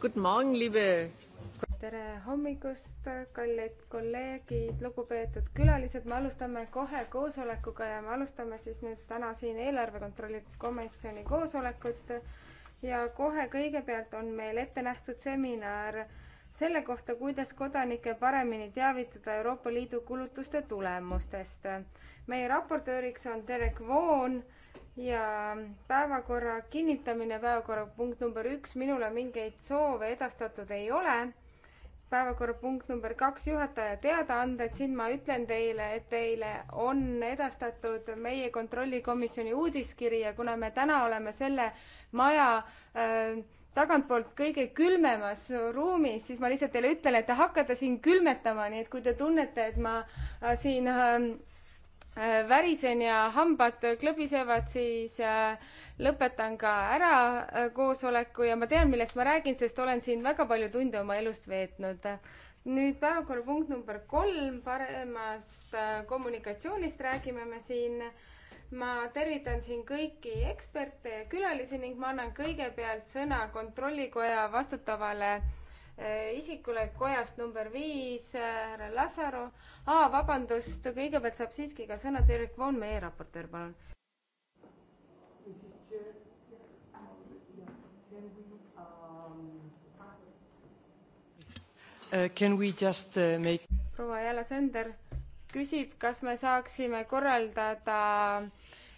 Guten Morgen, liebe tere hommikust, kallid kolleegid, lugupeetud külalised, me alustame kohe koosolekuga ja me alustame siis nüüd täna siin eelarve kontrolli komisjoni koosolekut. ja kohe kõigepealt on meil ette nähtud seminar selle kohta, kuidas kodanikke paremini teavitada Euroopa Liidu kulutuste tulemustest. meie raportööriks on Derek Voon ja päevakorra kinnitamine, päevakorrapunkt number üks, minule mingeid soove edastatud ei ole. päevakorrapunkt number kaks, juhataja teadaanded, siin ma ütlen teile, et teile on edastatud meie kontrollikomisjoni uudiskiri ja kuna me täna oleme selle maja äh, tagantpoolt kõige külmemas ruumis, siis ma lihtsalt teile ütlen, et te hakkate siin külmetama, nii et kui te tunnete, et ma äh, siin äh, Äh, värisen ja hambad klõbisevad, siis äh, lõpetan ka ära äh, koosoleku ja ma tean, millest ma räägin, sest olen siin väga palju tunde oma elust veetnud. nüüd päevakorrapunkt number kolm, paremast kommunikatsioonist räägime me siin. ma tervitan siin kõiki eksperte ja külalisi ning ma annan kõigepealt sõna kontrollikoja vastutavale Äh, isikule kojast number viis, äh, härra Lasaru. aa, vabandust, kõigepealt saab siiski ka sõna Derek Vaun, meie raportöör, palun. Uh, can we just uh, make proua Jala Sender küsib, kas me saaksime korraldada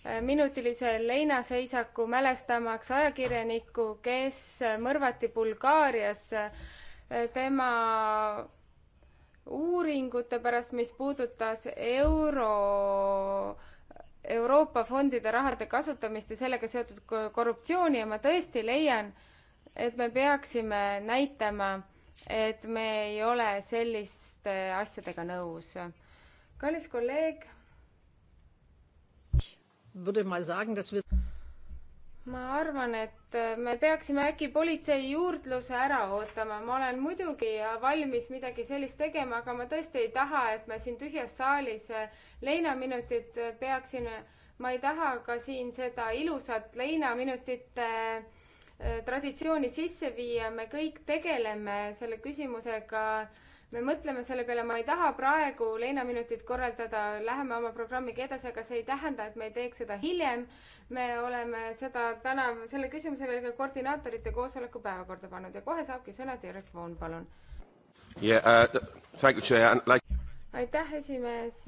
äh, minutilise leinaseisaku mälestamaks ajakirjanikku, kes mõrvati Bulgaarias Eh, tema uuringute pärast, mis puudutas euro, Euroopa fondide rahade kasutamist ja sellega seotud korruptsiooni ja ma tõesti leian, et me peaksime näitama, et me ei ole selliste asjadega nõus. kallis kolleeg ma arvan, et äh, me peaksime äkki politsei juurdluse ära ootama. ma olen muidugi äh, valmis midagi sellist tegema, aga ma tõesti ei taha, et me siin tühjas saalis äh, leinaminutit peaksime. ma ei taha ka siin seda ilusat leinaminutite traditsiooni sisse viia. me kõik tegeleme selle küsimusega äh, me mõtleme selle peale, ma ei taha praegu leinaminutit korraldada, läheme oma programmiga edasi, aga see ei tähenda, et me ei teeks seda hiljem. me oleme seda täna, selle küsimuse veel ka koordinaatorite koosoleku päevakorda pannud ja kohe saabki sõna Dirk Voon, palun yeah,. Uh, like... aitäh, esimees.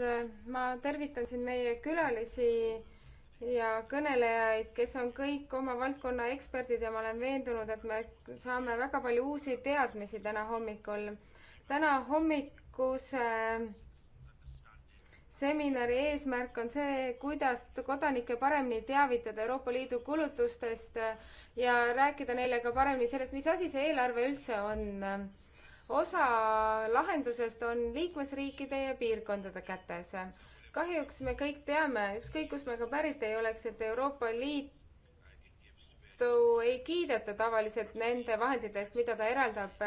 ma tervitan siin meie külalisi ja kõnelejaid, kes on kõik oma valdkonna eksperdid ja ma olen veendunud, et me saame väga palju uusi teadmisi täna hommikul täna hommikuse seminari eesmärk on see, kuidas kodanikke paremini teavitada Euroopa Liidu kulutustest ja rääkida neile ka paremini sellest, mis asi see eelarve üldse on. osa lahendusest on liikmesriikide ja piirkondade kätes. kahjuks me kõik teame, ükskõik kust me ka pärit ei oleks, et Euroopa Liitu ei kiideta tavaliselt nende vahendite eest, mida ta eraldab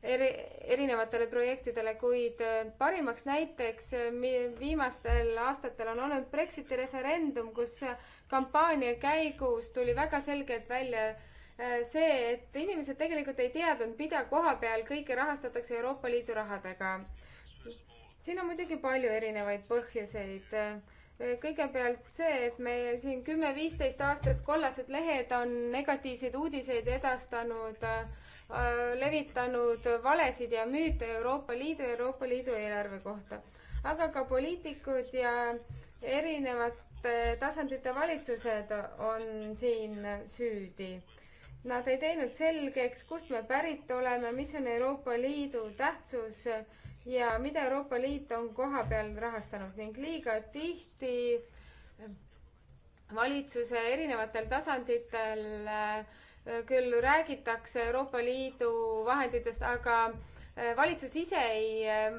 eri, erinevatele projektidele, kuid äh, parimaks näiteks äh, viimastel aastatel on olnud Brexiti referendum, kus äh, kampaania käigus tuli väga selgelt välja see, et inimesed tegelikult ei teadnud, mida koha peal kõike rahastatakse Euroopa Liidu rahadega. siin on muidugi palju erinevaid põhjuseid kõigepealt see, et meie siin kümme-viisteist aastat kollased lehed on negatiivseid uudiseid edastanud äh, Äh, levitanud valesid ja müüte Euroopa Liidu ja Euroopa Liidu eelarve kohta. aga ka poliitikud ja erinevate tasandite valitsused on siin süüdi. Nad ei teinud selgeks, kust me pärit oleme, mis on Euroopa Liidu tähtsus ja mida Euroopa Liit on kohapeal rahastanud ning liiga tihti valitsuse erinevatel tasanditel äh, Äh, küll räägitakse Euroopa Liidu vahenditest, aga äh, valitsus ise ei äh,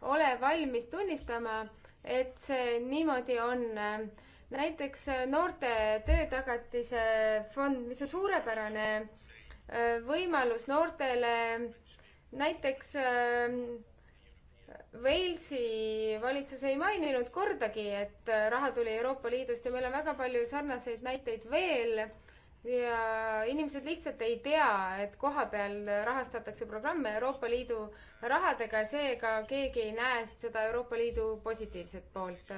ole valmis tunnistama, et see niimoodi on. näiteks noorte töötagatise fond, mis on suurepärane võimalus noortele näiteks Walesi valitsus ei maininud kordagi, et raha tuli Euroopa Liidust ja meil on väga palju sarnaseid näiteid veel ja inimesed lihtsalt ei tea, et kohapeal rahastatakse programme Euroopa Liidu rahadega ja seega keegi ei näe seda Euroopa Liidu positiivset poolt.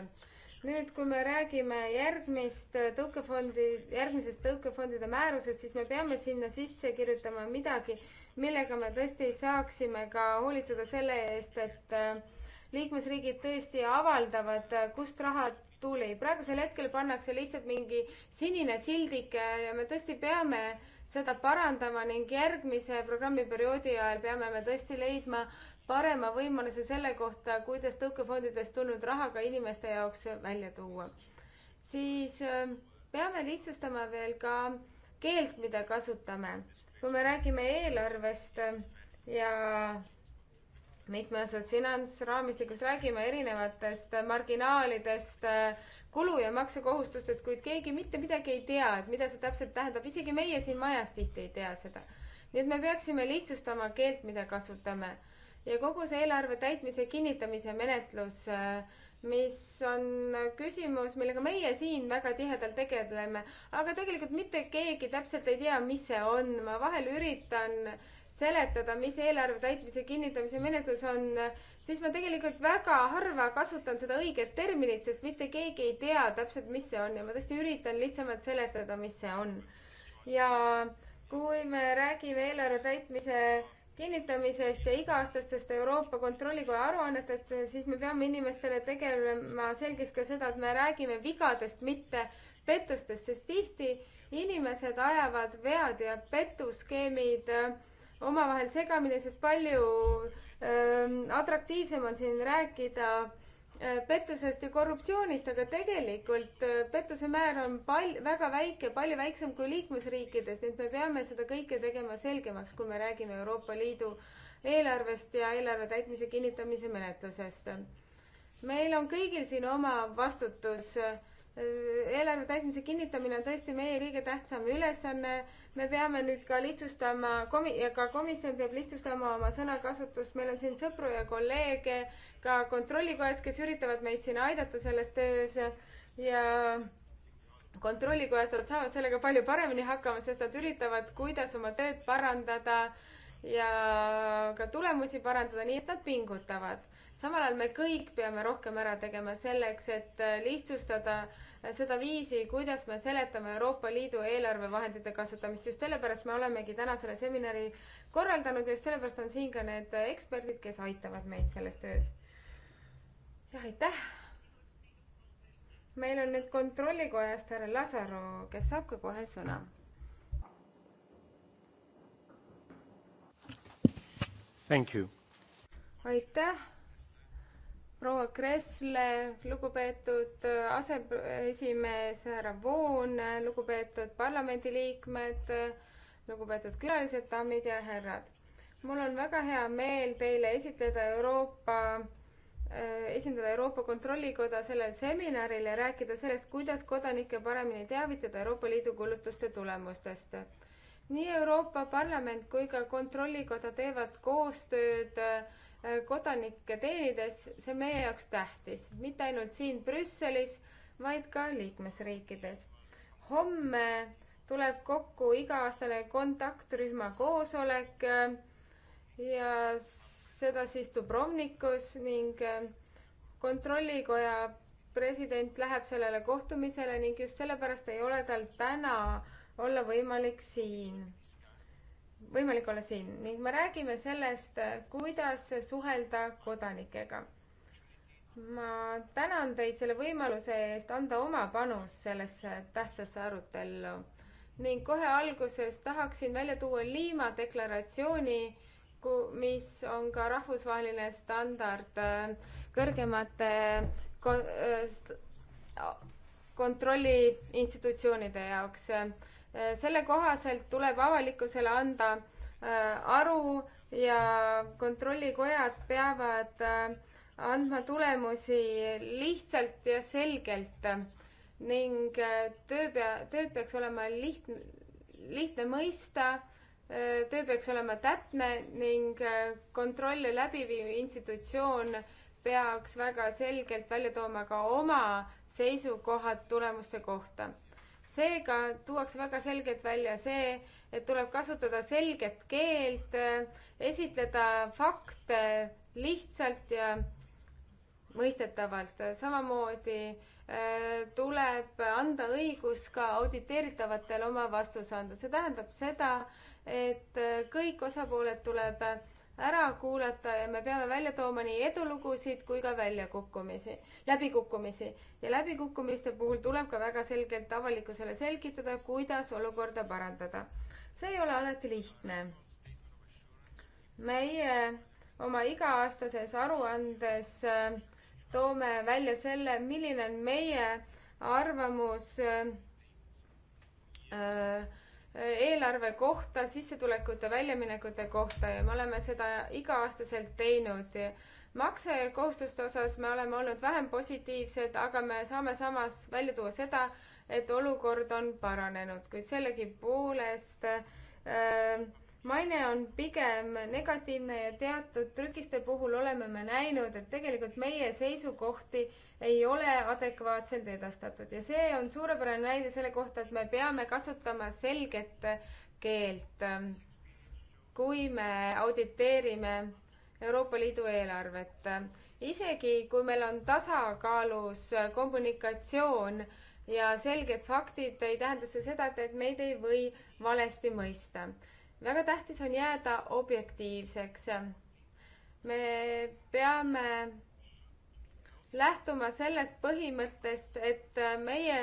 nüüd, kui me räägime järgmist tõukefondi, järgmisest tõukefondide määrusest, siis me peame sinna sisse kirjutama midagi, millega me tõesti saaksime ka hoolitseda selle eest, et liikmesriigid tõesti avaldavad, kust rahad tuli. praegusel hetkel pannakse lihtsalt mingi sinine sildike äh, ja me tõesti peame seda parandama ning järgmise programmiperioodi ajal peame me tõesti leidma parema võimaluse selle kohta, kuidas tõukefondidest tulnud raha ka inimeste jaoks välja tuua. siis äh, peame lihtsustama veel ka keelt, mida kasutame. kui me räägime eelarvest äh, ja mitmeosas finantsraamistikus räägime erinevatest marginaalidest, kulu- ja maksukohustustest, kuid keegi mitte midagi ei tea, et mida see täpselt tähendab, isegi meie siin majas tihti ei tea seda. nii et me peaksime lihtsustama keelt, mida kasutame. ja kogu see eelarve täitmise kinnitamise menetlus, mis on küsimus, millega meie siin väga tihedalt tegeleme, aga tegelikult mitte keegi täpselt ei tea, mis see on, ma vahel üritan äh, seletada, mis eelarve täitmise kinnitamise menetlus on, siis ma tegelikult väga harva kasutan seda õiget terminit, sest mitte keegi ei tea täpselt, mis see on ja ma tõesti üritan lihtsamalt seletada, mis see on. ja kui me räägime eelarve täitmise kinnitamisest ja iga-aastastest Euroopa Kontrollikoja aruannetest, siis me peame inimestele tegelema selgeks ka seda, et me räägime vigadest, mitte pettustest, sest tihti inimesed ajavad vead ja petuskeemid äh, omavahel segamini, sest palju öö, ähm, atraktiivsem on siin rääkida äh, pettusest ja korruptsioonist, aga tegelikult äh, pettuse määr on pal-, väga väike, palju väiksem kui liikmesriikides, nii et me peame seda kõike tegema selgemaks, kui me räägime Euroopa Liidu eelarvest ja eelarve täitmise kinnitamise menetlusest. meil on kõigil siin oma vastutus äh, eelarve täitmise kinnitamine on tõesti meie kõige tähtsam ülesanne. me peame nüüd ka lihtsustama komi- ja ka komisjon peab lihtsustama oma sõnakasutust, meil on siin sõpru ja kolleege ka kontrollikojas, kes üritavad meid siin aidata selles töös ja kontrollikojas nad saavad sellega palju paremini hakkama, sest nad üritavad, kuidas oma tööd parandada ja ka tulemusi parandada, nii et nad pingutavad samal ajal me kõik peame rohkem ära tegema selleks, et äh, lihtsustada äh, seda viisi, kuidas me seletame Euroopa Liidu eelarvevahendite kasutamist. just sellepärast me olemegi täna selle seminari korraldanud ja just sellepärast on siin ka need äh, eksperdid, kes aitavad meid selles töös. jah, aitäh! meil on nüüd kontrollikojast härra Lasaru, kes saab ka kohe sõna aitäh, proua Kressle, lugupeetud äh, aseesimees härra Voon, äh, lugupeetud parlamendiliikmed, äh, lugupeetud külalised, daamid ja härrad. mul on väga hea meel teile esitleda Euroopa, esindada Euroopa Kontrollikoda sellel seminaril ja rääkida sellest, kuidas kodanikke paremini teavitada Euroopa Liidu kulutuste tulemustest nii Euroopa Parlament kui ka Kontrollikoda teevad koostööd äh, kodanikke teenides, see on meie jaoks tähtis, mitte ainult siin Brüsselis, vaid ka liikmesriikides. homme tuleb kokku iga-aastane kontaktrühma koosolek äh, ja seda siis Dubrovnikus ning äh, kontrollikoja president läheb sellele kohtumisele ning just sellepärast ei ole tal täna olla võimalik siin võimalik olla siin ning me räägime sellest, kuidas suhelda kodanikega. ma tänan teid selle võimaluse eest anda oma panus sellesse tähtsasse arutellu ning kohe alguses tahaksin välja tuua Liima deklaratsiooni, mis on ka rahvusvaheline standard äh, kõrgemate äh, kontrolliinstitutsioonide jaoks Äh, selle kohaselt tuleb avalikkusele anda äh, aru ja kontrollikojad peavad äh, andma tulemusi lihtsalt ja selgelt ning töö pea, tööd peaks olema lihtne, lihtne mõista, töö peaks olema täpne ning kontrolli läbiviiv institutsioon peaks väga selgelt välja tooma ka oma seisukohad tulemuste kohta seega tuuakse väga selgelt välja see, et tuleb kasutada selget keelt, esitleda fakte lihtsalt ja mõistetavalt. samamoodi äh, tuleb anda õigus ka auditeeritavatele oma vastus anda. see tähendab seda, et äh, kõik osapooled tuleb ära kuulata ja me peame välja tooma nii edulugusid kui ka väljakukkumisi, läbikukkumisi. ja läbikukkumiste puhul tuleb ka väga selgelt avalikkusele selgitada, kuidas olukorda parandada. see ei ole alati lihtne. meie oma iga-aastases aruandes äh, toome välja selle, milline on meie arvamus öö, äh, öö, äh, eelarve kohta, sissetulekute, väljaminekute kohta ja me oleme seda iga-aastaselt teinud. maksekohustuste osas me oleme olnud vähem positiivsed, aga me saame samas välja tuua seda, et olukord on paranenud, kuid sellegipoolest äh, maine on pigem negatiivne ja teatud trükiste puhul oleme me näinud, et tegelikult meie seisukohti ei ole adekvaatselt edastatud ja see on suurepärane näide selle kohta, et me peame kasutama selget keelt, kui me auditeerime Euroopa Liidu eelarvet. isegi kui meil on tasakaalus kommunikatsioon ja selged faktid, ei tähenda see seda, et meid ei või valesti mõista väga tähtis on jääda objektiivseks. me peame lähtuma sellest põhimõttest, et meie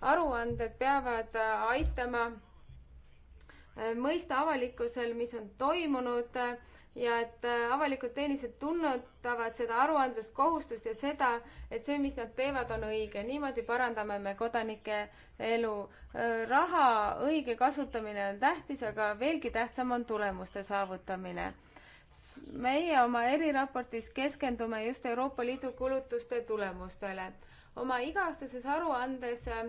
aruanded peavad aitama mõista avalikkusel, mis on toimunud ja et äh, avalikud teenised tunnetavad seda aruandluskohustust ja seda, et see, mis nad teevad, on õige. niimoodi parandame me kodanike elu. Äh, raha õige kasutamine on tähtis, aga veelgi tähtsam on tulemuste saavutamine. meie oma eriraportis keskendume just Euroopa Liidu kulutuste tulemustele. oma iga-aastases aruandes äh,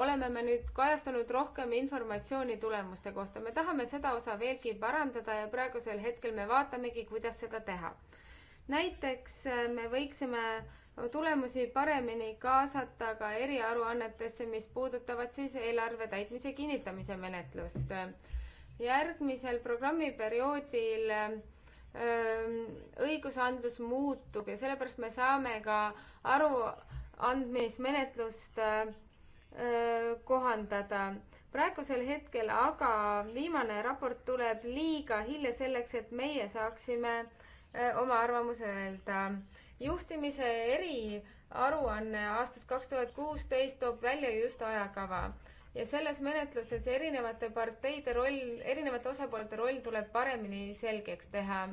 oleme me nüüd kajastanud rohkem informatsiooni tulemuste kohta. me tahame seda osa veelgi parandada ja praegusel hetkel me vaatamegi, kuidas seda teha. näiteks äh, me võiksime tulemusi paremini kaasata ka eriaruannetesse, mis puudutavad siis eelarve täitmise kinnitamise menetlust. järgmisel programmiperioodil äh, õigusandlus muutub ja sellepärast me saame ka aruandmismenetlust äh, kohandada. praegusel hetkel aga viimane raport tuleb liiga hilja selleks, et meie saaksime oma arvamuse öelda. juhtimise eriaruanne aastast kaks tuhat kuusteist toob välja just ajakava ja selles menetluses erinevate parteide roll, erinevate osapoolte roll tuleb paremini selgeks teha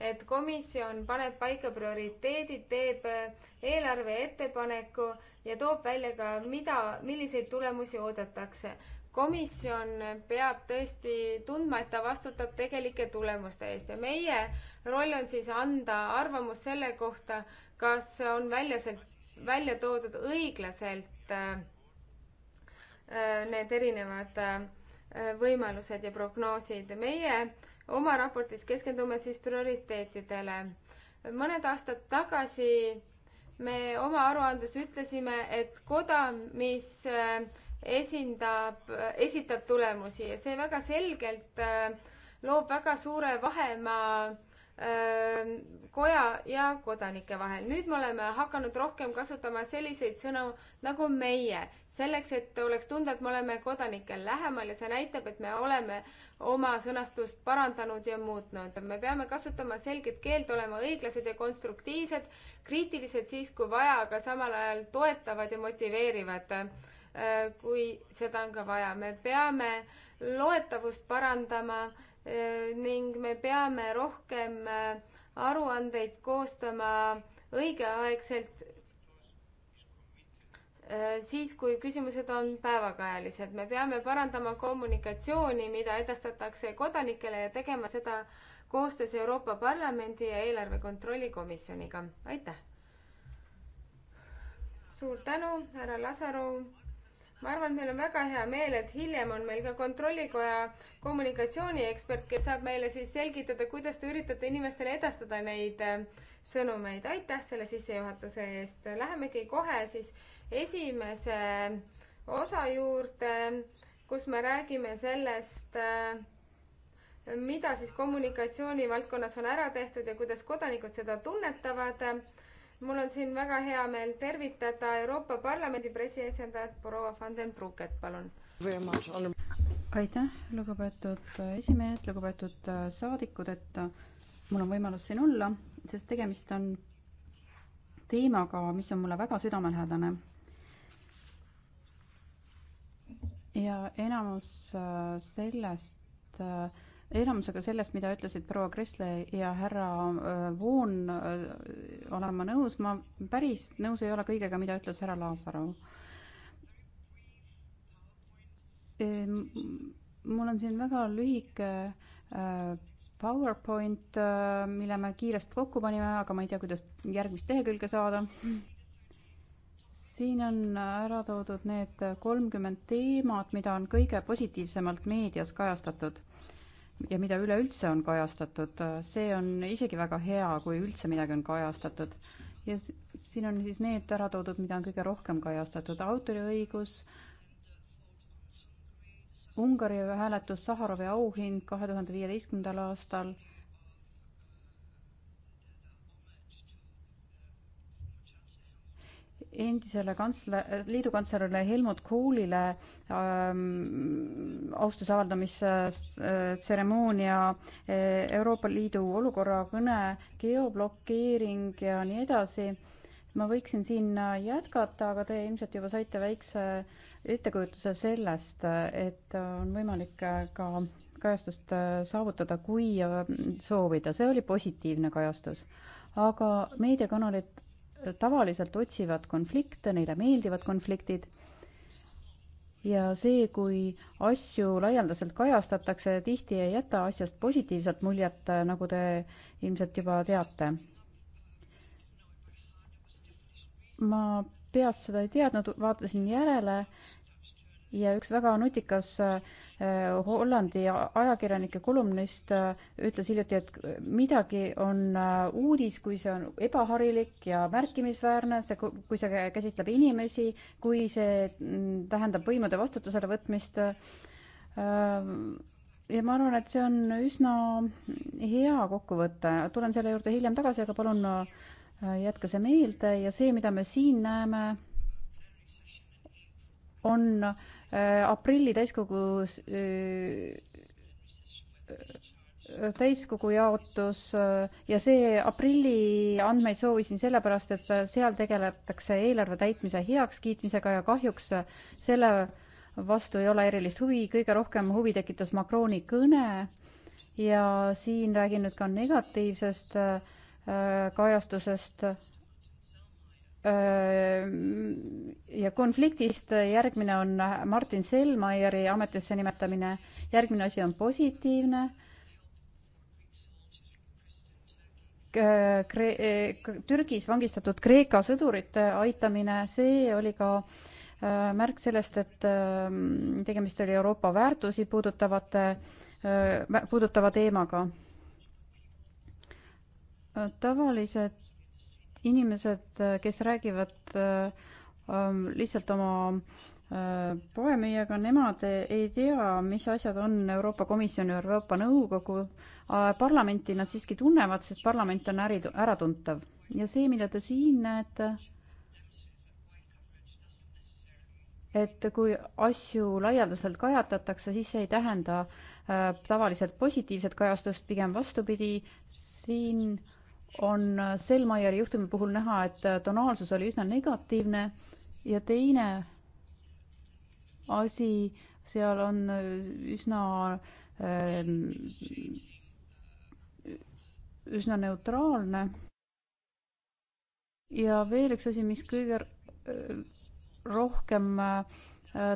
et komisjon paneb paika prioriteedid, teeb äh, eelarve ettepaneku ja toob välja ka, mida, milliseid tulemusi oodatakse. komisjon peab tõesti tundma, et ta vastutab tegelike tulemuste eest ja meie roll on siis anda arvamus selle kohta, kas on väljaselt, välja toodud õiglaselt äh, äh, need erinevad äh, võimalused ja prognoosid. meie oma raportis keskendume siis prioriteetidele. mõned aastad tagasi me oma aruandes ütlesime, et koda, mis äh, esindab, äh, esitab tulemusi ja see väga selgelt äh, loob väga suure vahemaa Ähm, koja ja kodanike vahel. nüüd me oleme hakanud rohkem kasutama selliseid sõnu nagu meie, selleks et oleks tunda, et me oleme kodanikel lähemal ja see näitab, et me oleme oma sõnastust parandanud ja muutnud. me peame kasutama selget keelt, olema õiglased ja konstruktiivsed, kriitilised siis, kui vaja, aga samal ajal toetavad ja motiveerivad, äh, kui seda on ka vaja. me peame loetavust parandama Äh, ning me peame rohkem äh, aruandeid koostama õigeaegselt äh, siis, kui küsimused on päevakajalised. me peame parandama kommunikatsiooni, mida edastatakse kodanikele ja tegema seda koostöös Euroopa Parlamendi ja eelarve kontrolli komisjoniga. aitäh! suur tänu, härra Lasaru! ma arvan, et meil on väga hea meel, et hiljem on meil ka Kontrollikoja kommunikatsiooniekspert, kes saab meile siis selgitada, kuidas te üritate inimestele edastada neid äh, sõnumeid. aitäh selle sissejuhatuse eest. Lähemegi kohe siis esimese äh, osa juurde, kus me räägime sellest, äh, mida siis kommunikatsiooni valdkonnas on ära tehtud ja kuidas kodanikud seda tunnetavad mul on siin väga hea meel tervitada Euroopa Parlamendi pressiesindajat proua van den Brucket, palun. aitäh, lugupeetud äh, esimees, lugupeetud äh, saadikud, et äh, mul on võimalus siin olla, sest tegemist on teemaga, mis on mulle väga südamelähedane. ja enamus sellest äh, enamusega sellest, mida ütlesid proua Kressle ja härra äh, Voon, äh, olen ma nõus, ma päris nõus ei ole kõigega, mida ütles härra Laasaru ehm, mul on siin väga lühike äh, PowerPoint, mille me kiiresti kokku panime, aga ma ei tea, kuidas järgmist lehekülge saada. siin on ära toodud need kolmkümmend teemat, mida on kõige positiivsemalt meedias kajastatud ja mida üleüldse on kajastatud, see on isegi väga hea, kui üldse midagi on kajastatud. ja siin on siis need ära toodud, mida on kõige rohkem kajastatud, autoriõigus, Ungari hääletus Saharovi auhind kahe tuhande viieteistkümnendal aastal endisele kantsler, liidukantslerile Helmut Koolile ähm, austuse avaldamistseremoonia äh, äh,, Euroopa Liidu olukorra kõne, geoblokeering ja nii edasi. ma võiksin siin äh, jätkata, aga te ilmselt juba saite väikse ettekujutuse sellest, et äh, on võimalik ka kajastust saavutada, kui soovida, see oli positiivne kajastus. aga meediakanalid tavaliselt otsivad konflikte, neile meeldivad konfliktid ja see, kui asju laialdaselt kajastatakse, tihti ei jäta asjast positiivset muljet, nagu te ilmselt juba teate. ma peast seda ei teadnud, vaatasin järele ja üks väga nutikas äh, Hollandi ajakirjanike kolumnist äh, ütles hiljuti, et midagi on äh, uudis, kui see on ebaharilik ja märkimisväärne, see, kui see käsitleb inimesi, kui see mm, tähendab võimude vastutusele võtmist. ja ma arvan, et see on üsna hea kokkuvõte, tulen selle juurde hiljem tagasi, aga palun jätke see meelde ja see, mida me siin näeme, on äh, Äh, aprilli täiskogus äh, äh, täiskogu jaotus ja see aprilli andmeid soovisin sellepärast, et seal tegeletakse eelarve täitmise heakskiitmisega ja kahjuks selle vastu ei ole erilist huvi, kõige rohkem huvi tekitas Macroni kõne ja siin räägin nüüd ka negatiivsest kajastusest ja konfliktist järgmine on Martin Selmaieri ametisse nimetamine, järgmine asi on positiivne. Türgis vangistatud Kreeka sõdurite aitamine, see oli ka märk sellest, et tegemist oli Euroopa väärtusi puudutavate, puudutava teemaga. tavalised inimesed, äh, kes räägivad äh, ähm, lihtsalt oma äh, poemüüjaga, nemad ei tea, mis asjad on Euroopa Komisjon ja Euroopa Nõukogu. parlamenti nad siiski tunnevad, sest parlament on äri, äratuntav ja see, mida te siin näete, et kui asju laialdaselt kajatatakse, siis see ei tähenda äh, tavaliselt positiivset kajastust, pigem vastupidi, siin äh, on Selmaieri juhtumi puhul näha, et tonaalsus oli üsna negatiivne ja teine asi, seal on üsna ähm, üsna neutraalne. ja veel üks asi, mis kõige äh, rohkem äh,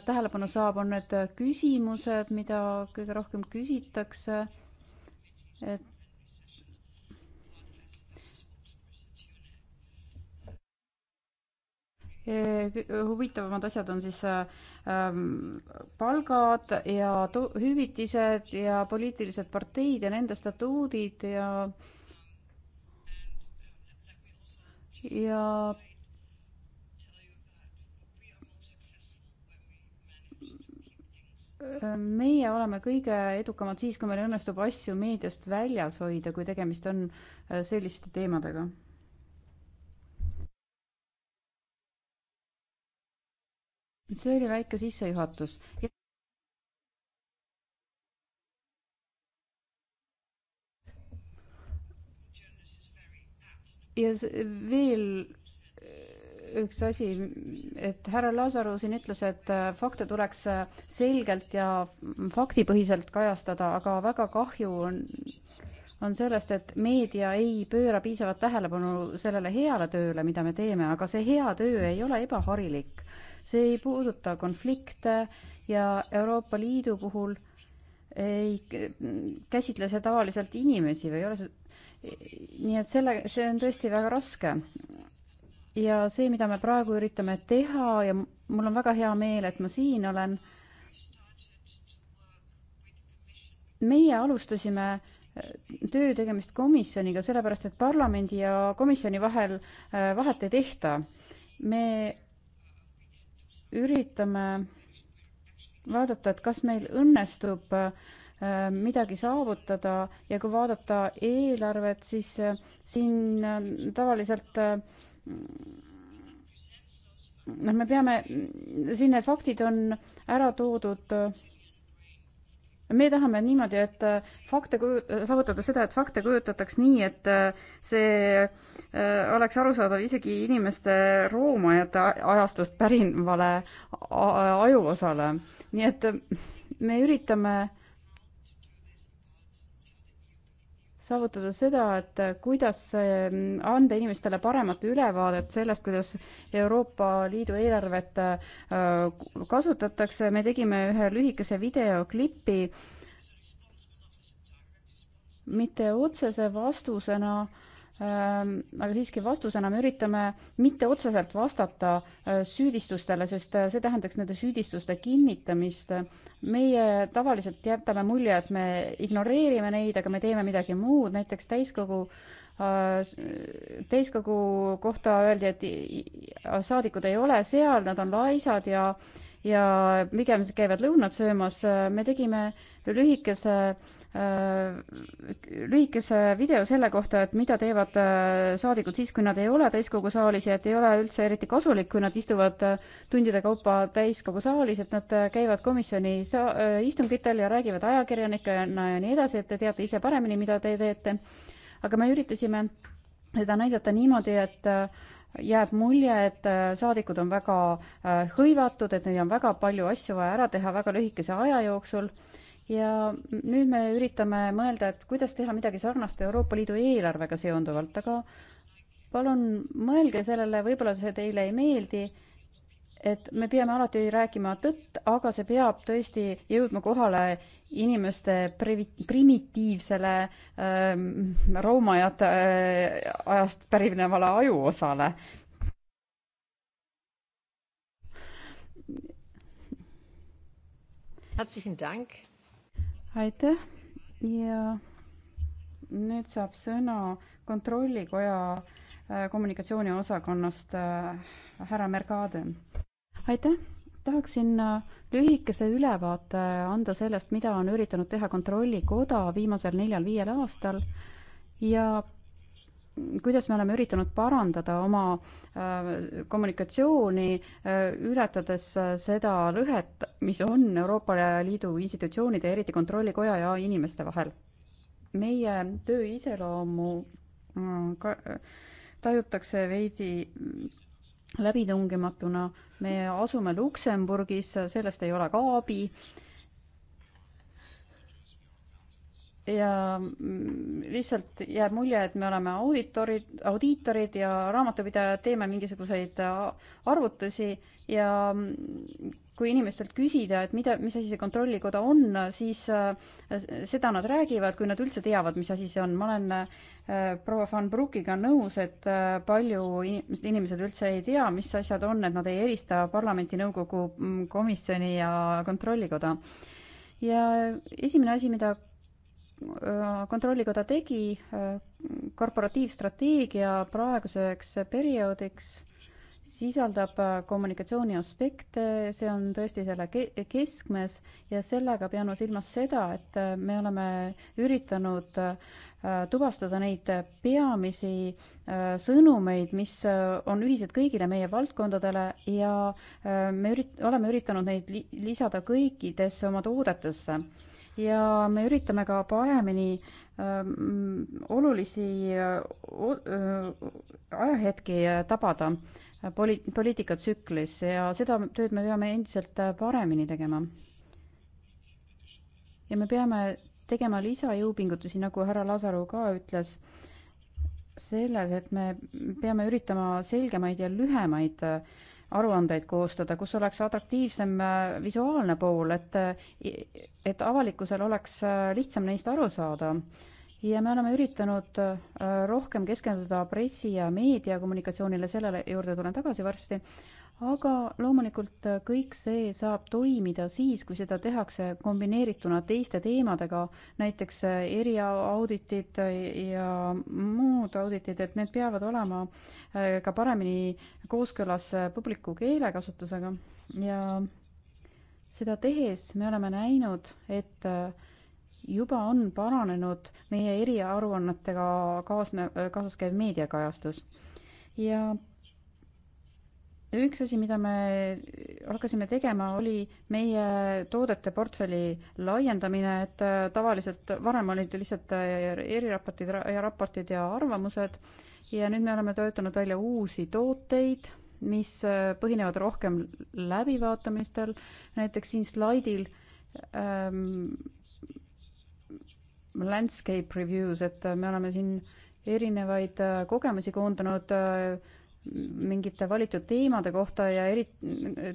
tähelepanu saab, on need küsimused, mida kõige rohkem küsitakse. et Eh, huvitavamad asjad on siis ähm, palgad ja hüvitised ja poliitilised parteid ja nende statuudid ja ja meie oleme kõige edukamad siis, kui meil õnnestub asju meediast väljas hoida, kui tegemist on äh, selliste teemadega see oli väike sissejuhatus. ja veel üks asi, et härra Lazaru siin ütles, et äh, fakte tuleks äh, selgelt ja faktipõhiselt kajastada, aga väga kahju on on sellest, et meedia ei pööra piisavat tähelepanu sellele heale tööle, mida me teeme, aga see hea töö ei ole ebaharilik see ei puuduta konflikte ja Euroopa Liidu puhul ei käsitle see tavaliselt inimesi või ei ole see, nii et selle, see on tõesti väga raske. ja see, mida me praegu üritame teha ja mul on väga hea meel, et ma siin olen, meie alustasime äh, töö tegemist komisjoniga, sellepärast et parlamendi ja komisjoni vahel äh, vahet ei tehta. me üritame vaadata, et kas meil õnnestub äh, midagi saavutada ja kui vaadata eelarvet, siis äh, siin äh, tavaliselt noh, me peame, siin need faktid on ära toodud me tahame niimoodi, et äh, fakte kuju-, äh, saavutada seda, et fakte kujutataks nii, et äh, see oleks arusaadav isegi inimeste roomajate ajastust pärinevale ajuosale. nii et me üritame äh, saavutada seda, et kuidas mm, anda inimestele paremat ülevaadet sellest, kuidas Euroopa Liidu eelarvet äh, kasutatakse, me tegime ühe lühikese videoklipi, mitte otsese vastusena äh, Ehm, aga siiski vastusena me üritame mitte otseselt vastata äh, süüdistustele, sest äh, see tähendaks nende süüdistuste kinnitamist. meie tavaliselt jätame mulje, et me ignoreerime neid, aga me teeme midagi muud, näiteks täiskogu äh, täiskogu kohta öeldi, et saadikud ei ole seal, nad on laisad ja ja pigem käivad lõunat söömas. me tegime lühikese äh, Äh, lühikese video selle kohta, et mida teevad äh, saadikud siis, kui nad ei ole täiskogu saalis ja et ei ole üldse eriti kasulik, kui nad istuvad äh, tundide kaupa täiskogu saalis, et nad käivad komisjoni istungitel ja räägivad ajakirjanikena ja nii edasi, et te teate ise paremini, mida te teete. aga me üritasime seda näidata niimoodi, et äh, jääb mulje, et saadikud on väga hõivatud, et neil on väga palju asju vaja ära teha väga lühikese aja jooksul ja nüüd me üritame mõelda, et kuidas teha midagi sarnast Euroopa Liidu eelarvega seonduvalt, aga palun mõelge sellele, võib-olla see teile ei meeldi, et me peame alati rääkima tõtt, aga see peab tõesti jõudma kohale inimeste privi-, primitiivsele ähm, roomajate äh, ajast pärinevale ajuosale. herzlichen Dank aitäh ja nüüd saab sõna Kontrollikoja äh, kommunikatsiooniosakonnast äh, härra Mercade. aitäh, tahaksin äh, lühikese ülevaate anda sellest, mida on üritanud teha Kontrollikoda viimasel neljal-viiel aastal ja kuidas me oleme üritanud parandada oma äh, kommunikatsiooni, äh, ületades äh, seda lõhet, mis on Euroopa Liidu institutsioonide, eriti Kontrollikoja ja inimeste vahel. meie töö iseloomu ka tajutakse veidi läbitungimatuna, me asume Luksemburgis, sellest ei ole ka abi ja mm, lihtsalt jääb mulje, et me oleme auditorid, audiitorid ja raamatupidajad, teeme mingisuguseid äh, arvutusi ja mm, kui inimestelt küsida, et mida, mis asi see kontrollikoda on, siis äh, seda nad räägivad, kui nad üldse teavad, mis asi see on. ma olen äh, proua Van Bruggiga nõus, et palju inimesed üldse ei tea, mis asjad on, et nad ei erista parlamenti, nõukogu, mm, komisjoni ja kontrollikoda. ja esimene asi, mida Äh, kontrollikoda tegi äh, korporatiivstrateegia praeguseks perioodiks sisaldab äh, kommunikatsiooni aspekte, see on tõesti selle keskmes ja sellega pean ma silmas seda, et me oleme üritanud tuvastada neid peamisi sõnumeid, mis on ühised kõigile meie valdkondadele ja me ürit-, oleme üritanud neid li-, lisada kõikidesse oma toodetesse ja me üritame ka paremini ähm, olulisi äh, ajahetki tabada poli-, poliitikatsüklis ja seda tööd me peame endiselt paremini tegema. ja me peame tegema lisajõupingutusi, nagu härra Lasaru ka ütles, selles, et me peame üritama selgemaid ja lühemaid äh, aruandeid koostada, kus oleks atraktiivsem äh, visuaalne pool, et, äh, et avalikkusel oleks äh, lihtsam neist aru saada. ja me oleme üritanud rohkem keskenduda pressi- ja meediakommunikatsioonile, sellele juurde tulen tagasi varsti, aga loomulikult äh, kõik see saab toimida siis, kui seda tehakse kombineerituna teiste teemadega, näiteks äh, eriauditid äh, ja muud auditid, et need peavad olema ka paremini kooskõlas publiku keelekasutusega ja seda tehes me oleme näinud, et juba on paranenud meie eriaruannetega kaasne, kaasas käiv meediakajastus ja üks asi, mida me hakkasime tegema, oli meie toodete portfelli laiendamine, et äh, tavaliselt varem olid lihtsalt äh, eriraportid ja raportid ja arvamused ja nüüd me oleme töötanud välja uusi tooteid, mis äh, põhinevad rohkem läbivaatamistel, näiteks siin slaidil ähm, landscape reviews, et me oleme siin erinevaid kogemusi koondanud äh, mingite valitud teemade kohta ja eri,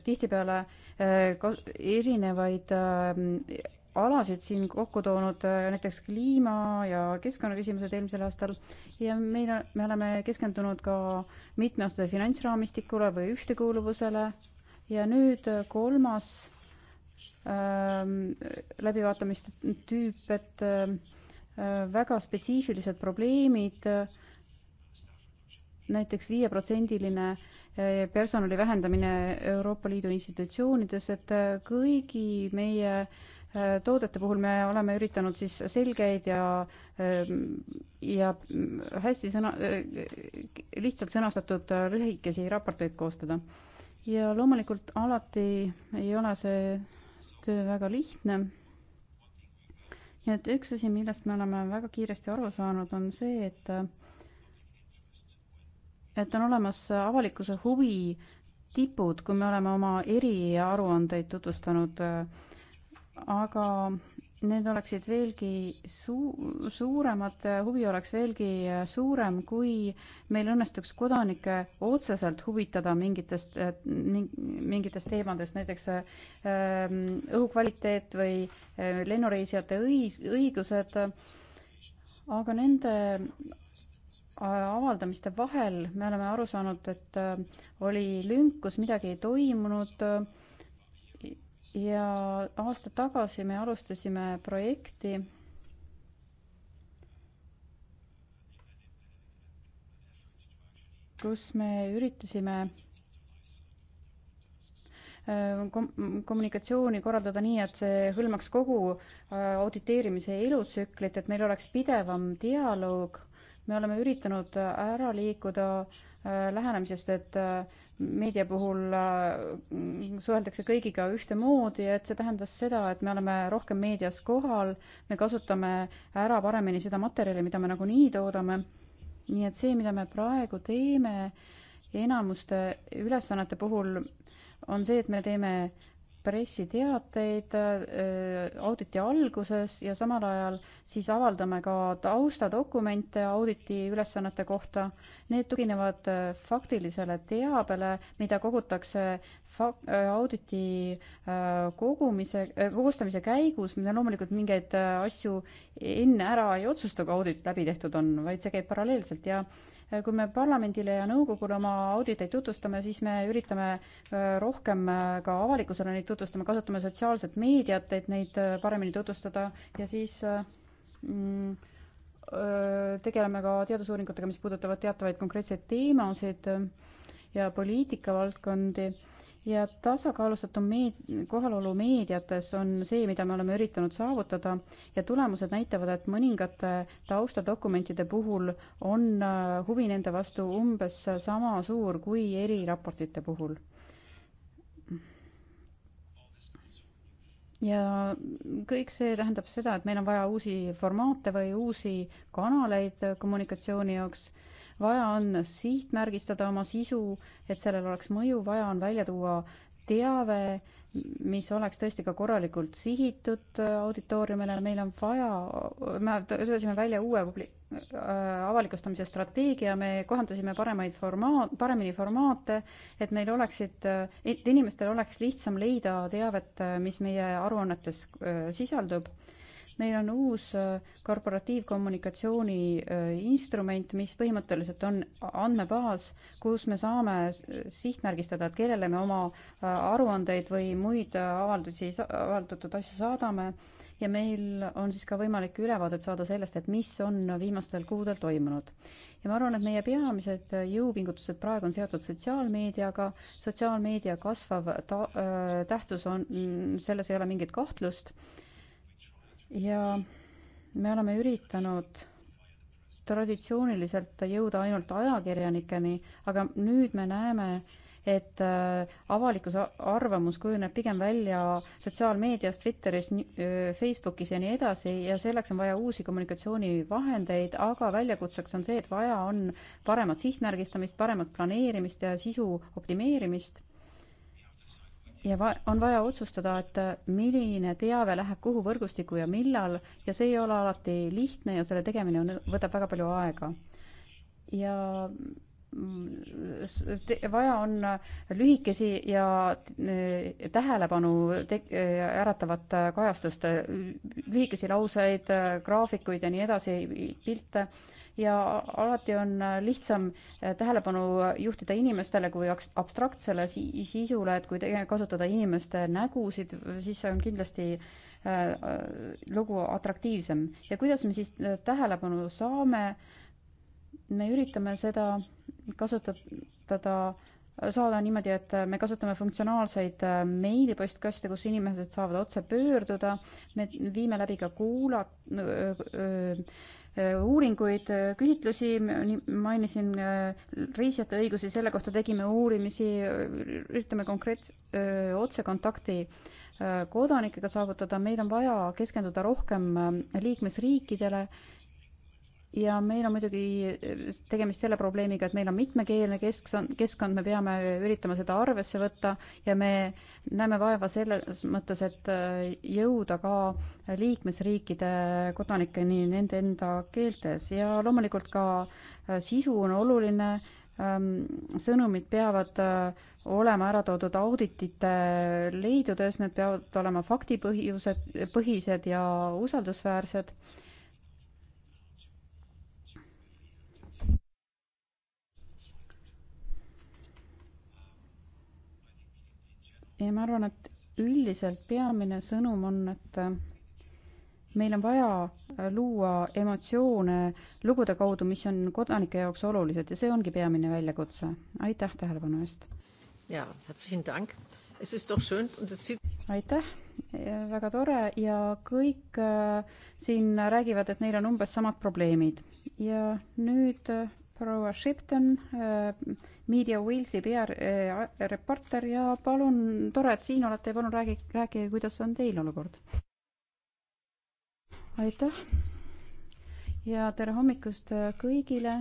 tihtipeale äh, erinevaid äh, alasid siin kokku toonud, äh, näiteks kliima ja keskkonnaküsimused eelmisel aastal ja meil on, me oleme keskendunud ka mitmeaastase finantsraamistikule või ühtekuuluvusele ja nüüd kolmas ähm, läbivaatamiste tüüp, et äh, väga spetsiifilised probleemid äh, näiteks viieprotsendiline eh, personali vähendamine Euroopa Liidu institutsioonides, et eh, kõigi meie eh, toodete puhul me oleme üritanud siis selgeid ja ja mm, hästi sõna, lihtsalt sõnastatud lühikesi raporteid koostada. ja loomulikult alati ei ole see töö väga lihtne. nii et üks asi, millest me oleme väga kiiresti aru saanud, on see, et et on olemas avalikkuse huvi tipud, kui me oleme oma eriaruandeid tutvustanud, aga need oleksid veelgi suu-, suuremad, huvi oleks veelgi suurem, kui meil õnnestuks kodanikke otseselt huvitada mingitest, mingitest teemadest, näiteks ähm, õhukvaliteet või äh, lennureisijate õis-, õigused, aga nende Äh, avaldamiste vahel me oleme aru saanud, et äh, oli lünk, kus midagi ei toimunud. Äh, ja aasta tagasi me alustasime projekti. kus me üritasime kom-, kommunikatsiooni korraldada nii, et see hõlmaks kogu auditeerimise elutsüklit, et meil oleks pidevam dialoog me oleme üritanud äh, ära liikuda äh, lähenemisest, et äh, meedia puhul suheldakse kõigiga ühtemoodi, et see tähendas seda, et me oleme rohkem meedias kohal, me kasutame ära paremini seda materjali, mida me nagunii toodame. nii et see, mida me praegu teeme enamuste ülesannete puhul, on see, et me teeme pressiteateid äh, auditi alguses ja samal ajal siis avaldame ka taustadokumente auditi ülesannete kohta. Need tuginevad äh, faktilisele teabele, mida kogutakse fak-, äh, auditi kogumise, koostamise käigus, mida loomulikult mingeid asju enne ära ei otsusta, kui audit läbi tehtud on, vaid see käib paralleelselt ja äh, Äh, kui me parlamendile ja nõukogule oma auditeid tutvustame, siis me üritame äh, rohkem äh, ka avalikkusele neid tutvustama, kasutame sotsiaalset meediat, et neid paremini tutvustada ja siis mm, tegeleme ka teadusuuringutega, mis puudutavad teatavaid konkreetseid teemasid ja poliitikavaldkondi ja tasakaalustatud meed-, kohalolu meediates on see, mida me oleme üritanud saavutada ja tulemused näitavad, et mõningate taustadokumentide puhul on äh, huvi nende vastu umbes sama suur kui eriraportite puhul. ja kõik see tähendab seda, et meil on vaja uusi formaate või uusi kanaleid äh, kommunikatsiooni jaoks vaja on sihtmärgistada oma sisu, et sellel oleks mõju, vaja on välja tuua teave, mis oleks tõesti ka korralikult sihitud auditooriumile, meil on vaja, me töötasime välja uue publi-, äh, avalikustamise strateegia, me kohandasime paremaid formaat, paremini formaate, et meil oleksid, et inimestel oleks lihtsam leida teavet, mis meie aruannetes äh, sisaldub meil on uus äh, korporatiivkommunikatsiooni äh, instrument, mis põhimõtteliselt on andmebaas, kus me saame sihtmärgistada, et kellele me oma äh, aruandeid või muid avaldusi, avaldatud asju saadame ja meil on siis ka võimalik ülevaadet saada sellest, et mis on viimastel kuudel toimunud. ja ma arvan, et meie peamised jõupingutused praegu on seotud sotsiaalmeediaga, sotsiaalmeedia kasvav ta-, tähtsus on, mm, selles ei ole mingit kahtlust ja me oleme üritanud traditsiooniliselt jõuda ainult ajakirjanikeni, aga nüüd me näeme, et äh, avalikkuse arvamus kujuneb pigem välja sotsiaalmeedias, Twitteris, Facebookis ja nii edasi ja selleks on vaja uusi kommunikatsioonivahendeid, aga väljakutseks on see, et vaja on paremat sihtmärgistamist, paremat planeerimist ja sisu optimeerimist ja va-, on vaja otsustada, et äh, milline teave läheb kuhu võrgustikku ja millal ja see ei ole alati lihtne ja selle tegemine on, võtab väga palju aega. ja Mm, vaja on lühikesi ja äh, tähelepanu äh, äratavat kajastust, lühikesi lauseid, graafikuid ja nii edasi, pilte, ja alati on lihtsam äh, tähelepanu juhtida inimestele kui abstraktsele sisule, et kui kasutada inimeste nägusid, siis see on kindlasti lugu atraktiivsem. ja kuidas me siis tähelepanu saame äh, me üritame seda kasutada saada niimoodi, et me kasutame funktsionaalseid äh, meilipostkaste, kus inimesed saavad otse pöörduda, me viime läbi ka kuula-, äh, äh, uuringuid, küsitlusi, mainisin reisijate õigusi, selle kohta tegime uurimisi, üritame konkreetse, otsekontakti kodanikega saavutada, meil on vaja keskenduda rohkem liikmesriikidele ja meil on muidugi eh, tegemist selle probleemiga, et meil on mitmekeelne keskkond, keskkond, me peame üritama seda arvesse võtta ja me näeme vaeva selles mõttes, et eh, jõuda ka liikmesriikide kodanikeni nende enda keeltes ja loomulikult ka eh, sisu on oluline, ähm, sõnumid peavad olema ära toodud auditite leidudes, need peavad olema faktipõhjused, põhised ja usaldusväärsed ja ma arvan, et üldiselt peamine sõnum on, et äh, meil on vaja äh, luua emotsioone lugude kaudu, mis on kodanike jaoks olulised ja see ongi peamine väljakutse. aitäh tähelepanu eest! jaa, herzlichen Dank! Es ist doch schön und es sieht aitäh, väga tore ja kõik äh, siin räägivad, et neil on umbes samad probleemid. ja nüüd äh, proua Shipton, äh, Media Wheelsi peareporter äh, ja palun, tore, et siin olete ja palun räägi, rääkige, kuidas on teil olukord? aitäh ja tere hommikust kõigile.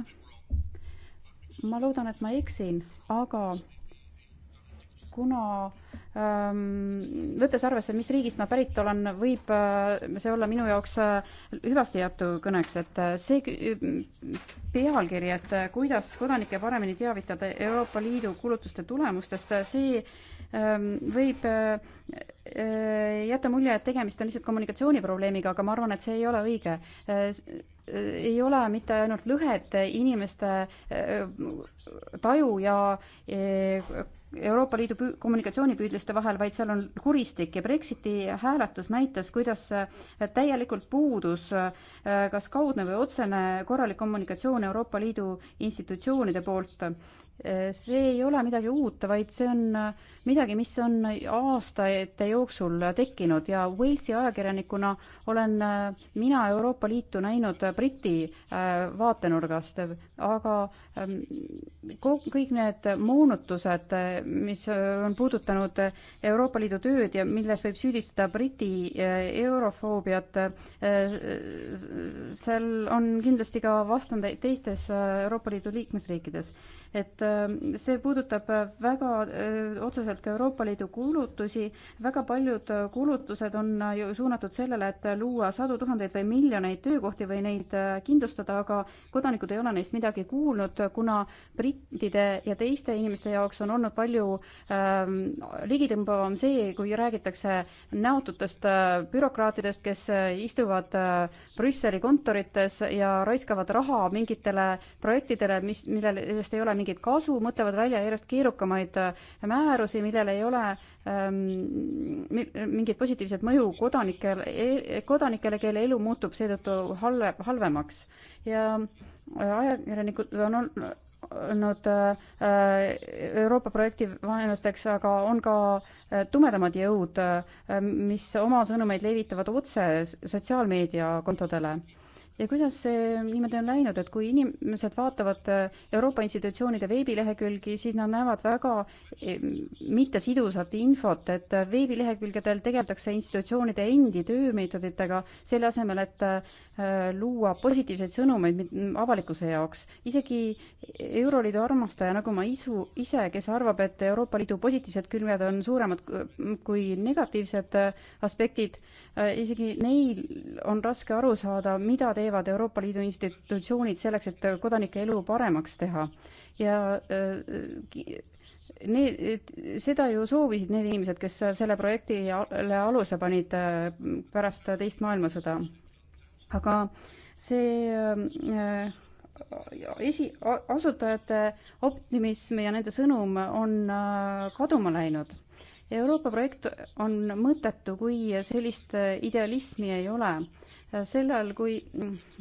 ma loodan, et ma eksin, aga kuna ähm, võttes arvesse, mis riigist ma pärit olen, võib äh, see olla minu jaoks äh, hüvastijätu kõneks, et äh, see pealkiri, et kuidas kodanikke paremini teavitada Euroopa Liidu kulutuste tulemustest, see ähm, võib jätta mulje, et tegemist on lihtsalt kommunikatsiooniprobleemiga, aga ma arvan, et see ei ole õige. ei ole mitte ainult lõhet inimeste taju ja Euroopa Liidu kommunikatsioonipüüdluste vahel, vaid seal on kuristik ja Brexiti hääletus näitas, kuidas täielikult puudus äh, kas kaudne või otsene korralik kommunikatsioon Euroopa Liidu institutsioonide poolt see ei ole midagi uut, vaid see on äh, midagi, mis on aastate jooksul äh, tekkinud ja Walesi ajakirjanikuna olen äh, mina Euroopa Liitu näinud Briti vaatenurgast, aga ähm, kõik need moonutused, mis on puudutanud Euroopa Liidu tööd ja milles võib süüdistada Briti eurofoobiat, seal on kindlasti ka vastandeid teistes Euroopa Liidu liikmesriikides et äh, see puudutab äh, väga äh, otseselt ka Euroopa Liidu kulutusi, väga paljud kulutused on ju suunatud sellele, et luua sadu tuhandeid või miljoneid töökohti või neid kindlustada, aga kodanikud ei ole neist midagi kuulnud, kuna brittide ja teiste inimeste jaoks on olnud palju ähm, ligitõmbavam see, kui räägitakse näotutest äh, bürokraatidest, kes istuvad äh, Brüsseli kontorites ja raiskavad raha mingitele projektidele, mis, millel, millest ei ole mingit mingit kasu, mõtlevad välja järjest keerukamaid äh, määrusi, millel ei ole ähm, mingit positiivset mõju kodanikele, e, e, kodanikele, kelle elu muutub seetõttu halve, halvemaks. ja äh, ajakirjanikud on olnud olnud äh, Euroopa projekti vaenlasteks, aga on ka tumedamad jõud, mis oma sõnumeid levitavad otse sotsiaalmeedia kontodele ja kuidas see niimoodi on läinud, et kui inimesed vaatavad äh, Euroopa institutsioonide veebilehekülgi, siis nad näevad väga e, mittesidusat infot, et äh, veebilehekülgedel tegeldakse institutsioonide endi töömeetoditega, selle asemel, et äh, luua positiivseid sõnumeid avalikkuse jaoks. isegi Euroliidu armastaja, nagu ma isu, ise, kes arvab, et Euroopa Liidu positiivsed külmed on suuremad kui negatiivsed aspektid, Äh, isegi neil on raske aru saada, mida teevad Euroopa Liidu institutsioonid selleks, et äh, kodanike elu paremaks teha. ja äh, need, seda ju soovisid need inimesed, kes selle projektile aluse panid pärast teist maailmasõda. aga see esi-, asutajate optimism ja nende sõnum on kaduma läinud Euroopa projekt on mõttetu, kui sellist idealismi ei ole. sel ajal, kui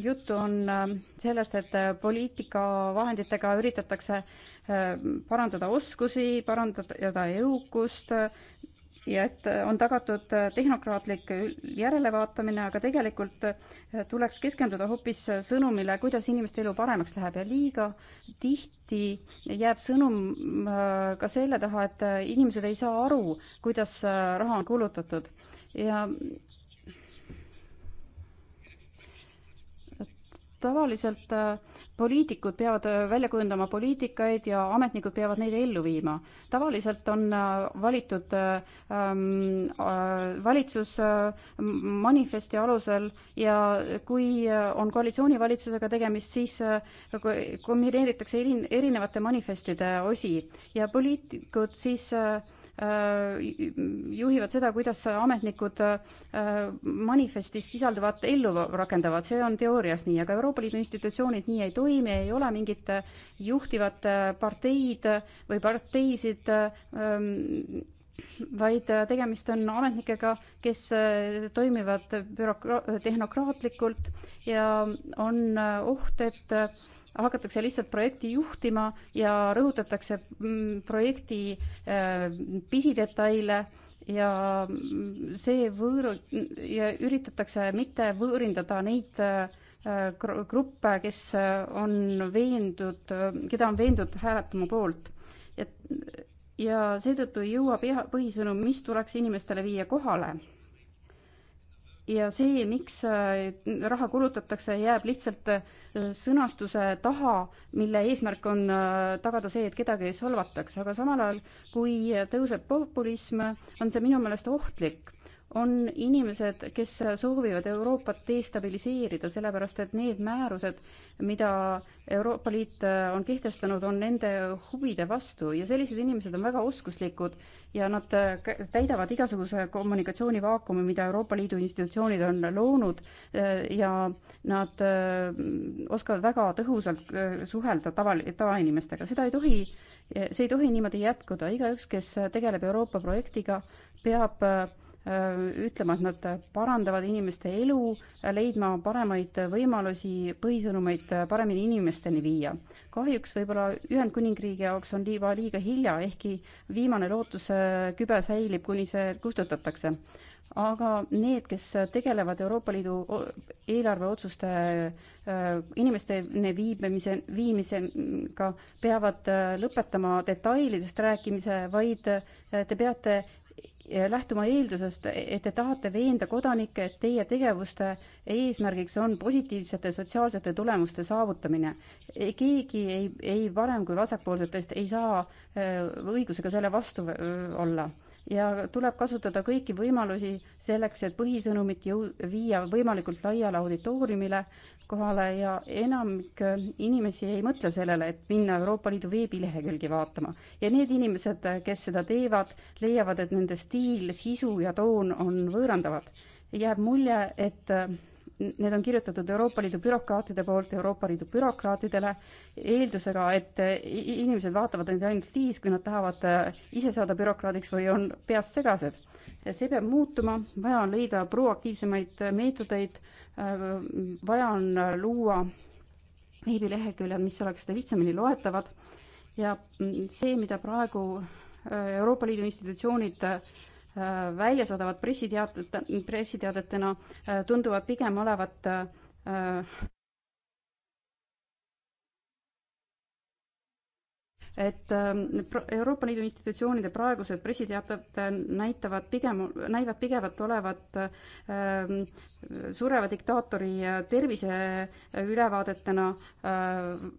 juttu on äh, sellest, et äh, poliitikavahenditega üritatakse äh, parandada oskusi, parandada jõukust, ja et äh, on tagatud äh, tehnokraatlik äh, järelevaatamine, aga tegelikult tuleks keskenduda hoopis sõnumile, kuidas inimeste elu paremaks läheb ja liiga tihti jääb sõnum ka selle taha, et inimesed ei saa aru, kuidas raha on kulutatud ja tavaliselt äh, poliitikud peavad äh, välja kujundama poliitikaid ja ametnikud peavad neid ellu viima. tavaliselt on äh, valitud ähm, valitsus manifesti alusel ja kui on koalitsioonivalitsusega tegemist, siis kombineeritakse erinevate manifestide osi ja poliitikud siis äh, Äh, juhivad seda, kuidas ametnikud äh, manifestis sisalduvat ellu rakendavad, see on teoorias nii, aga Euroopa Liidu institutsioonid nii ei toimi, ei ole mingit juhtivat äh, parteid või parteisid vaid tegemist on ametnikega, kes toimivad bürokra-, tehnokraatlikult ja on oht, et hakatakse lihtsalt projekti juhtima ja rõhutatakse mm, projekti äh, pisidetaile ja mm, see võõr- ja üritatakse mitte võõrindada neid äh, gruppe, kes äh, on veendud, keda on veendud hääletama poolt. et ja seetõttu ei jõua pea, põhisõnum, mis tuleks inimestele viia kohale ja see, miks äh, raha kulutatakse, jääb lihtsalt äh, sõnastuse taha, mille eesmärk on äh, tagada see, et kedagi ei solvatakse, aga samal ajal, kui tõuseb populism, on see minu meelest ohtlik on inimesed, kes soovivad Euroopat destabiliseerida, sellepärast et need määrused, mida Euroopa Liit äh, on kehtestanud, on nende huvide vastu ja sellised inimesed on väga oskuslikud ja nad äh, täidavad igasuguse kommunikatsioonivaakumi, mida Euroopa Liidu institutsioonid on loonud äh, ja nad oskavad väga tõhusalt suhelda taval-, tavainimestega. seda ei tohi, see ei tohi niimoodi jätkuda, igaüks, kes tegeleb Euroopa projektiga, peab Äh, ütlema, et nad parandavad inimeste elu, leidma paremaid võimalusi, põhisõnumeid paremini inimesteni viia. kahjuks võib-olla Ühendkuningriigi jaoks on liiva liiga hilja, ehkki viimane lootusekübe äh, säilib, kuni see kustutatakse. aga need, kes tegelevad Euroopa Liidu eelarveotsuste äh, inimesteni viibimise, viimisega, peavad lõpetama detailidest rääkimise, vaid te peate lähtuma eeldusest, et te tahate veenda kodanikke, et teie tegevuste eesmärgiks on positiivsete sotsiaalsete tulemuste saavutamine. keegi ei, ei parem kui vasakpoolsetest ei saa äh, õigusega selle vastu äh, olla ja tuleb kasutada kõiki võimalusi selleks, et põhisõnumit jõu-, viia võimalikult laiale auditooriumile kohale ja enamik inimesi ei mõtle sellele, et minna Euroopa Liidu veebilehekülgi vaatama. ja need inimesed, kes seda teevad, leiavad, et nende stiil, sisu ja toon on võõrandavad. jääb mulje, et need on kirjutatud Euroopa Liidu bürokraatide poolt Euroopa Liidu bürokraatidele eeldusega, et inimesed vaatavad neid ainult siis, kui nad tahavad äh, ise saada bürokraadiks või on peast segased. see peab muutuma, vaja on leida proaktiivsemaid meetodeid, äh, vaja on äh, luua veebileheküljed, mis oleks lihtsamini loetavad ja mm, see, mida praegu Euroopa Liidu institutsioonid välja saadavad pressiteated, pressiteadetena äh, tunduvad pigem olevat äh, et ähm, Euroopa Liidu institutsioonide praegused pressiteated näitavad pigem, näivad pigemalt olevat äh, sureva diktaatori äh, terviseülevaadetena äh, äh,,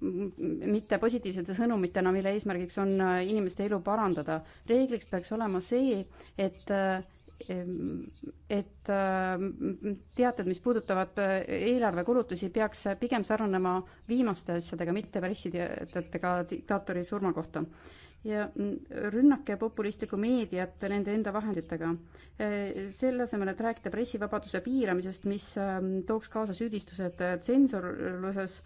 mitte positiivsete sõnumitena, mille eesmärgiks on äh, inimeste elu parandada. reegliks peaks olema see, et äh, et ähm, teated, mis puudutavad äh, eelarvekulutusi, peaks pigem sarnanema viimaste asjadega, mitte päris teatega diktaatori surma kohta ja rünnake populistlikku meediat nende enda vahenditega. selle asemel, et rääkida pressivabaduse piiramisest, mis ähm, tooks kaasa süüdistused äh, tsensorluses,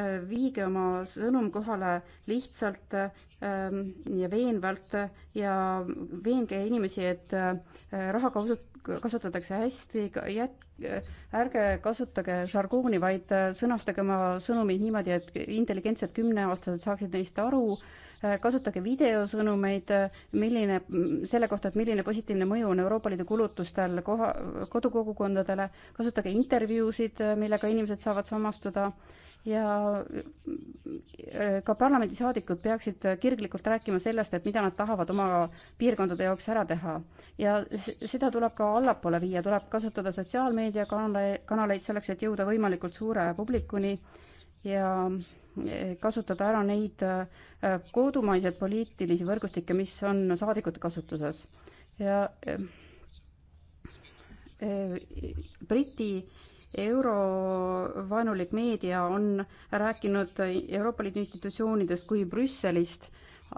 äh, viige oma sõnum kohale lihtsalt ähm, ja veenvalt ja veenge inimesi, et äh, raha kasutatakse hästi, jät-, ärge kasutage žargooni, vaid sõnastage oma sõnumid niimoodi, et intelligentsed kümneaastased saaksid neist aru Äh, kasutage videosõnumeid, äh, milline, selle kohta, et milline positiivne mõju on Euroopa Liidu kulutustel koha, kodukogukondadele, kasutage intervjuusid, äh, millega inimesed saavad samastuda ja ka parlamendisaadikud peaksid kirglikult rääkima sellest, et mida nad tahavad oma piirkondade jaoks ära teha. ja seda tuleb ka allapoole viia, tuleb kasutada sotsiaalmeediakanaleid, kanaleid selleks, et jõuda võimalikult suure publikuni ja kasutada ära neid äh, kodumaiseid poliitilisi võrgustikke, mis on saadikute kasutuses. ja äh, äh, Briti eurovaenulik meedia on rääkinud Euroopa Liidu institutsioonidest kui Brüsselist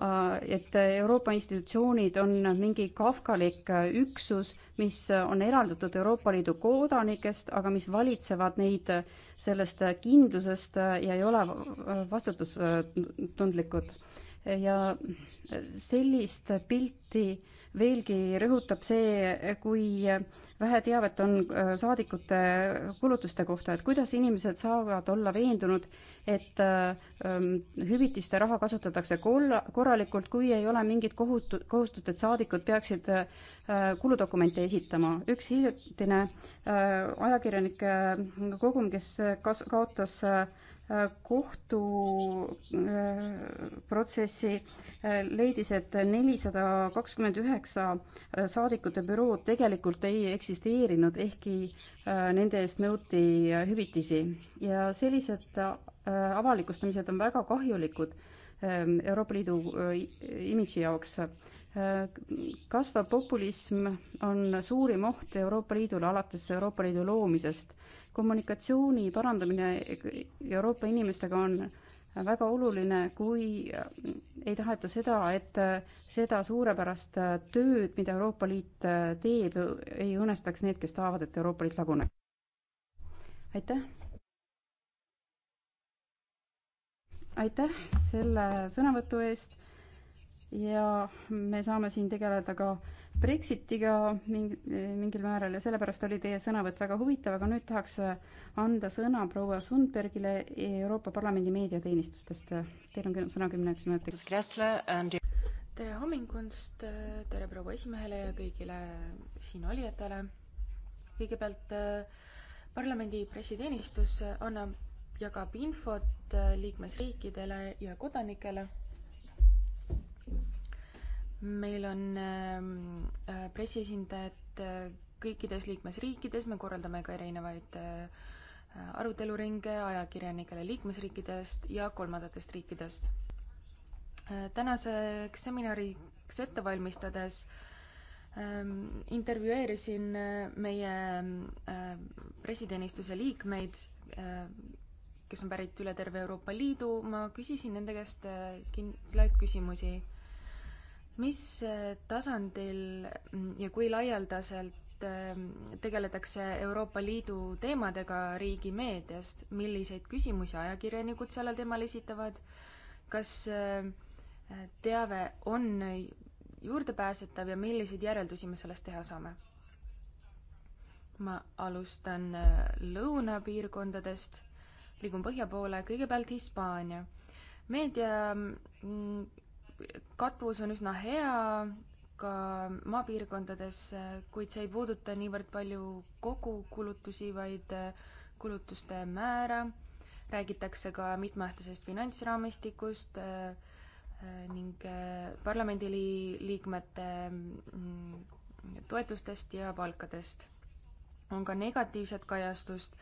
Äh, et Euroopa institutsioonid on mingi kafkalik äh, üksus, mis on eraldatud Euroopa Liidu kodanikest, aga mis valitsevad neid äh, sellest kindlusest ja ei ole vastutustundlikud. ja sellist pilti äh, veelgi rõhutab see, kui vähe teavet on äh, saadikute kulutuste kohta, et kuidas inimesed saavad olla veendunud, et äh, ähm, hüvitiste raha kasutatakse kolla, korralikult, kui ei ole mingit kohut-, kohustust, et saadikud peaksid äh, kuludokumente esitama. üks hiljutine ajakirjanike kogum, kes kas-, kaotas kohtuprotsessi äh, äh, leidis, et nelisada kakskümmend üheksa äh, saadikute bürood tegelikult ei eksisteerinud, ehkki nende eest nõuti hüvitisi. ja sellised avalikustamised on väga kahjulikud ähm, Euroopa Liidu imidži jaoks. kasvav populism on suurim oht Euroopa Liidule alates Euroopa Liidu loomisest kommunikatsiooni parandamine Euroopa inimestega on väga oluline, kui ei taheta seda, et seda suurepärast tööd, mida Euroopa Liit teeb, ei õõnestaks need, kes tahavad, et Euroopa Liit laguneb. aitäh. aitäh selle sõnavõtu eest ja me saame siin tegeleda ka äh, Brexitiga mingi, mingil määral ja sellepärast oli teie sõnavõtt väga huvitav, aga nüüd tahaks anda sõna proua Sundbergile Euroopa Parlamendi meediateenistustest. Teil on sõna kümneks minutiks. tere hommikust, tere proua esimehele ja kõigile siin olijatele. kõigepealt parlamendi pressiteenistus annab, jagab infot liikmesriikidele ja kodanikele meil on ähm, äh, pressiesindajad äh, kõikides liikmesriikides, me korraldame ka erinevaid äh, aruteluringe ajakirjanikele liikmesriikidest ja kolmandatest riikidest. tänaseks seminariks ette valmistades ähm, intervjueerisin meie pressiteenistuse liikmeid, kes on pärit üle terve Euroopa Liidu, ma küsisin nende käest kindlaid küsimusi mis äh, tasandil ja kui laialdaselt ähm, tegeletakse Euroopa Liidu teemadega riigi meedias, milliseid küsimusi ajakirjanikud sellel teemal esitavad, kas äh, teave on juurdepääsetav ja milliseid järeldusi me sellest teha saame? ma alustan äh, lõunapiirkondadest, liigun põhja poole, kõigepealt Hispaania. meedia mm, katvus on üsna hea ka maapiirkondades, kuid see ei puuduta niivõrd palju kogukulutusi, vaid äh, kulutuste määra. räägitakse ka mitmeaastasest finantsraamistikust äh, äh, ning parlamendiliikmete mm, toetustest ja palkadest. on ka negatiivset kajastust,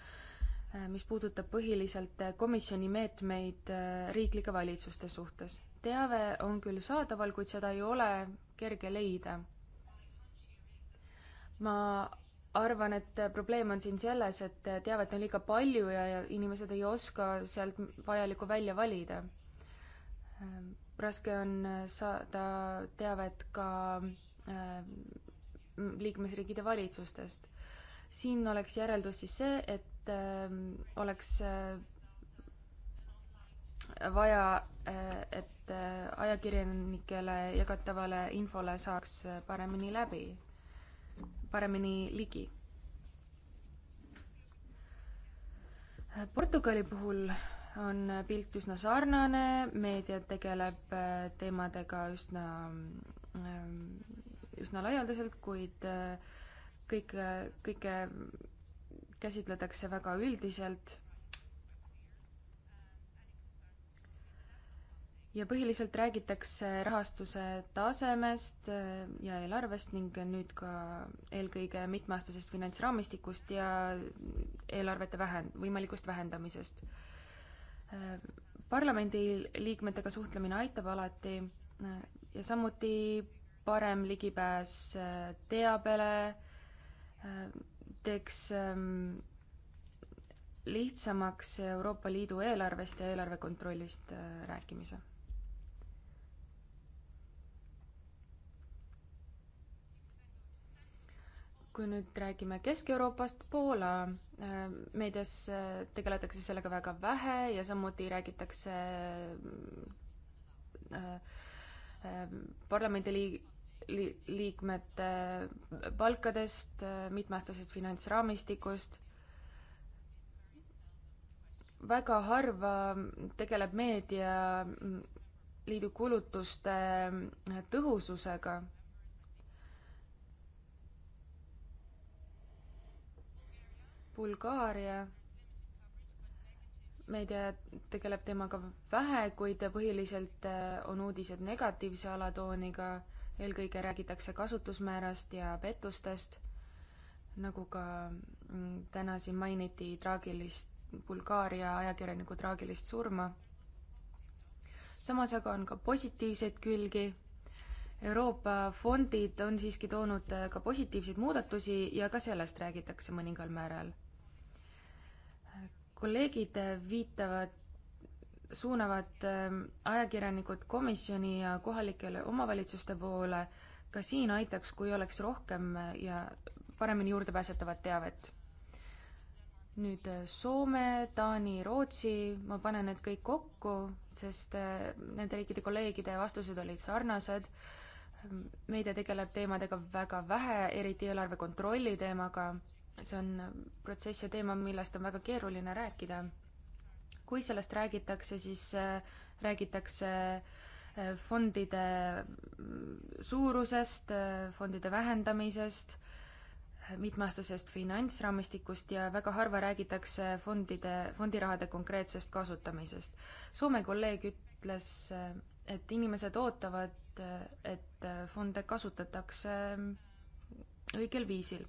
mis puudutab põhiliselt komisjoni meetmeid riiklike valitsuste suhtes teave on küll saadaval, kuid seda ei ole kerge leida. ma arvan, et probleem on siin selles, et teavet on liiga palju ja, ja inimesed ei oska sealt vajalikku välja valida. raske on saada teavet ka äh, liikmesriikide valitsustest. siin oleks järeldus siis see, et äh, oleks äh, vaja, et et äh, ajakirjanikele jagatavale infole saaks äh, paremini läbi, paremini ligi. Portugali puhul on pilt üsna sarnane, meedia tegeleb äh, teemadega üsna, ähm, üsna laialdaselt, kuid kõik, kõike käsitletakse väga üldiselt ja põhiliselt räägitakse rahastuse tasemest äh, ja eelarvest ning nüüd ka eelkõige mitmeaastasest finantsraamistikust ja eelarvete vähen-, võimalikust vähendamisest. Äh, parlamendi liikmetega suhtlemine aitab alati äh, ja samuti parem ligipääs teabele teeks ähm, lihtsamaks Euroopa Liidu eelarvest ja eelarve kontrollist rääkimise kui nüüd räägime Kesk-Euroopast, Poola äh, meedias äh, tegeletakse sellega väga vähe ja samuti räägitakse mm, äh, parlamendiliikmete palkadest, mitmeaastasest finantsraamistikust. väga harva tegeleb meedia mm, liidu kulutuste tõhususega Bulgaaria meedia tegeleb teemaga vähe, kuid põhiliselt äh, on uudised negatiivse alatooniga, eelkõige räägitakse kasutusmäärast ja pettustest, nagu ka mm, täna siin mainiti traagilist, Bulgaaria ajakirjaniku traagilist surma. samas aga on ka positiivseid külgi. Euroopa fondid on siiski toonud äh, ka positiivseid muudatusi ja ka sellest räägitakse mõningal määral kolleegid viitavad, suunavad ähm, ajakirjanikud komisjoni ja kohalikele omavalitsuste poole, ka siin aitaks, kui oleks rohkem äh, ja paremini juurdepääsetavat teavet. nüüd äh, Soome, Taani, Rootsi, ma panen need kõik kokku, sest äh, nende riikide kolleegide vastused olid sarnased. Ähm, meedia tegeleb teemadega väga vähe, eriti eelarve kontrolli teemaga see on protsess ja teema, millest on väga keeruline rääkida. kui sellest räägitakse, siis äh, räägitakse äh, fondide mm, suurusest, äh, fondide vähendamisest, mitmeaastasest finantsraamistikust ja väga harva räägitakse fondide, fondirahade konkreetsest kasutamisest. Soome kolleeg ütles, et inimesed ootavad, et fonde kasutatakse mm, õigel viisil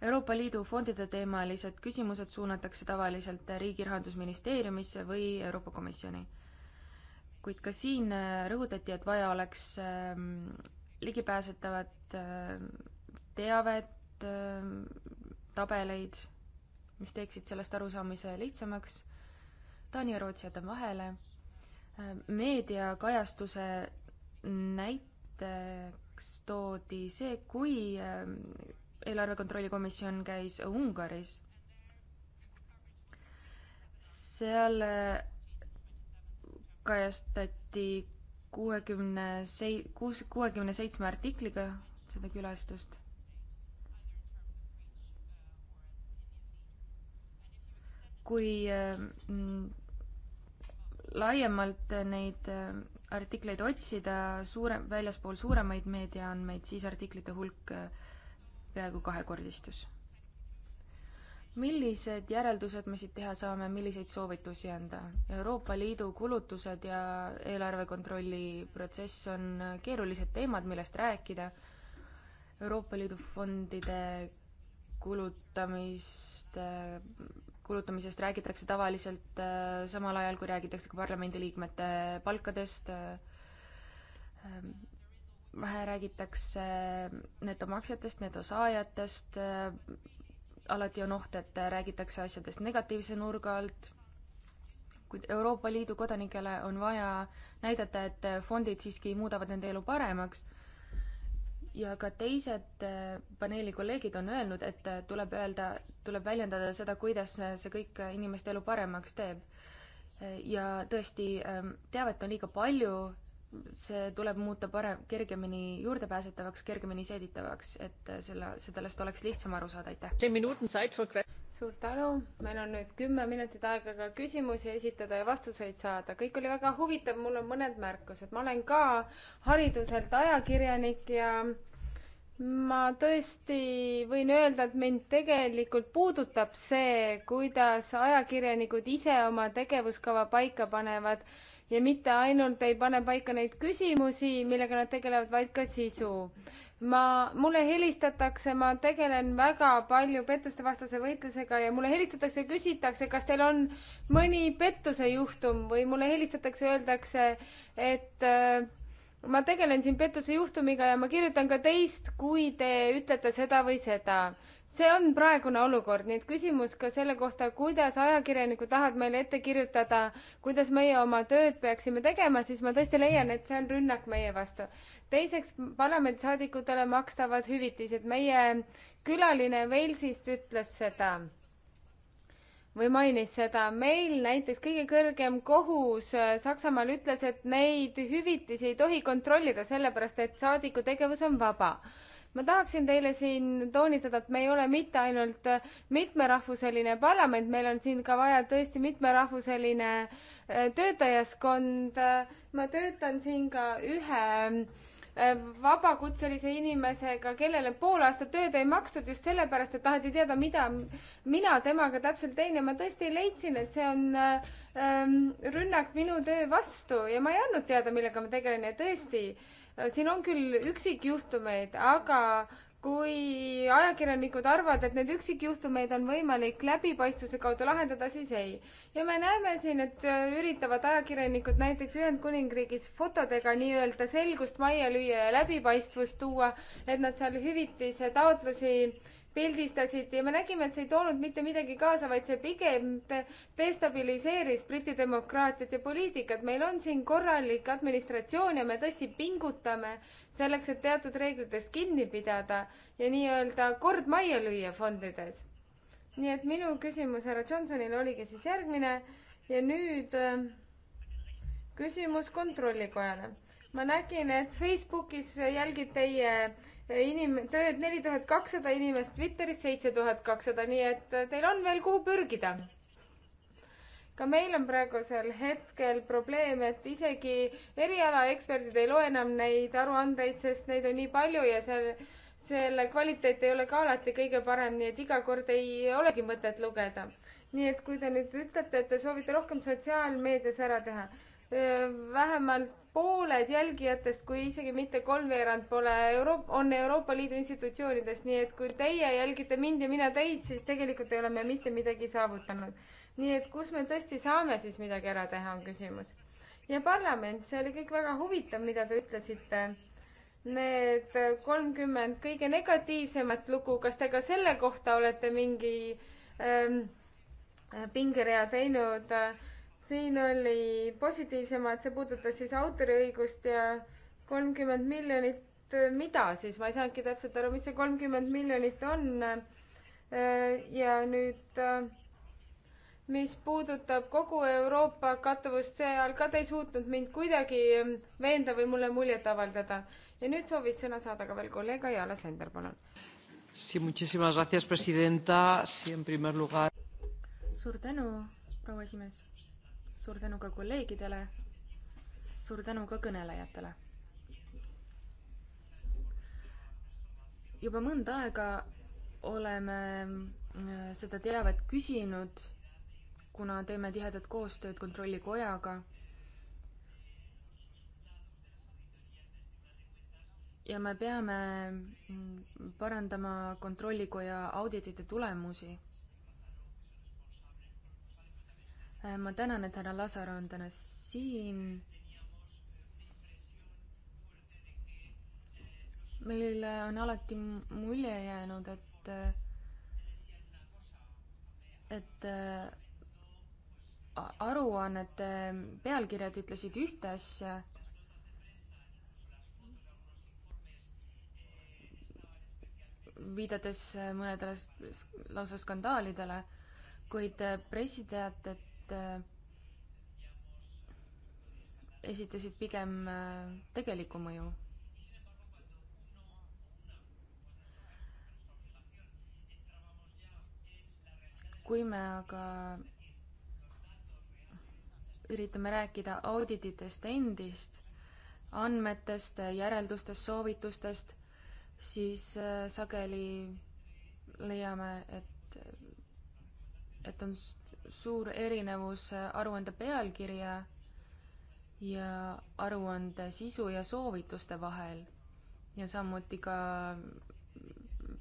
Euroopa Liidu fondide teemalised küsimused suunatakse tavaliselt riigi rahandusministeeriumisse või Euroopa Komisjoni. kuid ka siin äh, rõhutati, et vaja oleks ähm, ligipääsetavat äh, teavet, äh, tabeleid, mis teeksid sellest arusaamise lihtsamaks. Taani ja Rootsi jätan vahele. meediakajastuse näiteks toodi see, kui ähm, eelarve kontrolli komisjon käis Ungaris. seal kajastati kuuekümne sei-, kuus, kuuekümne seitsme artikliga seda külastust. kui mm, laiemalt neid artikleid otsida suure, väljaspool suuremaid meediaandmeid, siis artiklite hulk äh, peaaegu kahekordistus. millised järeldused me siit teha saame, milliseid soovitusi anda? Euroopa Liidu kulutused ja eelarvekontrolli protsess on keerulised teemad, millest rääkida. Euroopa Liidu fondide kulutamist kulutamisest räägitakse tavaliselt äh, samal ajal, kui räägitakse ka parlamendiliikmete palkadest, äh, vähe räägitakse netomaksjatest, netosaajatest, alati on oht, et räägitakse asjadest negatiivse nurga alt, kuid Euroopa Liidu kodanikele on vaja näidata, et fondid siiski muudavad nende elu paremaks ja ka teised äh, paneeli kolleegid on öelnud, et äh, tuleb öelda, tuleb väljendada seda, kuidas see kõik inimeste elu paremaks teeb. Äh, ja tõesti, ähm, teavet on liiga palju see tuleb muuta parem, kergemini juurdepääsetavaks, kergemini seeditavaks, et selle, sellest oleks lihtsam aru saada, aitäh! suur tänu, meil on nüüd kümme minutit aega ka küsimusi esitada ja vastuseid saada, kõik oli väga huvitav, mul on mõned märkused, ma olen ka hariduselt ajakirjanik ja ma tõesti võin öelda, et mind tegelikult puudutab see, kuidas ajakirjanikud ise oma tegevuskava paika panevad ja mitte ainult ei pane paika neid küsimusi, millega nad tegelevad, vaid ka sisu. ma, mulle helistatakse, ma tegelen väga palju pettustevastase võitlusega ja mulle helistatakse ja küsitakse, kas teil on mõni pettuse juhtum või mulle helistatakse, öeldakse, et äh, ma tegelen siin pettuse juhtumiga ja ma kirjutan ka teist, kui te ütlete seda või seda see on praegune olukord, nii et küsimus ka selle kohta, kuidas ajakirjanikud tahavad meile ette kirjutada, kuidas meie oma tööd peaksime tegema, siis ma tõesti leian, et see on rünnak meie vastu. teiseks, parlamendisaadikutele makstavad hüvitised, meie külaline Walesist ütles seda või mainis seda, meil näiteks kõige kõrgem kohus äh, Saksamaal ütles, et neid hüvitisi ei tohi kontrollida, sellepärast et saadiku tegevus on vaba ma tahaksin teile siin toonitada, et me ei ole mitte ainult äh, mitmerahvuseline parlament, meil on siin ka vaja tõesti mitmerahvuseline äh, töötajaskond. ma töötan siin ka ühe äh, vabakutselise inimesega, kellele pool aastat tööd ei makstud just sellepärast, et taheti teada, mida mina temaga täpselt teen ja ma tõesti leidsin, et see on ähm, rünnak minu töö vastu ja ma ei andnud teada, millega ma tegelen ja tõesti äh, siin on küll üksikjuhtumeid, aga kui ajakirjanikud arvavad, et neid üksikjuhtumeid on võimalik läbipaistvuse kaudu lahendada, siis ei. ja me näeme siin, et äh, üritavad ajakirjanikud näiteks Ühendkuningriigis fotodega nii-öelda selgust majja lüüa ja läbipaistvust tuua, et nad seal hüvitise taotlusi pildistasid ja me nägime, et see ei toonud mitte midagi kaasa, vaid see pigem destabiliseeris Briti demokraatiat ja poliitikat. meil on siin korralik administratsioon ja me tõesti pingutame selleks, et teatud reeglitest kinni pidada ja nii-öelda kord majja lüüa fondides. nii et minu küsimus härra Johnsonile oligi siis järgmine ja nüüd äh, küsimus kontrollikojale ma nägin, et Facebookis jälgib teie inim-, tööd neli tuhat kakssada inimest, Twitteris seitse tuhat kakssada, nii et äh, teil on veel kuhu pürgida. ka meil on praegusel hetkel probleem, et isegi erialaeksperdid ei loe enam neid aruandeid, sest neid on nii palju ja seal selle kvaliteet ei ole ka alati kõige parem, nii et iga kord ei olegi mõtet lugeda. nii et kui te nüüd ütlete, et te soovite rohkem sotsiaalmeedias ära teha vähemalt pooled jälgijatest, kui isegi mitte kolmveerand pole Euro-, on Euroopa Liidu institutsioonides, nii et kui teie jälgite mind ja mina teid, siis tegelikult ei ole me mitte midagi saavutanud. nii et kus me tõesti saame siis midagi ära teha, on küsimus. ja parlament, see oli kõik väga huvitav, mida te ütlesite. Need kolmkümmend kõige negatiivsemat lugu, kas te ka selle kohta olete mingi ähm, pingerea teinud äh,? siin oli positiivsemad, see puudutas siis autoriõigust ja kolmkümmend miljonit, äh, mida siis, ma ei saanudki täpselt aru, mis see kolmkümmend miljonit on. Äh, ja nüüd, äh, mis puudutab kogu Euroopa kattuvust, seal ka te ei suutnud mind kuidagi ähm, veenda või mulle muljet avaldada. ja nüüd soovis sõna saada ka veel kolleeg Ayala Sender, palun. Sí, muchísimas gracias, presidenta. Sí, en primer lugar. Suur tänu, proua esimees suur tänu ka kolleegidele, suur tänu ka kõnelejatele. juba mõnda aega oleme mm, seda teavet küsinud, kuna teeme tihedat koostööd Kontrollikojaga. ja me peame mm, parandama Kontrollikoja auditite tulemusi Äh, ma tänan, et härra Lasar on täna siin. meile on alati mulje jäänud, et, et äh, aruannete pealkirjad ütlesid ühte asja viidates äh, mõnedele lausa skandaalidele, kuid pressiteated liikmed äh, esitasid pigem äh, tegelikku mõju. kui me aga üritame rääkida audititest endist, andmetest, järeldustest, soovitustest, siis äh, sageli leiame, et, et on suur erinevus äh, aruande pealkirja ja aruande sisu ja soovituste vahel ja samuti ka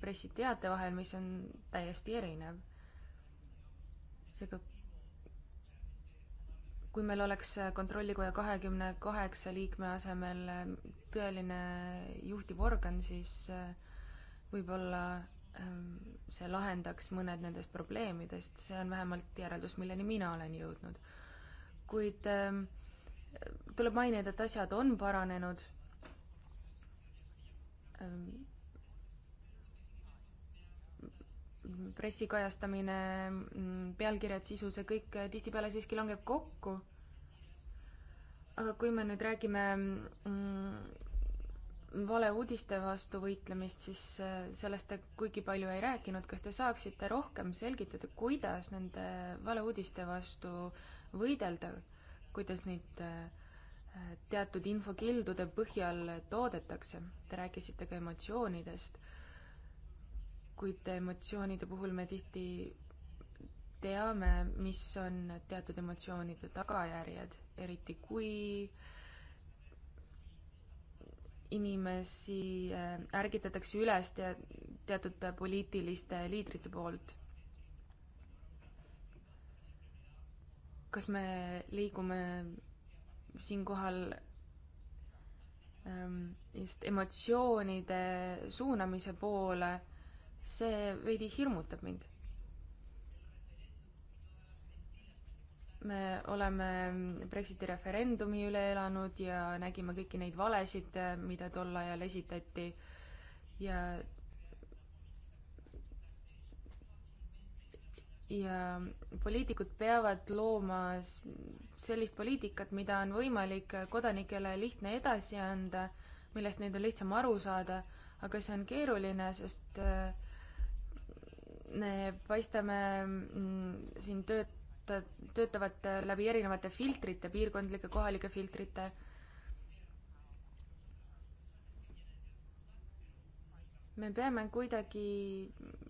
pressiteate vahel, mis on täiesti erinev. seega kui meil oleks äh, Kontrollikoja kahekümne kaheksa liikme asemel äh, tõeline juhtivorgan, siis võib-olla Ehm, see lahendaks mõned nendest probleemidest, see on vähemalt järeldus, milleni mina olen jõudnud. kuid ehm, tuleb mainida, et asjad on paranenud. Ehm, pressi kajastamine, mm, pealkirjad, sisu, see kõik tihtipeale siiski langeb kokku. aga kui me nüüd räägime mm, valeuudiste vastu võitlemist, siis äh, sellest te kuigi palju ei rääkinud. kas te saaksite rohkem selgitada, kuidas nende valeuudiste vastu võidelda, kuidas neid äh, teatud infokildude põhjal toodetakse? Te rääkisite ka emotsioonidest, kuid emotsioonide puhul me tihti teame, mis on teatud emotsioonide tagajärjed, eriti kui äh, inimesi äh, ärgitatakse üles te teatud poliitiliste liidrite poolt. kas me liigume siinkohal ähm, just emotsioonide suunamise poole, see veidi hirmutab mind me oleme Brexiti referendumi üle elanud ja nägime kõiki neid valesid, eh, mida tol ajal esitati ja ja poliitikud peavad looma sellist poliitikat, mida on võimalik kodanikele lihtne edasi anda, millest neid on lihtsam aru saada, aga see on keeruline, sest eh, me paistame mm, siin tööd töötavad läbi erinevate filtrite, piirkondlike, kohalike filtrite. me peame kuidagi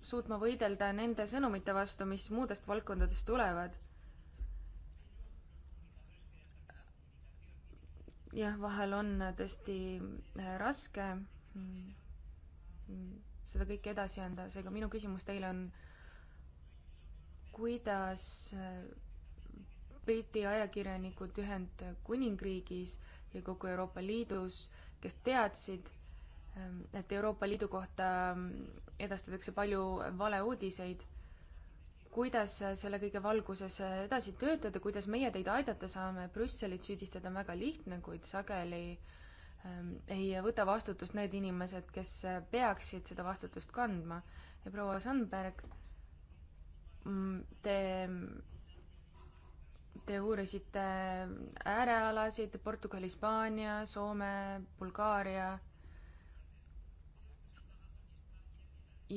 suutma võidelda nende sõnumite vastu, mis muudest valdkondadest tulevad. jah, vahel on tõesti äh, raske mm, mm, seda kõike edasi anda, seega minu küsimus teile on kuidas Briti äh, ajakirjanikud Ühendkuningriigis ja kogu Euroopa Liidus, kes teadsid, ähm, et Euroopa Liidu kohta ähm, edastatakse palju valeuudiseid, kuidas selle kõige valguses edasi töötada, kuidas meie teid aidata saame, Brüsselit süüdistada on väga lihtne, kuid sageli ähm, ei võta vastutust need inimesed, kes äh, peaksid seda vastutust kandma. ja proua Sandberg äh, Mm, te, te uurisite äärealasid Portugal, Hispaania, Soome, Bulgaaria.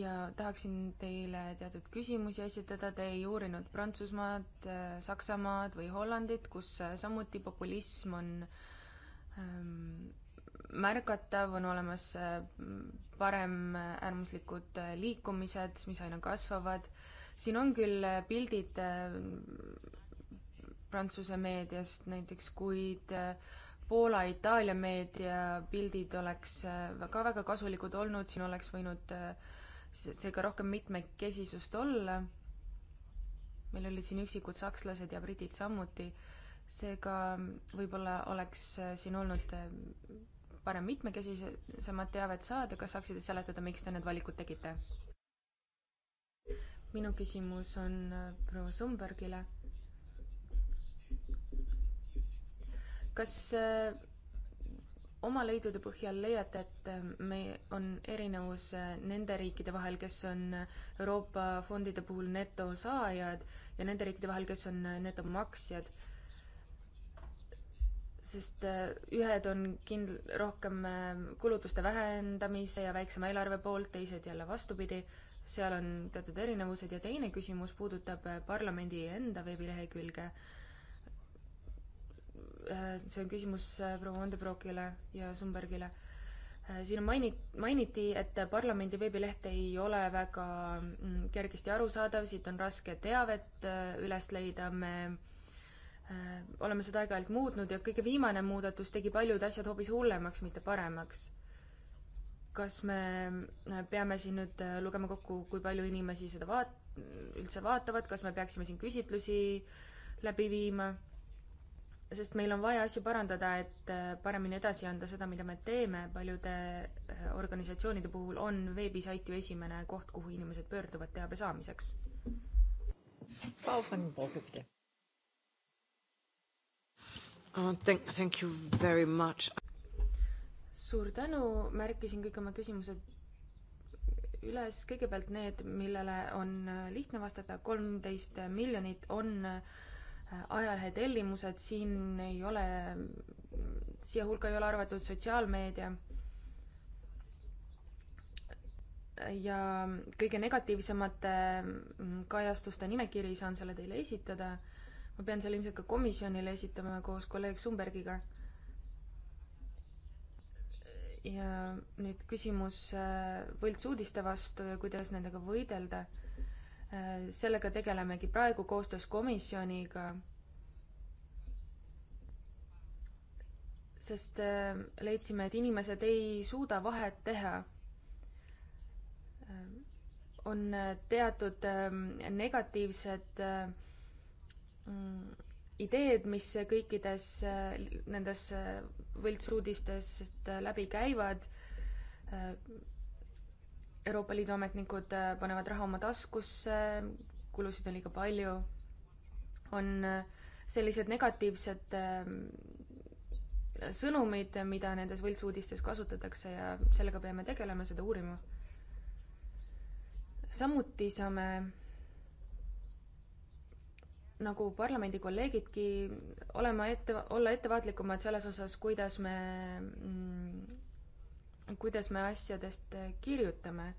ja tahaksin teile teatud küsimusi esitada, te ei uurinud Prantsusmaad, Saksamaad või Hollandit, kus samuti populism on ähm, märgatav, on olemas äh, paremäärmuslikud äh, liikumised, mis aina kasvavad siin on küll äh, pildid äh, Prantsuse meediast näiteks, kuid äh, Poola, Itaalia meedia pildid oleks ka väga kasulikud olnud, siin oleks võinud seega rohkem mitmekesisust olla. meil olid siin üksikud sakslased ja britid samuti, seega mm, võib-olla oleks siin olnud parem mitmekesisemat teavet saada, kas saaksite seletada, miks te need valikud tegite? minu küsimus on äh, proua Sumbergile. kas äh, oma leidude põhjal leiate, et äh, me, on erinevus nende riikide vahel, kes on Euroopa fondide puhul netosaajad ja nende riikide vahel, kes on netomaksjad? sest ühed on kind-, rohkem kulutuste vähendamise ja väiksema eelarve poolt, teised jälle vastupidi seal on teatud erinevused ja teine küsimus puudutab äh, parlamendi enda veebilehekülge. Äh, see on küsimus äh, proua Vandenbroekile ja Sumbergile. siin on mainit-, mainiti, et parlamendi veebileht ei ole väga mm, kergesti arusaadav, siit on raske teavet üles leida, me oleme seda aeg-ajalt muutnud ja kõige viimane muudatus tegi paljud asjad hoopis hullemaks, mitte paremaks kas me äh, peame siin nüüd äh, lugema kokku, kui palju inimesi seda vaat-, üldse vaatavad, kas me peaksime siin küsitlusi läbi viima, sest meil on vaja asju parandada, et äh, paremini edasi anda seda, mida me teeme, paljude organisatsioonide puhul on veebisait ju esimene koht, kuhu inimesed pöörduvad teabe saamiseks. Frau van Borgupte. Uh, thank you very much suur tänu, märkisin kõik oma küsimused üles, kõigepealt need, millele on äh, lihtne vastata, kolmteist miljonit on äh, ajalehe tellimused, siin ei ole, siia hulka ei ole arvatud sotsiaalmeedia. ja kõige negatiivsemate mm, kajastuste nimekiri saan selle teile esitada. ma pean selle ilmselt ka komisjonile esitama koos kolleeg Sumbergiga ja nüüd küsimus äh, võltsuudiste vastu ja kuidas nendega võidelda. Äh, sellega tegelemegi praegu koostöös komisjoniga. sest äh, leidsime, et inimesed ei suuda vahet teha. on teatud negatiivsed mm, ideed, mis kõikides äh, nendes äh, võltsuudistest äh, läbi käivad. Euroopa Liidu ametnikud panevad raha oma taskusse, kulusid on liiga palju, on sellised negatiivsed sõnumid, mida nendes võltsuudistes kasutatakse ja sellega peame tegelema, seda uurima. samuti saame nagu parlamendi kolleegidki, olema ette, olla ettevaatlikumad selles osas, kuidas me, mm, kuidas me asjadest kirjutame.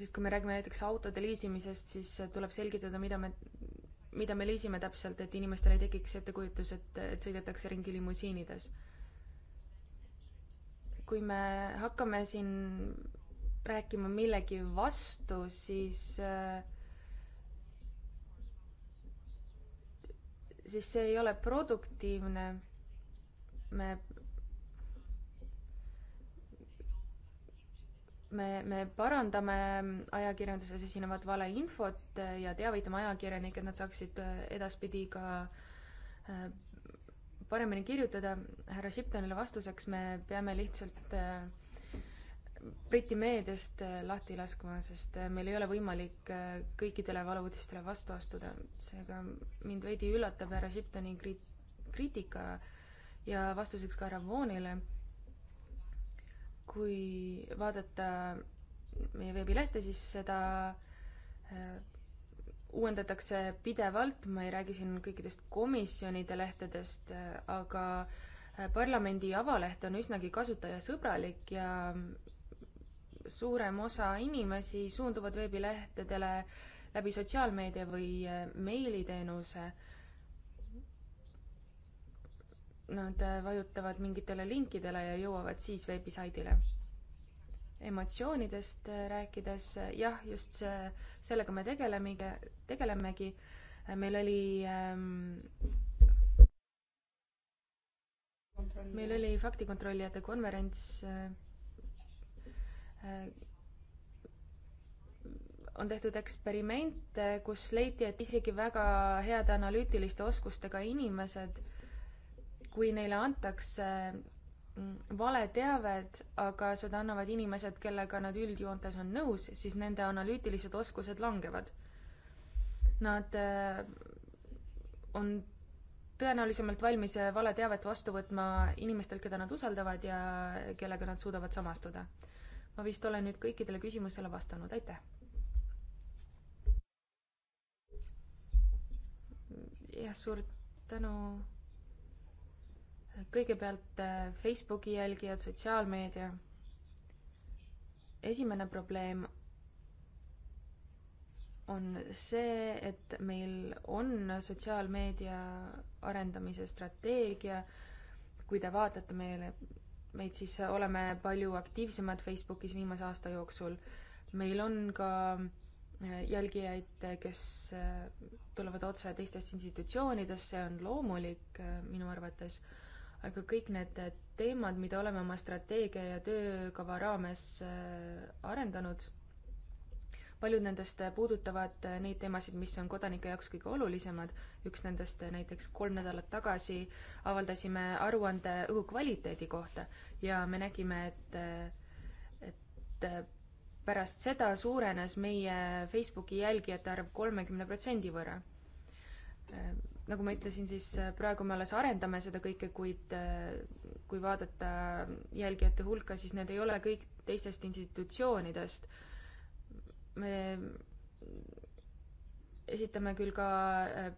sest kui me räägime näiteks autode liisimisest, siis tuleb selgitada, mida me, mida me liisime täpselt, et inimestel ei tekiks ettekujutus, et, et sõidetakse ringi limusiinides. kui me hakkame siin rääkima millegi vastu, siis äh, siis see ei ole produktiivne. me me, me parandame ajakirjanduses esinevat valeinfot ja teavitame ajakirjanikke, et nad saaksid äh, edaspidi ka äh, paremini kirjutada. härra Shiptonile vastuseks me peame lihtsalt äh, Briti meediast äh, lahti laskma, sest äh, meil ei ole võimalik äh, kõikidele valuudistele vastu astuda. seega mind veidi üllatab härra Shiptoni kri-, kriitika ja vastuseks ka härra Voonile, kui vaadata meie veebilehte, siis seda uuendatakse pidevalt, ma ei räägi siin kõikidest komisjonide lehtedest, aga parlamendi avaleht on üsnagi kasutajasõbralik ja suurem osa inimesi suunduvad veebilehtedele läbi sotsiaalmeedia või äh, meiliteenuse. Nad äh, vajutavad mingitele linkidele ja jõuavad siis veebisaidile. emotsioonidest äh, rääkides, jah, just see, sellega me tegelemegi, tegelemegi. meil oli ähm, meil oli faktikontrollijate konverents äh, on tehtud eksperimente, kus leiti, et isegi väga heade analüütiliste oskustega inimesed, kui neile antakse mm, valeteavet, aga seda annavad inimesed, kellega nad üldjoontes on nõus, siis nende analüütilised oskused langevad. Nad äh, on tõenäolisemalt valmis valeteavet vastu võtma inimestelt, keda nad usaldavad ja kellega nad suudavad samastuda ma vist olen nüüd kõikidele küsimustele vastanud, aitäh. jah, suur tänu. kõigepealt äh, Facebooki jälgijad, sotsiaalmeedia. esimene probleem on see, et meil on sotsiaalmeedia arendamise strateegia. kui te vaatate meile meid, siis äh, oleme palju aktiivsemad Facebookis viimase aasta jooksul. meil on ka äh, jälgijaid, kes äh, tulevad otse teistest institutsioonidest, see on loomulik minu arvates, aga kõik need teemad, mida oleme oma strateegia ja töökava raames arendanud paljud nendest puudutavad neid teemasid, mis on kodanike jaoks kõige olulisemad. üks nendest näiteks kolm nädalat tagasi avaldasime aruande õhukvaliteedi kohta ja me nägime, et, et pärast seda suurenes meie Facebooki jälgijate arv kolmekümne protsendi võrra. nagu ma ütlesin, siis praegu me alles arendame seda kõike, kuid kui vaadata jälgijate hulka, siis need ei ole kõik teistest institutsioonidest äh, me esitame küll ka äh,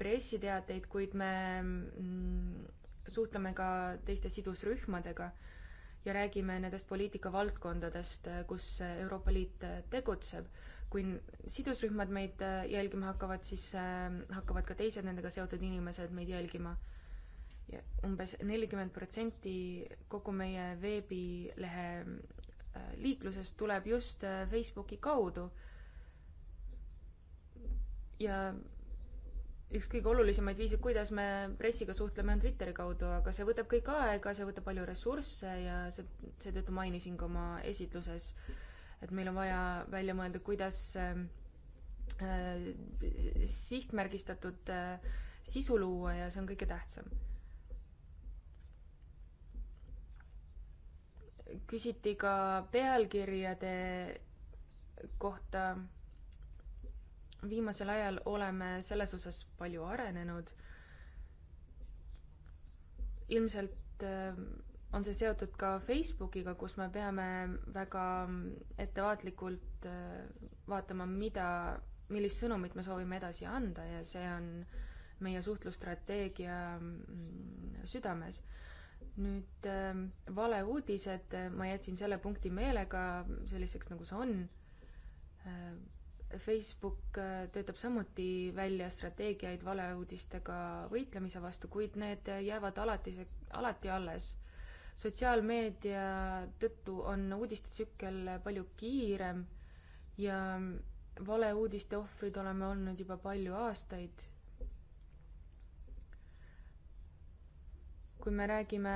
pressiteateid, kuid me mm, suhtleme ka teiste sidusrühmadega ja räägime nendest poliitikavaldkondadest, äh, kus äh, Euroopa Liit tegutseb. kui sidusrühmad meid jälgima hakkavad, siis hakkavad ka teised nendega seotud inimesed meid jälgima. umbes nelikümmend protsenti kogu meie veebilehe liiklusest tuleb just äh, Facebooki kaudu. ja üks kõige olulisemaid viise, kuidas me pressiga suhtleme, on Twitteri kaudu, aga see võtab kõik aega, see võtab palju ressursse ja see, seetõttu mainisin ka oma esitluses, et meil on vaja välja mõelda, kuidas ähm, äh, sihtmärgistatud äh, sisu luua ja see on kõige tähtsam küsiti ka pealkirjade kohta. viimasel ajal oleme selles osas palju arenenud. ilmselt äh, on see seotud ka Facebookiga, kus me peame väga ettevaatlikult äh, vaatama, mida, millist sõnumit me soovime edasi anda ja see on meie suhtlusstrateegia mm, südames nüüd ähm, valeuudised, ma jätsin selle punkti meelega selliseks, nagu see on. Äh, Facebook äh, töötab samuti välja strateegiaid valeuudistega võitlemise vastu, kuid need jäävad alati, alati alles. sotsiaalmeedia tõttu on uudistetsükkel palju kiirem ja mm, valeuudiste ohvrid oleme olnud juba palju aastaid kui me räägime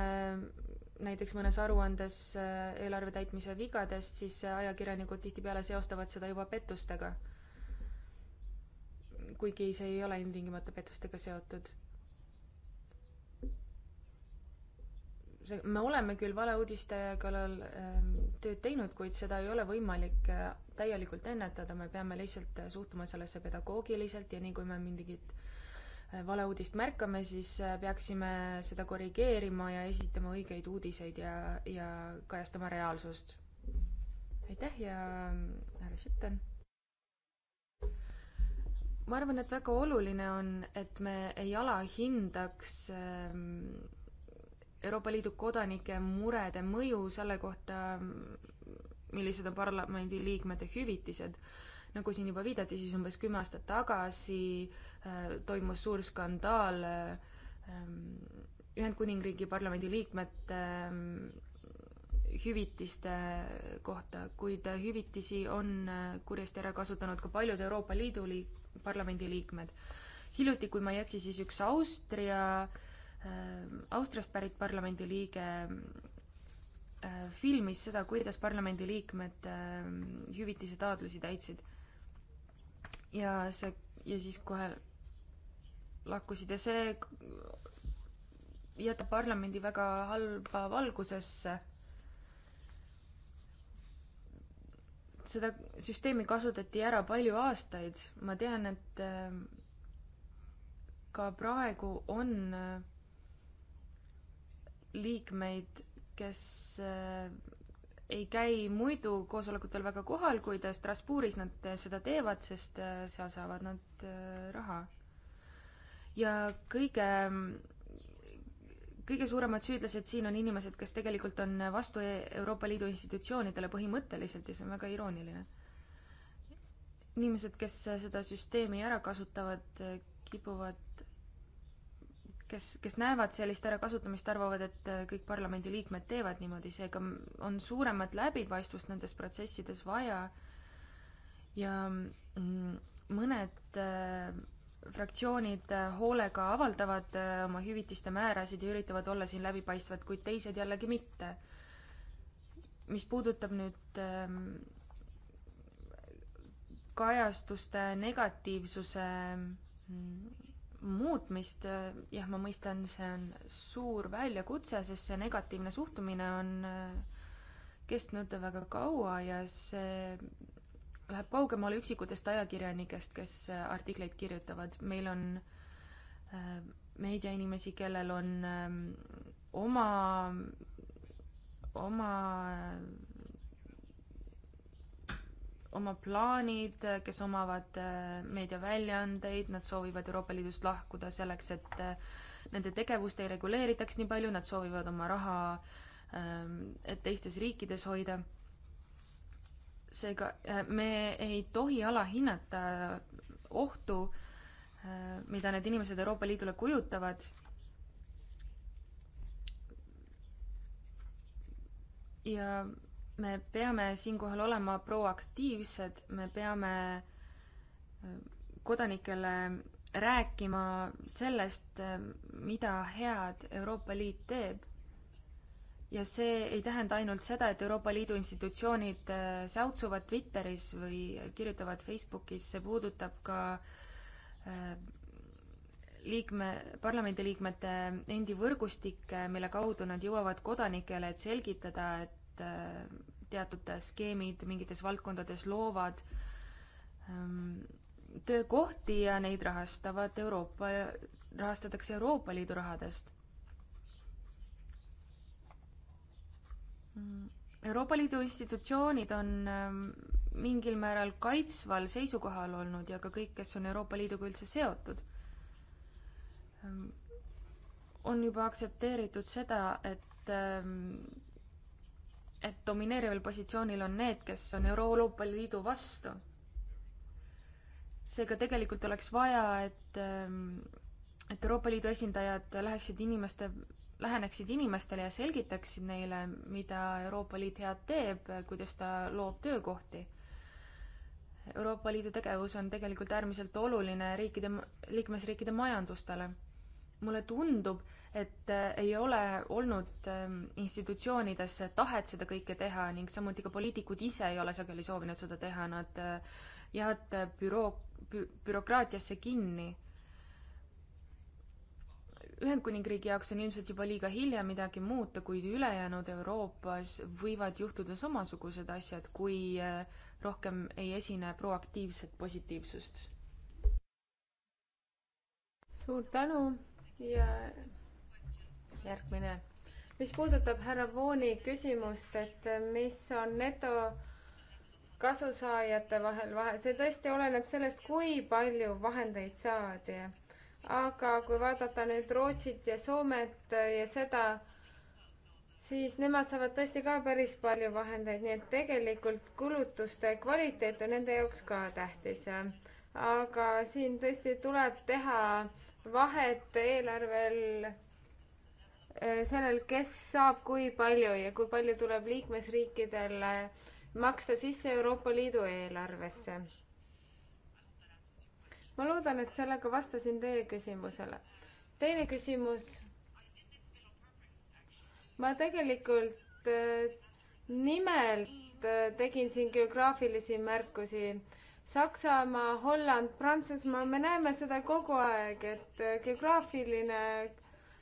näiteks mõnes aruandes äh, eelarve täitmise vigadest, siis äh, ajakirjanikud tihtipeale seostavad seda juba pettustega. kuigi see ei ole ilmtingimata pettustega seotud. see, me oleme küll valeuudiste kallal ähm, tööd teinud, kuid seda ei ole võimalik äh, täielikult ennetada, me peame lihtsalt suhtuma sellesse pedagoogiliselt ja nii, kui me mingit äh, valeuudist märkame, siis äh, peaksime seda korrigeerima ja esitama õigeid uudiseid ja, ja kajastama reaalsust. aitäh ja ähm, härra Sütten! ma arvan, et väga oluline on, et me ei alahindaks ähm, Euroopa Liidu kodanike murede mõju selle kohta, mm, millised on parlamendi liikmete hüvitised nagu siin juba viidati, siis umbes kümme aastat tagasi äh, toimus suur skandaal ähm, Ühendkuningriigi parlamendi liikmete ähm, hüvitiste kohta, kuid hüvitisi on äh, kurjasti ära kasutanud ka paljud Euroopa Liidu liik-, parlamendi liikmed. hiljuti, kui ma ei eksi, siis üks Austria, ähm, Austriast pärit parlamendiliige äh, filmis seda, kuidas parlamendiliikmed hüvitise taotlusi täitsid ja see, ja siis kohe lakkusid ja see jätab parlamendi väga halba valgusesse. seda süsteemi kasutati ära palju aastaid, ma tean, et äh, ka praegu on äh, liikmeid, kes äh, ei käi muidu koosolekutel väga kohal, kuid Strasbourgis nad seda teevad, sest äh, seal saavad nad äh, raha. ja kõige, kõige suuremad süüdlased siin on inimesed, kes tegelikult on vastu e-, Euroopa Liidu institutsioonidele põhimõtteliselt ja see on väga irooniline. inimesed, kes seda süsteemi ära kasutavad, kipuvad kes, kes näevad sellist ärakasutamist, arvavad, et äh, kõik parlamendiliikmed teevad niimoodi, seega on suuremat läbipaistvust nendes protsessides vaja ja mm, mõned äh, fraktsioonid äh, hoolega avaldavad äh, oma hüvitiste määrasid ja üritavad olla siin läbipaistvad, kuid teised jällegi mitte. mis puudutab nüüd ähm, kajastuste negatiivsuse mm, muutmist, jah, ma mõistan, see on suur väljakutse, sest see negatiivne suhtumine on äh, kestnud väga kaua ja see läheb kaugemale üksikutest ajakirjanikest, kes äh, artikleid kirjutavad. meil on äh, meediainimesi, kellel on ähm, oma, oma oma plaanid, kes omavad äh, meediaväljaandeid, nad soovivad Euroopa Liidust lahkuda selleks, et äh, nende tegevust ei reguleeritaks nii palju, nad soovivad oma raha ähm, teistes riikides hoida. seega äh, me ei tohi alahinnata ohtu, mida need inimesed Euroopa Liidule kujutavad ja me peame siinkohal olema proaktiivsed, me peame äh, kodanikele rääkima sellest, äh, mida head Euroopa Liit teeb. ja see ei tähenda ainult seda, et Euroopa Liidu institutsioonid äh, säutsuvad Twitteris või kirjutavad Facebookis, see puudutab ka liikme, parlamendiliikmete endi võrgustikke, mille kaudu nad jõuavad kodanikele, et selgitada, et et äh, teatud skeemid mingites valdkondades loovad ähm, töökohti ja neid rahastavad Euroopa, rahastatakse Euroopa Liidu rahadest. Euroopa Liidu institutsioonid on ähm, mingil määral kaitsval seisukohal olnud ja ka kõik, kes on Euroopa Liiduga üldse seotud, ähm, on juba aktsepteeritud seda, et et domineerival positsioonil on need, kes on Euroopa Liidu vastu. seega tegelikult oleks vaja, et, ähm, et Euroopa Liidu esindajad läheksid inimeste, läheneksid inimestele ja selgitaksid neile, mida Euroopa Liit head teeb, kuidas ta loob töökohti. Euroopa Liidu tegevus on tegelikult äärmiselt oluline riikide, liikmesriikide majandustele. mulle tundub, et äh, ei ole olnud ähm, institutsioonides tahet seda kõike teha ning samuti ka poliitikud ise ei ole sageli soovinud seda teha, nad äh, jäävad äh, büroo, bürokraatiasse kinni. Ühendkuningriigi jaoks on ilmselt juba liiga hilja midagi muuta, kuid ülejäänud Euroopas võivad juhtuda samasugused asjad, kui rohkem ei esine proaktiivset positiivsust. suur tänu ja yeah järgmine. mis puudutab härra Vooni küsimust, et mis on neto kasusaajate vahel vahe, see tõesti oleneb sellest, kui palju vahendeid saadi. aga kui vaadata nüüd Rootsit ja Soomet ja seda, siis nemad saavad tõesti ka päris palju vahendeid, nii et tegelikult kulutuste kvaliteet on nende jaoks ka tähtis. aga siin tõesti tuleb teha vahet eelarvel Äh, sellel, kes saab kui palju ja kui palju tuleb liikmesriikidele maksta sisse Euroopa Liidu eelarvesse. ma loodan, et sellega vastasin teie küsimusele. teine küsimus. ma tegelikult äh, nimelt äh, tegin siin geograafilisi märkusi Saksamaa, Holland, Prantsusmaa, me näeme seda kogu aeg, et geograafiline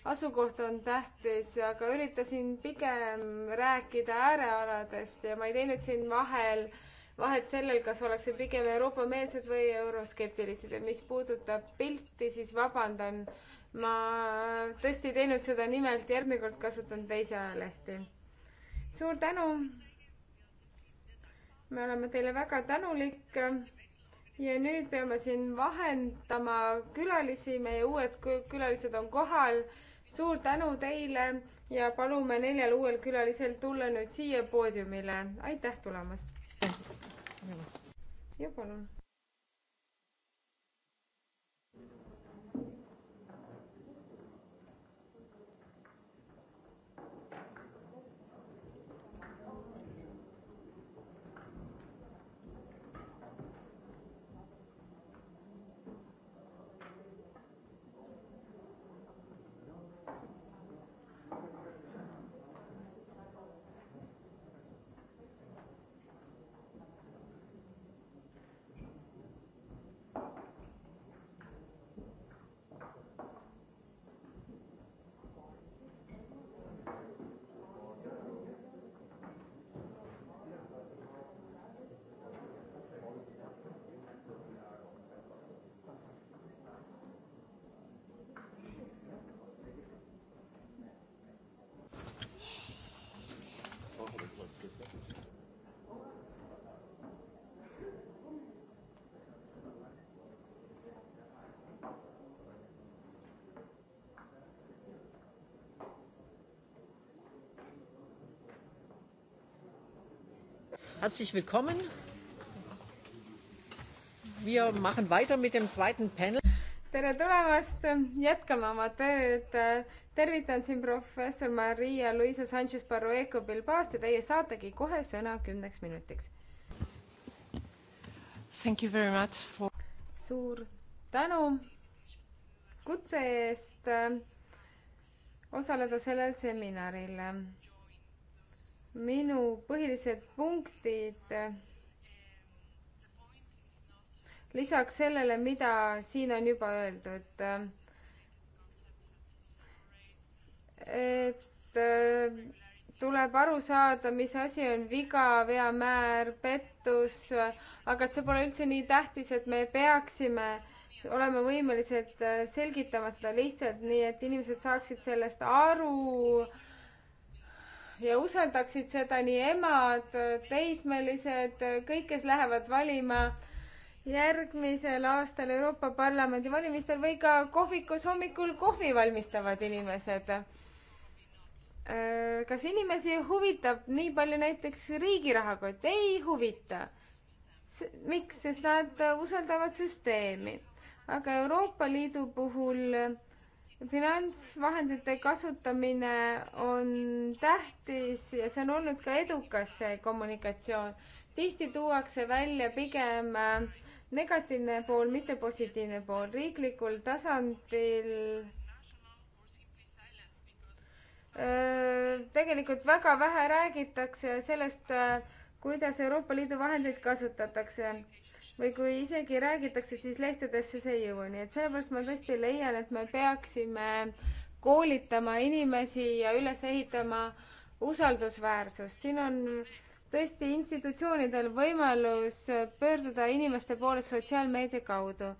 asukoht on tähtis, aga üritasin pigem rääkida äärealadest ja ma ei teinud siin vahel vahet sellel, kas ollakse pigem Euroopa-meelsed või euroskeptilised ja mis puudutab pilti, siis vabandan. ma tõesti ei teinud seda nimelt, järgmine kord kasutan teise ajalehti. suur tänu. me oleme teile väga tänulik. ja nüüd peame siin vahendama külalisi, meie uued külalised on kohal suur tänu teile ja palume neljal uuel külalisel tulla nüüd siia poodiumile. aitäh tulemast! ja palun Herzlich willkommen. Wir machen weiter mit dem zweiten Panel. tere tulemast, jätkame oma tööd. tervitan siin professor Maria Luisa Sanchez Barrueco Bilbaost ja teie saategi kohe sõna kümneks minutiks. Thank you very much for. suur tänu kutse eest osaleda sellel seminaril minu põhilised punktid lisaks sellele, mida siin on juba öeldud. et äh, tuleb aru saada, mis asi on viga, veamäär, pettus, aga et see pole üldse nii tähtis, et me peaksime olema võimelised äh, selgitama seda lihtsalt nii, et inimesed saaksid sellest aru ja usaldaksid seda nii emad, teismelised, kõik, kes lähevad valima järgmisel aastal Euroopa Parlamendi valimistel või ka kohvikus hommikul kohvi valmistavad inimesed. Äh, kas inimesi huvitab nii palju näiteks riigi rahakott? ei huvita. miks? sest nad usaldavad süsteemi. aga Euroopa Liidu puhul finantsvahendite kasutamine on tähtis ja see on olnud ka edukas, see kommunikatsioon. tihti tuuakse välja pigem äh, negatiivne pool, mitte positiivne pool. riiklikul tasandil äh, tegelikult väga vähe räägitakse sellest, äh, kuidas Euroopa Liidu vahendeid kasutatakse või kui isegi räägitakse, siis lehtedesse see ei jõua, nii et sellepärast ma tõesti leian, et me peaksime koolitama inimesi ja üles ehitama usaldusväärsust. siin on tõesti institutsioonidel võimalus pöörduda inimeste poole sotsiaalmeedia kaudu.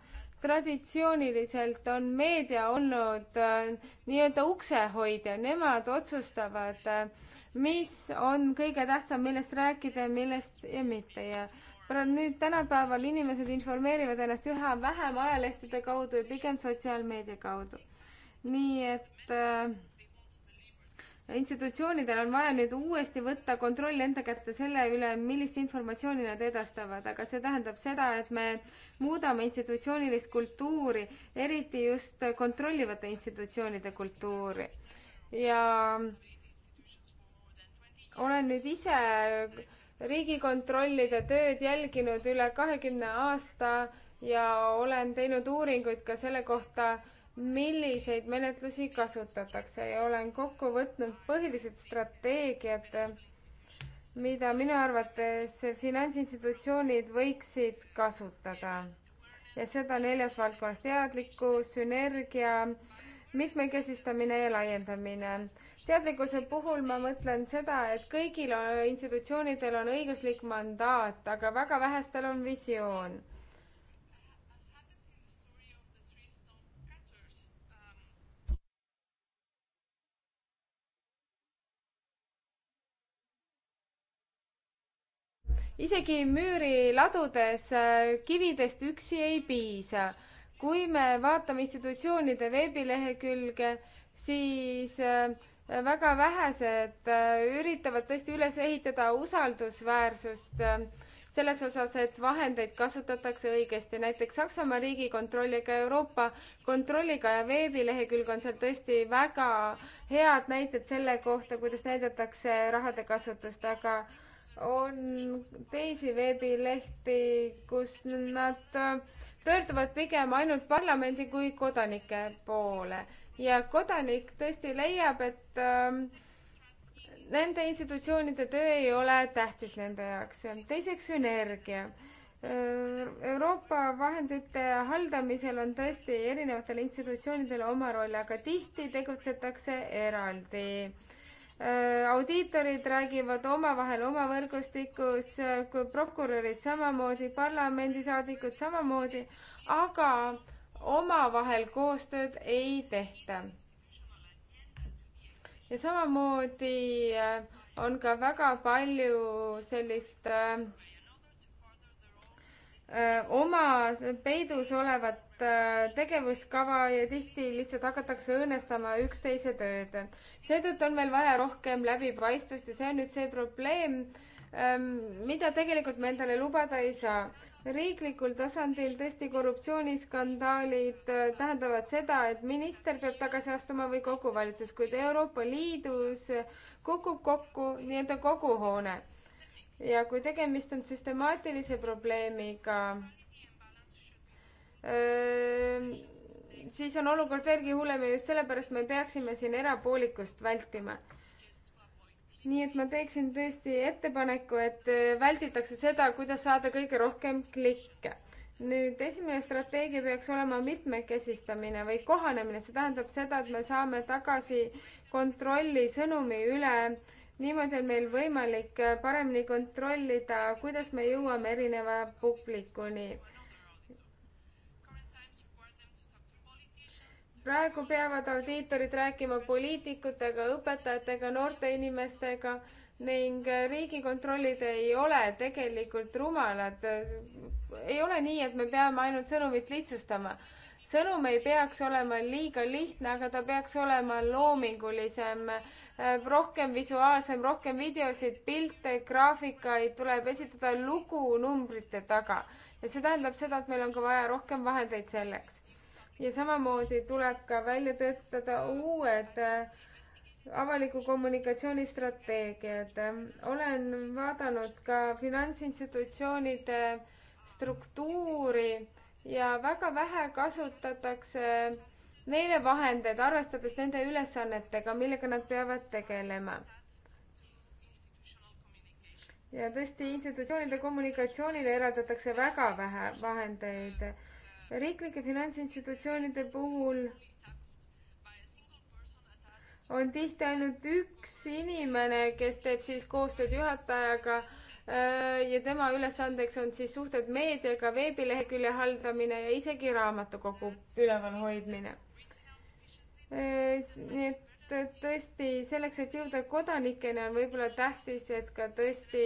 traditsiooniliselt on meedia olnud äh, nii-öelda uksehoidja, nemad otsustavad äh,, mis on kõige tähtsam, millest rääkida ja millest ja mitte ja nüüd tänapäeval inimesed informeerivad ennast üha vähem ajalehtede kaudu ja pigem sotsiaalmeedia kaudu. nii et äh, institutsioonidel on vaja nüüd uuesti võtta kontroll enda kätte selle üle, millist informatsiooni nad edastavad, aga see tähendab seda, et me muudame institutsioonilist kultuuri, eriti just kontrollivate institutsioonide kultuuri. ja olen nüüd ise riigikontrollide tööd jälginud üle kahekümne aasta ja olen teinud uuringuid ka selle kohta, milliseid menetlusi kasutatakse ja olen kokku võtnud põhilised strateegiad, mida minu arvates finantsinstitutsioonid võiksid kasutada. ja seda neljas valdkonnas, teadlikkus, sünergia, mitmekesistamine ja laiendamine teadlikkuse puhul ma mõtlen seda, et kõigil on, institutsioonidel on õiguslik mandaat, aga väga vähestel on visioon. isegi müüriladudes äh, kividest üksi ei piisa. kui me vaatame institutsioonide veebilehekülge, siis äh, väga vähesed äh, üritavad tõesti üles ehitada usaldusväärsust äh, selles osas, et vahendeid kasutatakse õigesti. näiteks Saksamaa riigikontrolliga, Euroopa kontrolliga ja veebilehekülg on seal tõesti väga head näited selle kohta, kuidas näidatakse rahade kasutust, aga on teisi veebilehti, kus nad pöörduvad pigem ainult parlamendi kui kodanike poole ja kodanik tõesti leiab, et äh, nende institutsioonide töö ei ole tähtis nende jaoks. teiseks sünergia. Äh, Euroopa vahendite haldamisel on tõesti erinevatel institutsioonidel oma roll, aga tihti tegutsetakse eraldi. Äh, audiitorid räägivad omavahel oma võrgustikus, kui äh, prokurörid samamoodi, parlamendisaadikud samamoodi, aga omavahel koostööd ei tehta. ja samamoodi äh, on ka väga palju sellist äh, äh oma peidus olevat äh, tegevuskava ja tihti lihtsalt hakatakse õõnestama üksteise tööd. seetõttu on meil vaja rohkem läbipaistvust ja see on nüüd see probleem, Ehm, mida tegelikult me endale lubada ei saa. riiklikul tasandil tõesti korruptsiooniskandaalid äh, tähendavad seda, et minister peab tagasi astuma või kogu valitsus, kuid Euroopa Liidus äh, kukub kokku nii-öelda kogu hoone. ja kui tegemist on süstemaatilise probleemiga, ehm, siis on olukord veelgi hullem ja just sellepärast me peaksime siin erapoolikust vältima nii et ma teeksin tõesti ettepaneku, et äh, välditakse seda, kuidas saada kõige rohkem klikke. nüüd esimene strateegia peaks olema mitmekesistamine või kohanemine, see tähendab seda, et me saame tagasi kontrolli sõnumi üle. niimoodi on meil võimalik äh, paremini kontrollida, kuidas me jõuame erineva publikuni praegu peavad audiitorid rääkima poliitikutega, õpetajatega, noorte inimestega ning riigikontrollid ei ole tegelikult rumalad. ei ole nii, et me peame ainult sõnumit lihtsustama. sõnum ei peaks olema liiga lihtne, aga ta peaks olema loomingulisem, rohkem visuaalsem, rohkem videosid, pilte, graafikaid tuleb esitada lugu numbrite taga. ja see tähendab seda, et meil on ka vaja rohkem vahendeid selleks ja samamoodi tuleb ka välja töötada uued äh, avaliku kommunikatsiooni strateegiad. olen vaadanud ka finantsinstitutsioonide struktuuri ja väga vähe kasutatakse neile vahendeid, arvestades nende ülesannetega, millega nad peavad tegelema. ja tõesti, institutsioonide kommunikatsioonile eraldatakse väga vähe vahendeid riiklike finantsinstitutsioonide puhul on tihti ainult üks inimene, kes teeb siis koostööd juhatajaga äh, ja tema ülesandeks on siis suhted meediaga, veebilehekülje haldamine ja isegi raamatukogu ülevalhoidmine. Äh, nii et tõesti selleks, et jõuda kodanikeni, on võib-olla tähtis, et ka tõesti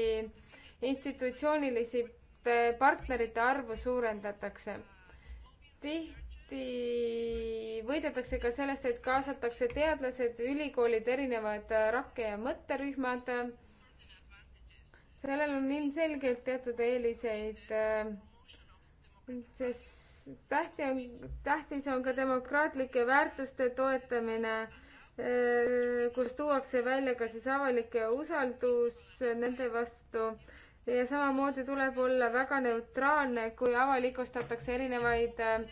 institutsioonilisi äh, partnerite arvu suurendatakse tihti võideldakse ka sellest, et kaasatakse teadlased, ülikoolid, erinevad äh, rakke- ja mõtterühmad. sellel on ilmselgelt teatud eeliseid, äh, sest tähti on, tähtis on ka demokraatlike väärtuste toetamine, äh, kus tuuakse välja ka siis avalik usaldus nende vastu ja samamoodi tuleb olla väga neutraalne, kui avalikustatakse erinevaid äh,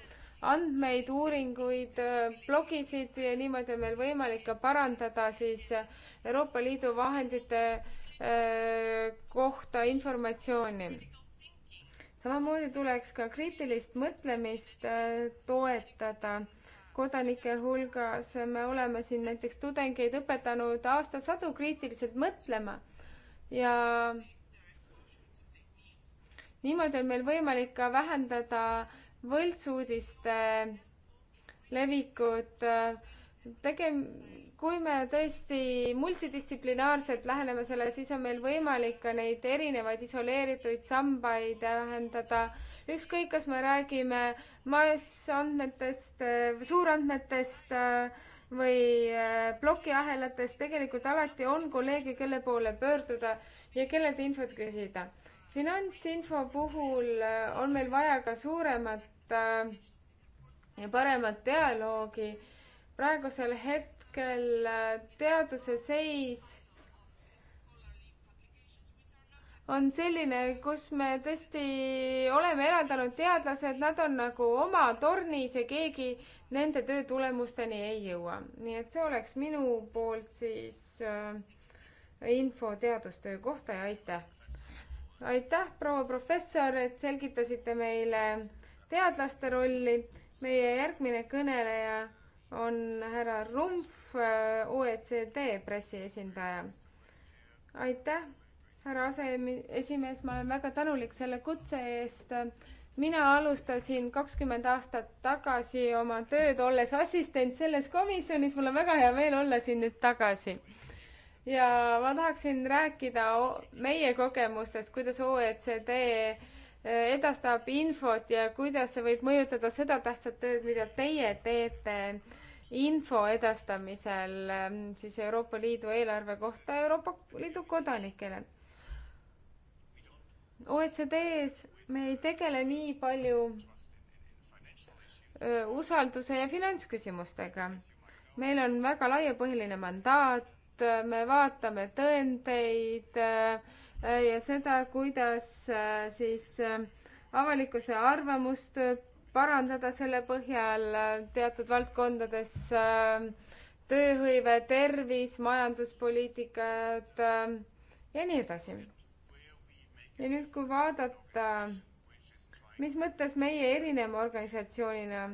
andmeid, uuringuid, äh, blogisid ja niimoodi on meil võimalik ka parandada siis äh, Euroopa Liidu vahendite kohta informatsiooni. samamoodi tuleks ka kriitilist mõtlemist toetada kodanike hulgas. me oleme siin näiteks tudengeid õpetanud aastasadu kriitiliselt mõtlema ja niimoodi on meil võimalik ka vähendada võltsuudiste levikut. tegem-, kui me tõesti multidistsiplinaarselt läheneme sellele, siis on meil võimalik ka neid erinevaid isoleeritud sambaid vähendada. ükskõik, kas me räägime massandmetest, suurandmetest või äh, plokiahelatest, tegelikult alati on kolleege, kelle poole pöörduda ja kellelt infot küsida finantsinfo puhul äh, on meil vaja ka suuremat äh, ja paremat dialoogi. praegusel hetkel äh, teaduse seis on selline, kus me tõesti oleme eraldanud teadlased, nad on nagu oma tornis ja keegi nende töö tulemusteni ei jõua. nii et see oleks minu poolt siis äh, info teadustöö kohta ja aitäh! aitäh, proua professor, et selgitasite meile teadlaste rolli. meie järgmine kõneleja on härra Rumpf, äh, OECD pressiesindaja. aitäh, härra aseesimees, ma olen väga tänulik selle kutse eest. mina alustasin kakskümmend aastat tagasi oma tööd, olles assistent selles komisjonis. mul on väga hea meel olla siin nüüd tagasi ja ma tahaksin rääkida meie kogemustest, kuidas OECD eh, edastab infot ja kuidas see võib mõjutada seda tähtsat tööd, mida teie teete info edastamisel ehm, siis Euroopa Liidu eelarve kohta Euroopa Liidu kodanikele. OECD-s me ei tegele nii palju eh, usalduse ja finantsküsimustega. meil on väga laiapõhjaline mandaat, Äh, me vaatame tõendeid äh, ja seda, kuidas äh, siis avalikkuse arvamust parandada selle põhjal teatud valdkondades tööhõive, tervis, majanduspoliitikad ja nii edasi. ja nüüd, kui vaadata, mis mõttes meie erineme organisatsioonina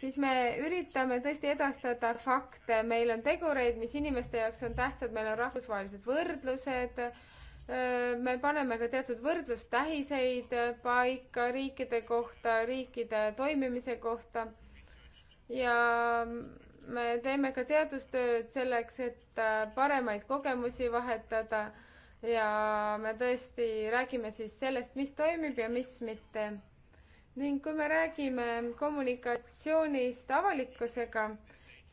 siis me üritame tõesti edastada fakte, meil on tegureid, mis inimeste jaoks on tähtsad, meil on rahvusvahelised võrdlused, me paneme ka teatud võrdlustähiseid paika riikide kohta, riikide toimimise kohta ja me teeme ka teadustööd selleks, et äh, paremaid kogemusi vahetada ja me tõesti räägime siis sellest, mis toimib ja mis mitte ning kui me räägime kommunikatsioonist avalikkusega,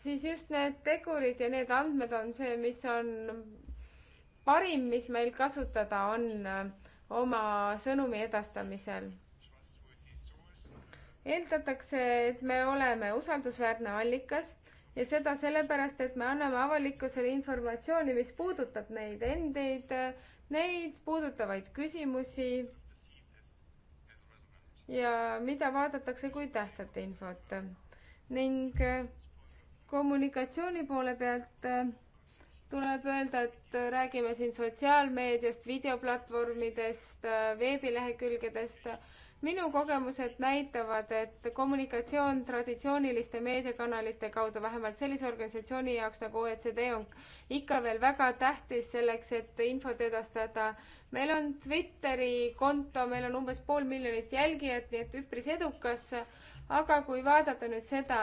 siis just need tegurid ja need andmed on see, mis on parim, mis meil kasutada on äh, oma sõnumi edastamisel. eeldatakse, et me oleme usaldusväärne allikas ja seda sellepärast, et me anname avalikkusele informatsiooni, mis puudutab neid endid, äh, neid puudutavaid küsimusi ja mida vaadatakse kui tähtsat infot. ning äh, kommunikatsiooni poole pealt äh, tuleb öelda, et äh, räägime siin sotsiaalmeediast, videoplatvormidest, veebilehekülgedest minu kogemused näitavad, et kommunikatsioon traditsiooniliste meediakanalite kaudu, vähemalt sellise organisatsiooni jaoks nagu OECD, on ikka veel väga tähtis selleks, et infot edastada. meil on Twitteri konto, meil on umbes pool miljonit jälgijat, nii et üpris edukas. aga kui vaadata nüüd seda,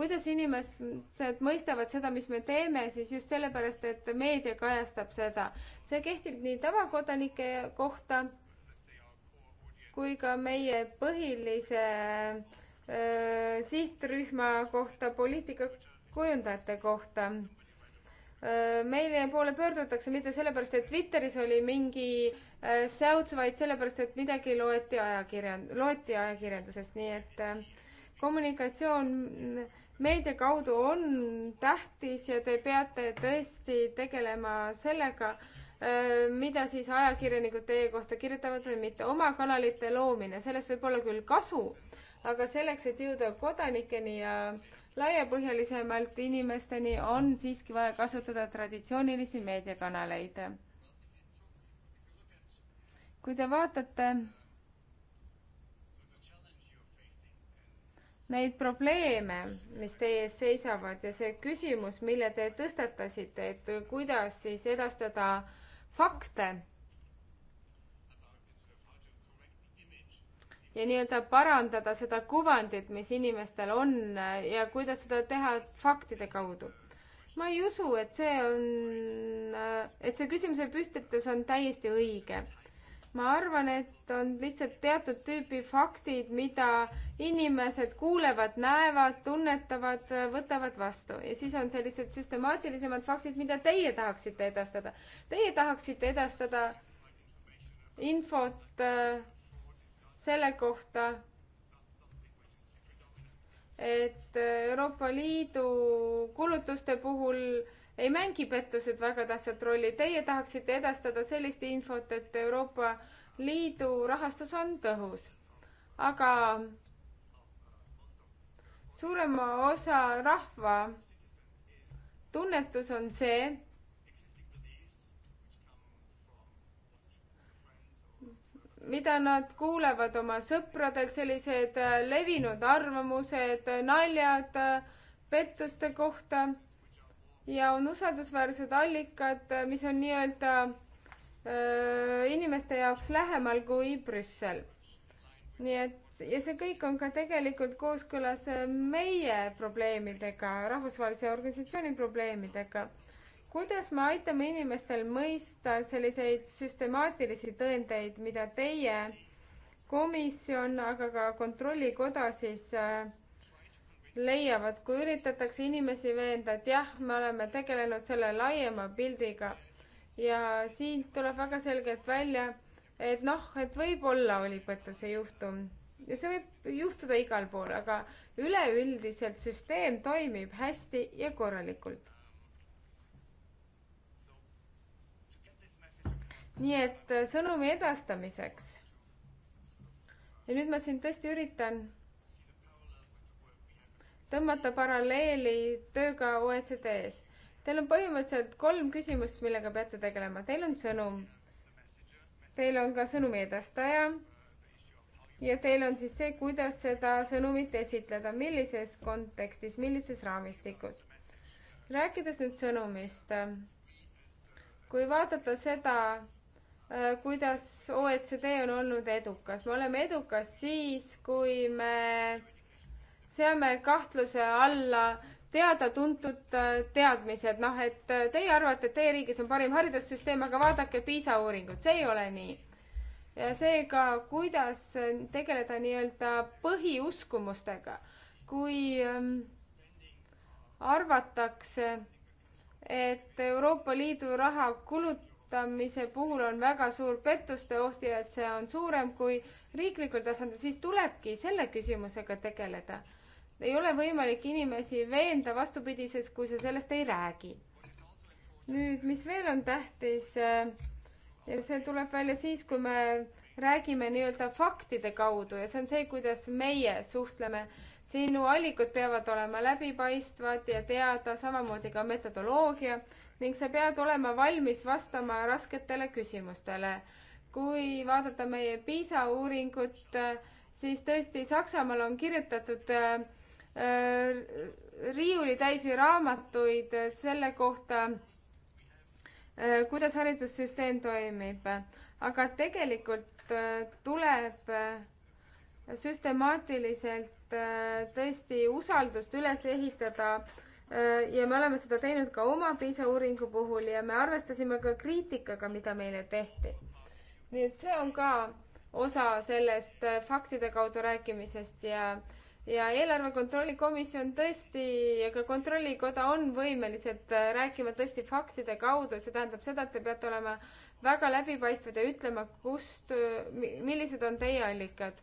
kuidas inimesed mõistavad seda, mis me teeme, siis just sellepärast, et meedia kajastab seda. see kehtib nii tavakodanike kohta kui ka meie põhilise öö, sihtrühma kohta, poliitikakujundajate kohta meile poole pöördutakse mitte sellepärast, et Twitteris oli mingi säuts, vaid sellepärast, et midagi loeti ajakirjand-, loeti ajakirjandusest, nii et kommunikatsioon meedia kaudu on tähtis ja te peate tõesti tegelema sellega, mida siis ajakirjanikud teie kohta kirjutavad või mitte. oma kanalite loomine, sellest võib olla küll kasu, aga selleks, et jõuda kodanikeni ja laiapõhjalisemalt inimesteni, on siiski vaja kasutada traditsioonilisi meediakanaleid. kui te vaatate neid probleeme, mis teie ees seisavad ja see küsimus, mille te tõstatasite, et kuidas siis edastada äh, fakte ja nii-öelda parandada seda kuvandit, mis inimestel on äh, ja kuidas seda teha faktide kaudu. ma ei usu, et see on, äh, et see küsimuse püstitus on täiesti õige ma arvan, et on lihtsalt teatud tüüpi faktid, mida inimesed kuulevad, näevad, tunnetavad, võtavad vastu ja siis on sellised süstemaatilisemad faktid, mida teie tahaksite edastada. Teie tahaksite edastada infot äh, selle kohta, et Euroopa Liidu kulutuste puhul ei mängi pettused väga tähtsat rolli. Teie tahaksite edastada sellist infot, et Euroopa Liidu rahastus on tõhus. aga suurema osa rahva tunnetus on see, mida nad kuulevad oma sõpradelt, sellised levinud arvamused, naljad pettuste kohta ja on usaldusväärsed allikad, mis on nii-öelda inimeste jaoks lähemal kui Brüssel. nii et ja see kõik on ka tegelikult kooskõlas meie probleemidega, rahvusvahelise organisatsiooni probleemidega. kuidas me aitame inimestel mõista selliseid süstemaatilisi tõendeid, mida teie komisjon, aga ka kontrollikoda siis äh, leiavad, kui üritatakse inimesi veenda, et jah, me oleme tegelenud selle laiema pildiga ja siin tuleb väga selgelt välja, et noh, et võib-olla oli pettuse juhtum ja see võib juhtuda igal pool, aga üleüldiselt süsteem toimib hästi ja korralikult. nii et äh, sõnumi edastamiseks. ja nüüd ma siin tõesti üritan tõmmata paralleeli tööga OECD-s. Teil on põhimõtteliselt kolm küsimust, millega peate tegelema. Teil on sõnum, teil on ka sõnumi edastaja ja teil on siis see, kuidas seda sõnumit esitleda, millises kontekstis, millises raamistikus. rääkides nüüd sõnumist, kui vaadata seda, kuidas OECD on olnud edukas, me oleme edukas siis, kui me seame kahtluse alla teada-tuntud äh, teadmised, noh, et äh, teie arvate, et teie riigis on parim haridussüsteem, aga vaadake PISA uuringut, see ei ole nii. ja seega, kuidas äh, tegeleda nii-öelda põhiuskumustega, kui ähm, arvatakse, et Euroopa Liidu raha kulutamise puhul on väga suur pettuste oht ja et see on suurem kui riiklikul tasandil, siis tulebki selle küsimusega tegeleda ei ole võimalik inimesi veenda vastupidises, kui sa sellest ei räägi. nüüd, mis veel on tähtis äh, ja see tuleb välja siis, kui me räägime nii-öelda faktide kaudu ja see on see, kuidas meie suhtleme. sinu allikud peavad olema läbipaistvad ja teada, samamoodi ka metodoloogia ning sa pead olema valmis vastama rasketele küsimustele. kui vaadata meie PISA uuringut, äh, siis tõesti Saksamaal on kirjutatud äh, Äh, riiulitäisi raamatuid selle kohta, äh, kuidas haridussüsteem toimib. aga tegelikult äh, tuleb süstemaatiliselt tõesti usaldust üles ehitada ja me oleme seda teinud ka oma PISA uuringu puhul ja me arvestasime ka kriitikaga, mida meile tehti. nii et see on ka osa sellest faktide kaudu rääkimisest ja äh, ja eelarve kontrolli komisjon tõesti ja ka kontrollikoda on võimelised äh, rääkima tõesti faktide kaudu, see tähendab seda, et te peate olema väga läbipaistvad ja ütlema, kust, äh, millised on teie allikad.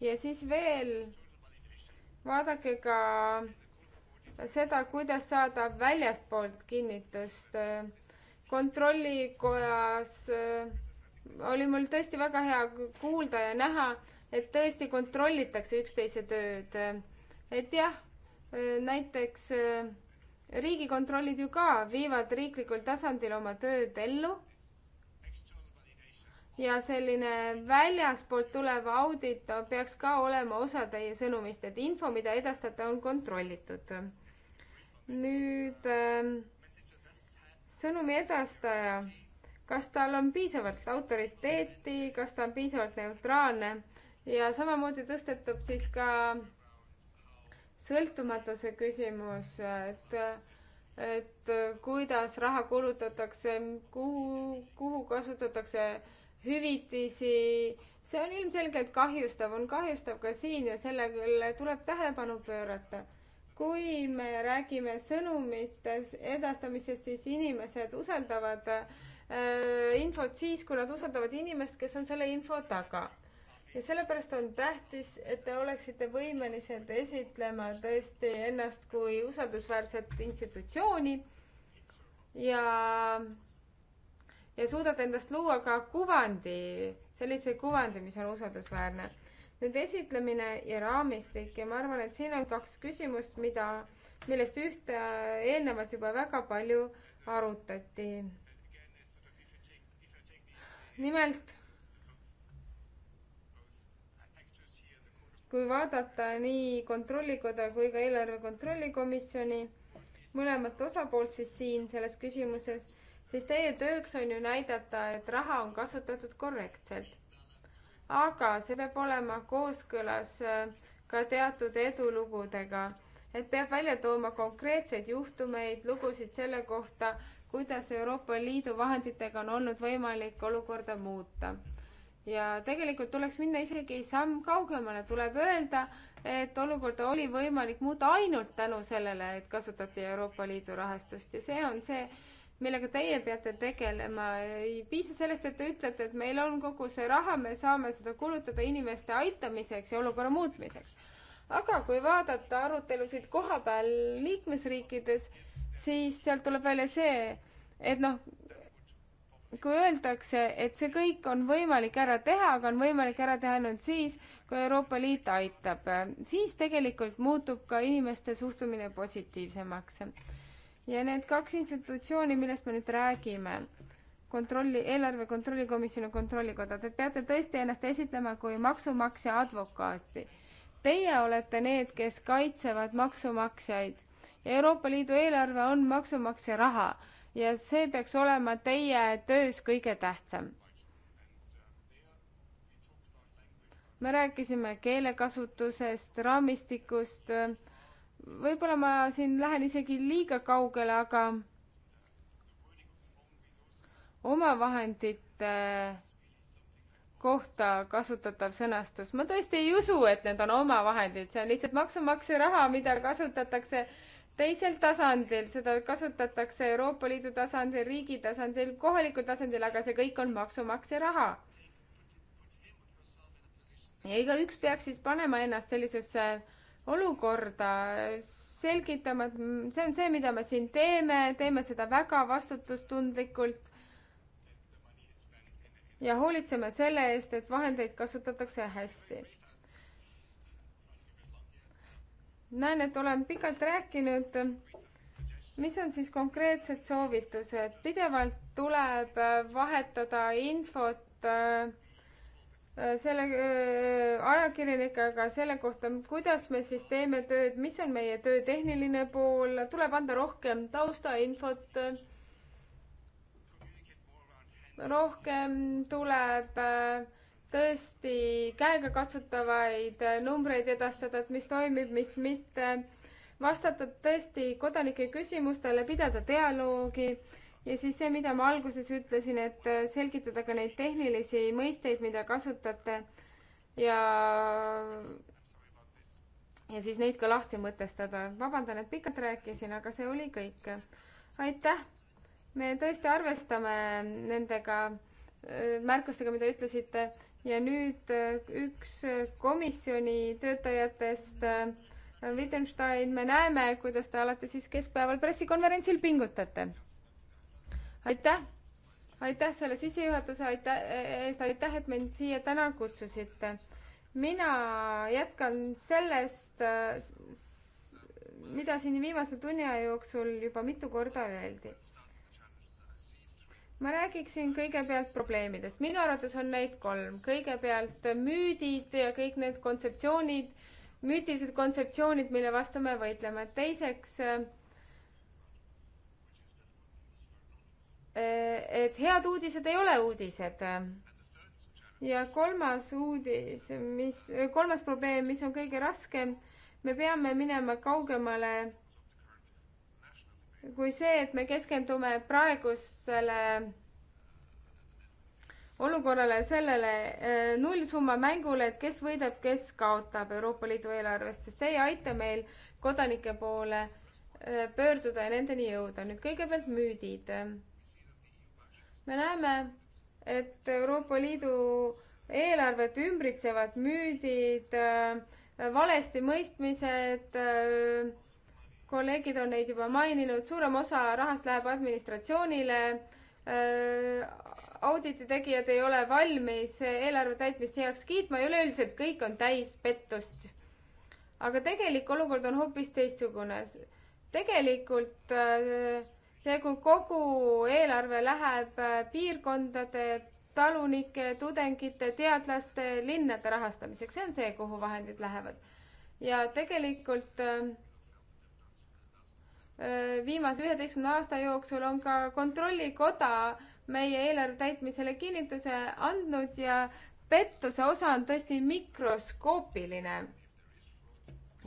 ja siis veel vaadake ka seda, kuidas saada väljastpoolt kinnitust. kontrollikojas äh, oli mul tõesti väga hea kuulda ja näha et tõesti kontrollitakse üksteise tööd. et jah, näiteks äh, riigikontrollid ju ka viivad riiklikul tasandil oma tööd ellu. ja selline väljaspoolt tulev audit peaks ka olema osa teie sõnumist, et info, mida edastate, on kontrollitud. nüüd äh, sõnumi edastaja kas tal on piisavalt autoriteeti, kas ta on piisavalt neutraalne ja samamoodi tõstetub siis ka sõltumatuse küsimus, et, et kuidas raha kulutatakse, kuhu, kuhu kasutatakse hüvitisi. see on ilmselgelt kahjustav, on kahjustav ka siin ja sellele tuleb tähelepanu pöörata. kui me räägime sõnumite edastamisest, siis inimesed usaldavad äh, infot siis, kui nad usaldavad inimest, kes on selle info taga ja sellepärast on tähtis, et te oleksite võimelised esitlema tõesti ennast kui usaldusväärset institutsiooni ja, ja suudate endast luua ka kuvandi, sellise kuvandi, mis on usaldusväärne. nüüd esitlemine ja raamistik ja ma arvan, et siin on kaks küsimust, mida, millest ühte eelnevalt juba väga palju arutati. nimelt kui vaadata nii Kontrollikoda kui ka eelarve kontrollikomisjoni mõlemat osapoolt siis siin selles küsimuses, siis teie tööks on ju näidata, et raha on kasutatud korrektselt. aga see peab olema kooskõlas äh, ka teatud edulugudega, et peab välja tooma konkreetseid juhtumeid, lugusid selle kohta, kuidas Euroopa Liidu vahenditega on olnud võimalik olukorda muuta ja tegelikult tuleks minna isegi samm kaugemale, tuleb öelda, et olukorda oli võimalik muuta ainult tänu sellele, et kasutati Euroopa Liidu rahastust ja see on see, millega teie peate tegelema. ei piisa sellest, et te ütlete, et meil on kogu see raha, me saame seda kulutada inimeste aitamiseks ja olukorra muutmiseks. aga kui vaadata arutelusid kohapeal liikmesriikides, siis sealt tuleb välja see, et noh, kui öeldakse, et see kõik on võimalik ära teha, aga on võimalik ära teha ainult siis, kui Euroopa Liit aitab, siis tegelikult muutub ka inimeste suhtumine positiivsemaks. ja need kaks institutsiooni, millest me nüüd räägime, kontrolli, eelarve kontrolli komisjon ja kontrollikoda, te peate tõesti ennast esitlema kui maksumaksja advokaati. Teie olete need, kes kaitsevad maksumaksjaid ja Euroopa Liidu eelarve on maksumaksja raha ja see peaks olema teie töös kõige tähtsam. me rääkisime keelekasutusest, raamistikust, võib-olla ma siin lähen isegi liiga kaugele, aga omavahendite kohta kasutatav sõnastus, ma tõesti ei usu, et need on omavahendid, see on lihtsalt maksumaksja raha, mida kasutatakse teisel tasandil, seda kasutatakse Euroopa Liidu tasandil, riigi tasandil, kohalikul tasandil, aga see kõik on maksumaksja raha. ja igaüks peaks siis panema ennast sellisesse olukorda, selgitama, et see on see, mida me siin teeme, teeme seda väga vastutustundlikult ja hoolitseme selle eest, et vahendeid kasutatakse hästi näen, et olen pikalt rääkinud. mis on siis konkreetsed soovitused? pidevalt tuleb äh, vahetada infot äh, äh, selle ajakirjanikega selle kohta, kuidas me siis teeme tööd, mis on meie töö tehniline pool, tuleb anda rohkem taustainfot. rohkem tuleb äh, tõesti käegakatsutavaid numbreid edastada, et mis toimib, mis mitte, vastata tõesti kodanike küsimustele, pidada dialoogi ja siis see, mida ma alguses ütlesin, et selgitada ka neid tehnilisi mõisteid, mida kasutate ja ja siis neid ka lahti mõtestada. vabandan, et pikalt rääkisin, aga see oli kõik. aitäh! me tõesti arvestame nendega äh, märkustega, mida ütlesite ja nüüd äh, üks äh, komisjoni töötajatest, äh, Wittgenstein, me näeme, kuidas te alati siis keskpäeval pressikonverentsil pingutate. aitäh, aitäh selle sissejuhatuse aitäh, e, e, eest, aitäh, et mind siia täna kutsusite. mina jätkan sellest, mida siin viimase tunni aja jooksul juba mitu korda öeldi ma räägiksin kõigepealt probleemidest. minu arvates on neid kolm. kõigepealt müüdid ja kõik need kontseptsioonid, müütilised kontseptsioonid, mille vastu me võitleme. teiseks, eh, et head uudised ei ole uudised. ja kolmas uudis, mis, kolmas probleem, mis on kõige raskem, me peame minema kaugemale kui see, et me keskendume praegusele olukorrale, sellele eh, nullsumma mängule, et kes võidab, kes kaotab Euroopa Liidu eelarvest, sest see ei aita meil kodanike poole eh, pöörduda ja nendeni jõuda. nüüd kõigepealt müüdid. me näeme, et Euroopa Liidu eelarvet ümbritsevad müüdid, eh, valesti mõistmised kolleegid on neid juba maininud, suurem osa rahast läheb administratsioonile, äh, auditi tegijad ei ole valmis eelarve täitmist heaks kiitma ja üleüldiselt kõik on täis pettust. aga tegelik olukord on hoopis teistsugune. tegelikult peaaegu äh, kogu eelarve läheb äh, piirkondade, talunike, tudengite, teadlaste, linnade rahastamiseks, see on see, kuhu vahendid lähevad. ja tegelikult äh, Äh, viimase üheteistkümne aasta jooksul on ka Kontrollikoda meie eelarve täitmisele kinnituse andnud ja pettuse osa on tõesti mikroskoopiline.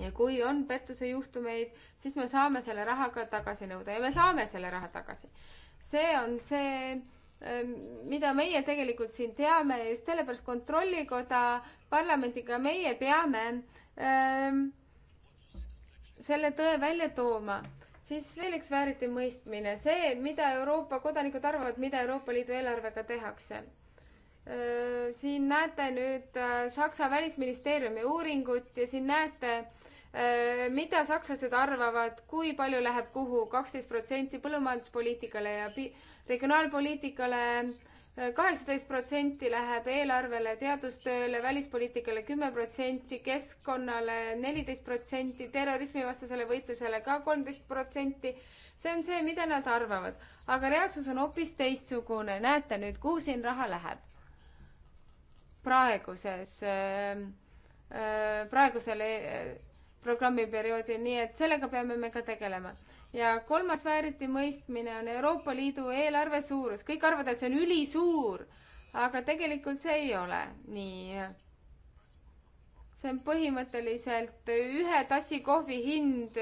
ja kui on pettuse juhtumeid, siis me saame selle raha ka tagasi nõuda ja me saame selle raha tagasi. see on see, äh, mida meie tegelikult siin teame ja just sellepärast Kontrollikoda parlamendiga meie peame ähm, selle tõe välja tooma siis veel üks vääritimõistmine, see, mida Euroopa kodanikud arvavad, mida Euroopa Liidu eelarvega tehakse. siin näete nüüd äh, Saksa välisministeeriumi uuringut ja siin näete, mida sakslased arvavad, kui palju läheb kuhu, kaksteist protsenti põllumajanduspoliitikale ja pi-, regionaalpoliitikale kaheksateist protsenti läheb eelarvele teadustööle, välispoliitikale kümme protsenti, keskkonnale neliteist protsenti, terrorismivastasele võitlusele ka kolmteist protsenti. see on see, mida nad arvavad, aga reaalsus on hoopis teistsugune. näete nüüd, kuhu siin raha läheb? praeguses ähm, äh,, äh, praegusel äh, programmiperioodil, nii et sellega peame me ka tegelema ja kolmas vääritimõistmine on Euroopa Liidu eelarve suurus. kõik arvavad, et see on ülisuur, aga tegelikult see ei ole nii. see on põhimõtteliselt ühe tassi kohvi hind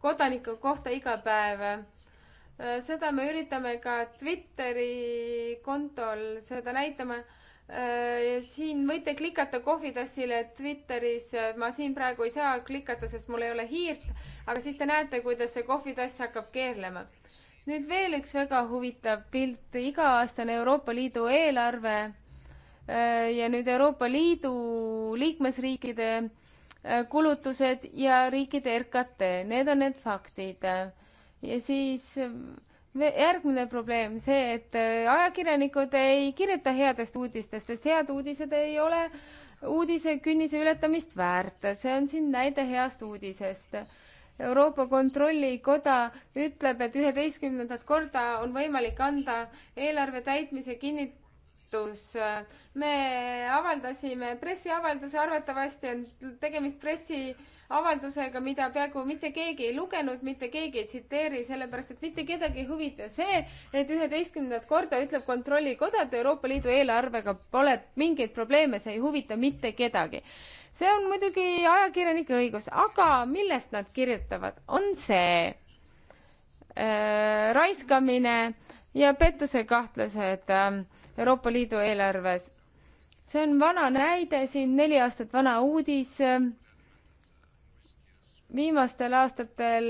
kodaniku kohta iga päev. seda me üritame ka Twitteri kontol seda näitama Äh, siin võite klikata kohvitassile Twitteris, ma siin praegu ei saa klikata, sest mul ei ole hiirt, aga siis te näete, kuidas see kohvitass hakkab keerlema. nüüd veel üks väga huvitav pilt, iga-aastane Euroopa Liidu eelarve äh, ja nüüd Euroopa Liidu liikmesriikide äh, kulutused ja riikide RKT, need on need faktid. ja siis järgmine probleem, see, et äh, ajakirjanikud ei kirjuta headest uudistest, sest head uudised ei ole uudisekünnise ületamist väärt. see on siin näide heast uudisest Euroopa Kontrollikoda ütleb, et üheteistkümnendat korda on võimalik anda eelarve täitmise kinnit-, üritus. me avaldasime pressiavalduse, arvatavasti on tegemist pressiavaldusega, mida peaaegu mitte keegi ei lugenud, mitte keegi ei tsiteeri, sellepärast et mitte kedagi ei huvita see, et üheteistkümnendat korda ütleb Kontrollikoda, et Euroopa Liidu eelarvega pole mingeid probleeme, see ei huvita mitte kedagi see on muidugi ajakirjanike õigus, aga millest nad kirjutavad, on see äh, raiskamine ja pettuse kahtlused äh, Euroopa Liidu eelarves. see on vana näide, siin neli aastat vana uudis. viimastel aastatel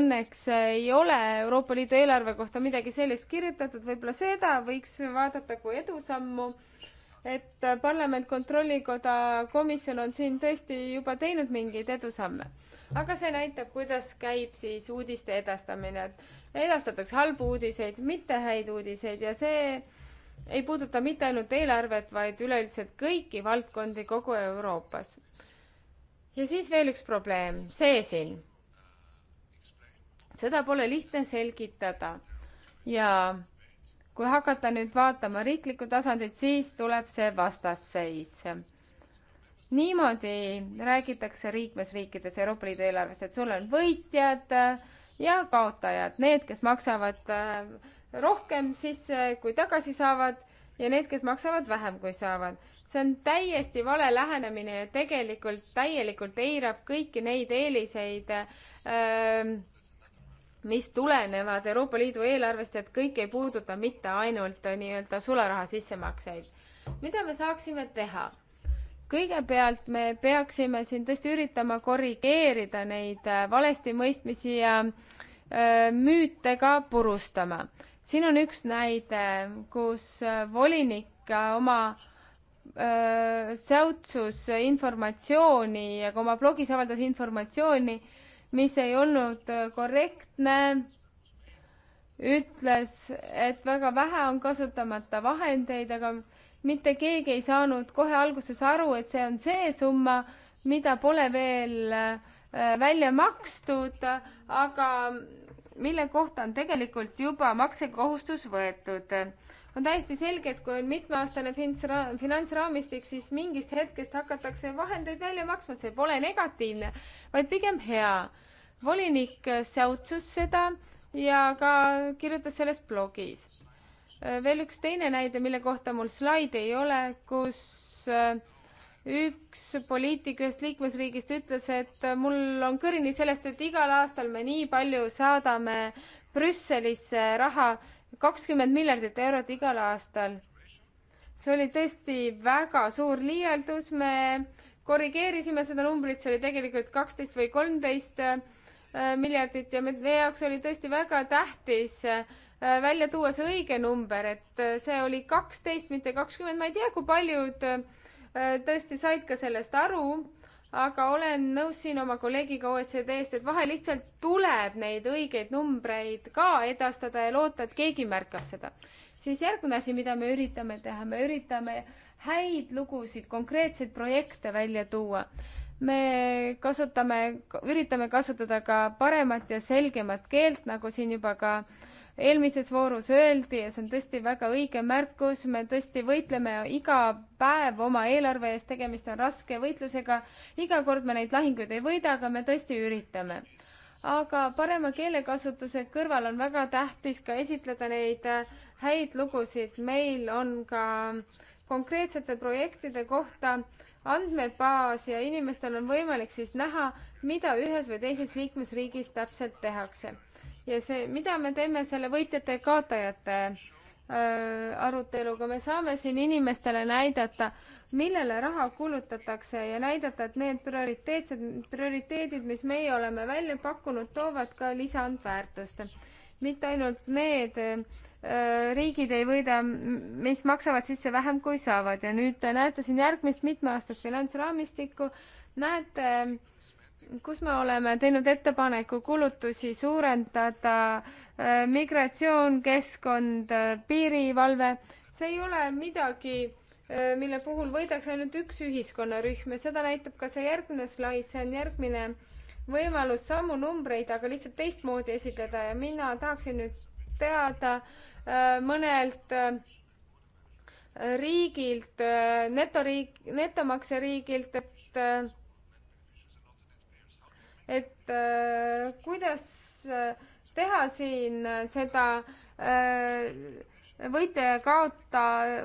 õnneks ei ole Euroopa Liidu eelarve kohta midagi sellist kirjutatud, võib-olla seda võiks vaadata kui edusammu et parlament, kontrollikoda, komisjon on siin tõesti juba teinud mingeid edusamme. aga see näitab, kuidas käib siis uudiste edastamine, et edastatakse halbu uudiseid, mitte häid uudiseid ja see ei puuduta mitte ainult eelarvet, vaid üleüldiselt kõiki valdkondi kogu Euroopas. ja siis veel üks probleem, see siin. seda pole lihtne selgitada ja kui hakata nüüd vaatama riiklikku tasandit, siis tuleb see vastasseis. niimoodi räägitakse liikmesriikides Euroopa Liidu eelarvest, et sul on võitjad ja kaotajad, need, kes maksavad äh, rohkem sisse, kui tagasi saavad ja need, kes maksavad vähem, kui saavad. see on täiesti vale lähenemine ja tegelikult täielikult eirab kõiki neid eeliseid öö, ähm, mis tulenevad Euroopa Liidu eelarvest, et kõik ei puuduta mitte ainult äh, nii-öelda sularaha sissemakseid. mida me saaksime teha? kõigepealt me peaksime siin tõesti üritama korrigeerida neid äh, valestimõistmisi ja öö, äh, müüte ka purustama siin on üks näide, kus äh, volinik äh, oma öö, äh, säutsus informatsiooni ja ka oma blogis avaldas informatsiooni, mis ei olnud korrektne, ütles, et väga vähe on kasutamata vahendeid, aga mitte keegi ei saanud kohe alguses aru, et see on see summa, mida pole veel välja makstud, aga mille kohta on tegelikult juba maksekohustus võetud. on täiesti selge, et kui on mitmeaastane finantsraamistik, siis mingist hetkest hakatakse vahendeid välja maksma, see pole negatiivne, vaid pigem hea. volinik säutsus seda ja ka kirjutas sellest blogis. veel üks teine näide, mille kohta mul slaidi ei ole, kus äh, üks poliitik ühest liikmesriigist ütles, et mul on kõrini sellest, et igal aastal me nii palju saadame Brüsselisse raha, kakskümmend miljardit eurot igal aastal. see oli tõesti väga suur liialdus, me korrigeerisime seda numbrit, see oli tegelikult kaksteist või kolmteist äh, miljardit ja meie jaoks oli tõesti väga tähtis äh, välja tuua see õige number, et äh, see oli kaksteist, mitte kakskümmend, ma ei tea, kui paljud Äh, tõesti said ka sellest aru, aga olen nõus siin oma kolleegiga OECD-st, et vahel lihtsalt tuleb neid õigeid numbreid ka edastada ja loota, et keegi märkab seda. siis järgmine asi, mida me üritame teha, me üritame häid lugusid, konkreetseid projekte välja tuua me kasutame, üritame kasutada ka paremat ja selgemat keelt, nagu siin juba ka äh, eelmises voorus öeldi ja see on tõesti väga õige märkus, me tõesti võitleme iga päev oma eelarve eest, tegemist on raske võitlusega. iga kord me neid lahinguid ei võida, aga me tõesti üritame. aga parema keelekasutuse kõrval on väga tähtis ka esitleda neid äh, häid lugusid. meil on ka konkreetsete projektide kohta andmebaas ja inimestel on võimalik siis näha, mida ühes või teises liikmesriigis täpselt tehakse ja see, mida me teeme selle võitjate-kaotajate äh, aruteluga, me saame siin inimestele näidata, millele raha kulutatakse ja näidata, et need prioriteetsed, prioriteedid, mis meie oleme välja pakkunud, toovad ka lisandväärtust. mitte ainult need öö, äh, riigid ei võida, mis maksavad sisse vähem, kui saavad ja nüüd näete siin järgmist mitmeaastast finantsraamistikku, näete öö, kus me oleme teinud ettepaneku kulutusi suurendada, äh, migratsioon, keskkond, äh, piirivalve, see ei ole midagi, äh, mille puhul võidaks ainult üks ühiskonnarühm ja seda näitab ka see järgmine slaid, see on järgmine võimalus samu numbreid, aga lihtsalt teistmoodi esitleda ja mina tahaksin nüüd teada mõnelt riigilt, netoriik, netomaksjariigilt, et et äh, kuidas äh, teha siin äh, seda äh, võitja ja kaota,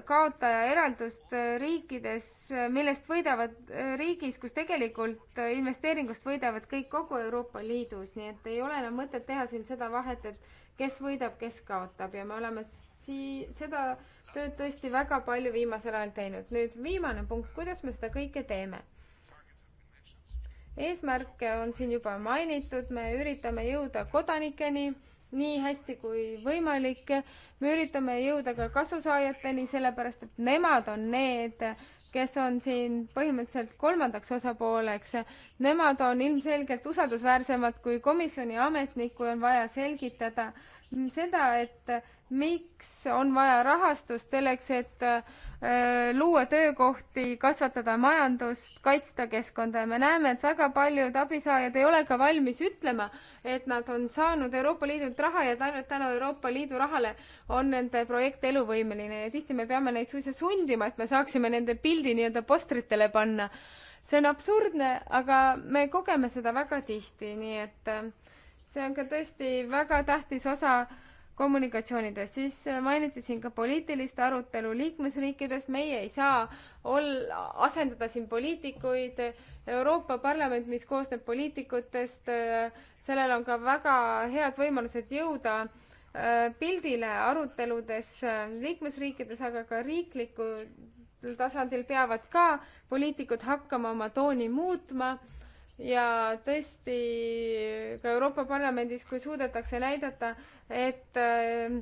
kaotaja eraldust äh, riikides, millest võidavad riigis, kus tegelikult investeeringust võidavad kõik kogu Euroopa Liidus, nii et ei ole enam mõtet teha siin seda vahet, et kes võidab, kes kaotab ja me oleme sii-, seda tööd tõesti väga palju viimasel ajal teinud. nüüd viimane punkt, kuidas me seda kõike teeme eesmärke on siin juba mainitud, me üritame jõuda kodanikeni nii hästi kui võimalik. me üritame jõuda ka kasusaajateni, sellepärast et nemad on need, kes on siin põhimõtteliselt kolmandaks osapooleks. Nemad on ilmselgelt usaldusväärsemad kui komisjoni ametnik, kui on vaja selgitada seda, et miks on vaja rahastust selleks, et äh, luua töökohti, kasvatada majandust, kaitsta keskkonda ja me näeme, et väga paljud abisaajad ei ole ka valmis ütlema, et nad on saanud Euroopa Liidult raha ja ainult tänu Euroopa Liidu rahale on nende projekt eluvõimeline ja tihti me peame neid suisa sundima, et me saaksime nende pildi nii-öelda postritele panna. see on absurdne, aga me kogeme seda väga tihti, nii et äh, see on ka tõesti väga tähtis osa äh, kommunikatsioonitööst, siis äh, mainiti siin ka poliitilist arutelu liikmesriikides, meie ei saa ol-, asendada siin poliitikuid, Euroopa Parlament, mis koosneb poliitikutest, äh, sellel on ka väga head võimalused jõuda äh, pildile aruteludes liikmesriikides, aga ka riiklikul tasandil peavad ka poliitikud hakkama oma tooni muutma ja tõesti ka Euroopa Parlamendis, kui suudetakse näidata, et äh,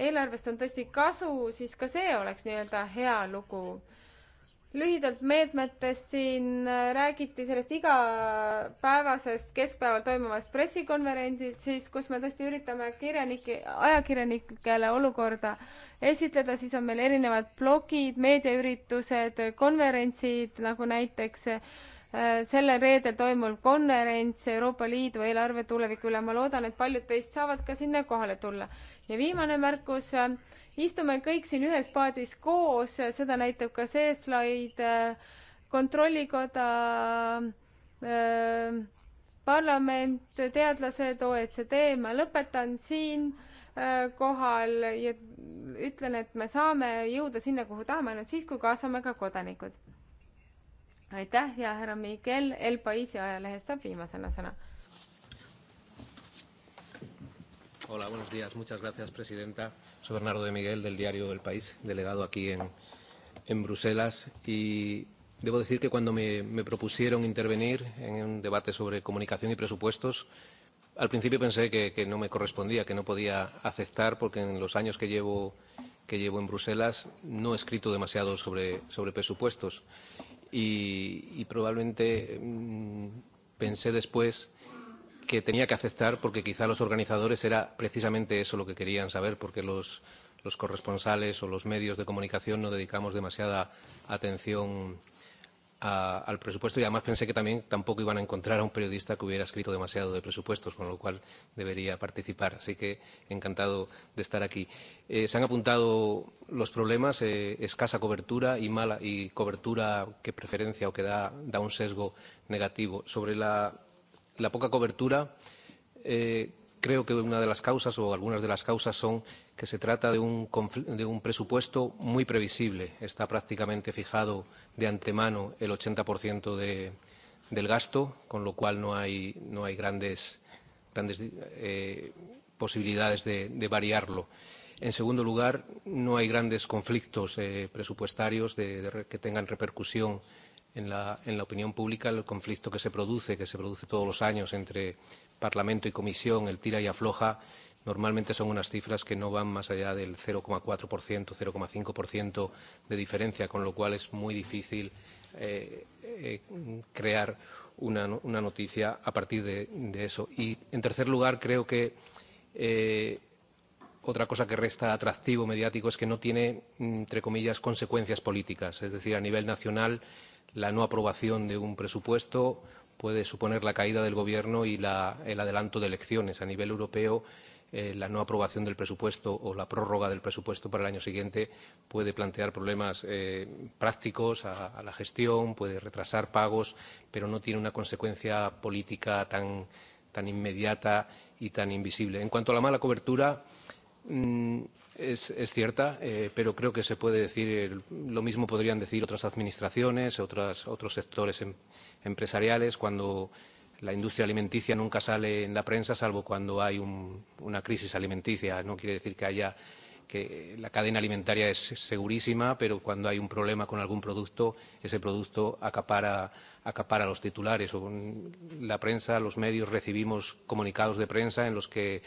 eelarvest on tõesti kasu, siis ka see oleks nii-öelda hea lugu. lühidalt meetmetest siin äh, räägiti sellest igapäevasest keskpäeval toimuvast pressikonverentsilt, siis kus me tõesti üritame kirjanike, ajakirjanikele olukorda esitleda, siis on meil erinevad blogid, meediaüritused, konverentsid nagu näiteks äh, Äh, sellel reedel toimub konverents Euroopa Liidu eelarve tuleviku üle. ma loodan, et paljud teist saavad ka sinna kohale tulla. ja viimane märkus, istume kõik siin ühes paadis koos, seda näitab ka see slaid, kontrollikoda, äh, parlament, teadlased, OECD, ma lõpetan siin äh, kohal ja ütlen, et me saame jõuda sinna, kuhu tahame, ainult siis, kui kaasame ka kodanikud aitäh ja härra Miguel El Paisi ajalehest saab viimasena sõna. Hola, buenos días. Muchas gracias, presidenta. Soy Bernardo de Miguel, del diario El País, delegado aquí en, en Bruselas. Y debo decir que cuando me, me propusieron intervenir en un debate sobre comunicación y presupuestos, al principio pensé que, que no me correspondía, que no podía aceptar, porque en los años que llevo, que llevo en Bruselas no he escrito demasiado sobre, sobre presupuestos. Eh, y, y probablemente mmm, pensé después que tenía que aceptar porque quizá los organizadores era precisamente eso lo que querían saber, porque los, los corresponsales o los medios de comunicación no dedicamos demasiada atención a, al presupuesto y además pensé que también tampoco iban a encontrar a un periodista que hubiera escrito demasiado de presupuestos, con lo cual debería participar. Así que encantado de estar aquí. Eh, se han apuntado los problemas, eh, escasa cobertura y, mala, y cobertura que preferencia o que da, da un sesgo negativo. Sobre la, la poca cobertura. Eh, Creo que una de las causas o algunas de las causas son que se trata de un, de un presupuesto muy previsible. Está prácticamente fijado de antemano el 80% de, del gasto, con lo cual no hay, no hay grandes, grandes eh, posibilidades de, de variarlo. En segundo lugar, no hay grandes conflictos eh, presupuestarios de, de, que tengan repercusión en la, en la opinión pública. El conflicto que se produce, que se produce todos los años entre Parlamento y Comisión, el tira y afloja, normalmente son unas cifras que no van más allá del 0,4%, 0,5% de diferencia, con lo cual es muy difícil eh, eh, crear una, una noticia a partir de, de eso. Y, en tercer lugar, creo que eh, otra cosa que resta atractivo mediático es que no tiene, entre comillas, consecuencias políticas. Es decir, a nivel nacional, la no aprobación de un presupuesto puede suponer la caída del Gobierno y la, el adelanto de elecciones a nivel europeo. Eh, la no aprobación del presupuesto o la prórroga del presupuesto para el año siguiente puede plantear problemas eh, prácticos a, a la gestión, puede retrasar pagos, pero no tiene una consecuencia política tan, tan inmediata y tan invisible. En cuanto a la mala cobertura, mmm, es, es cierta, eh, pero creo que se puede decir, el, eh, lo mismo podrían decir otras administraciones, otras, otros sectores en, empresariales, cuando la industria alimenticia nunca sale en la prensa, salvo cuando hay un, una crisis alimenticia. No quiere decir que haya que la cadena alimentaria es segurísima, pero cuando hay un problema con algún producto, ese producto acapara, acapara los titulares. O mm, la prensa, los medios recibimos comunicados de prensa en los que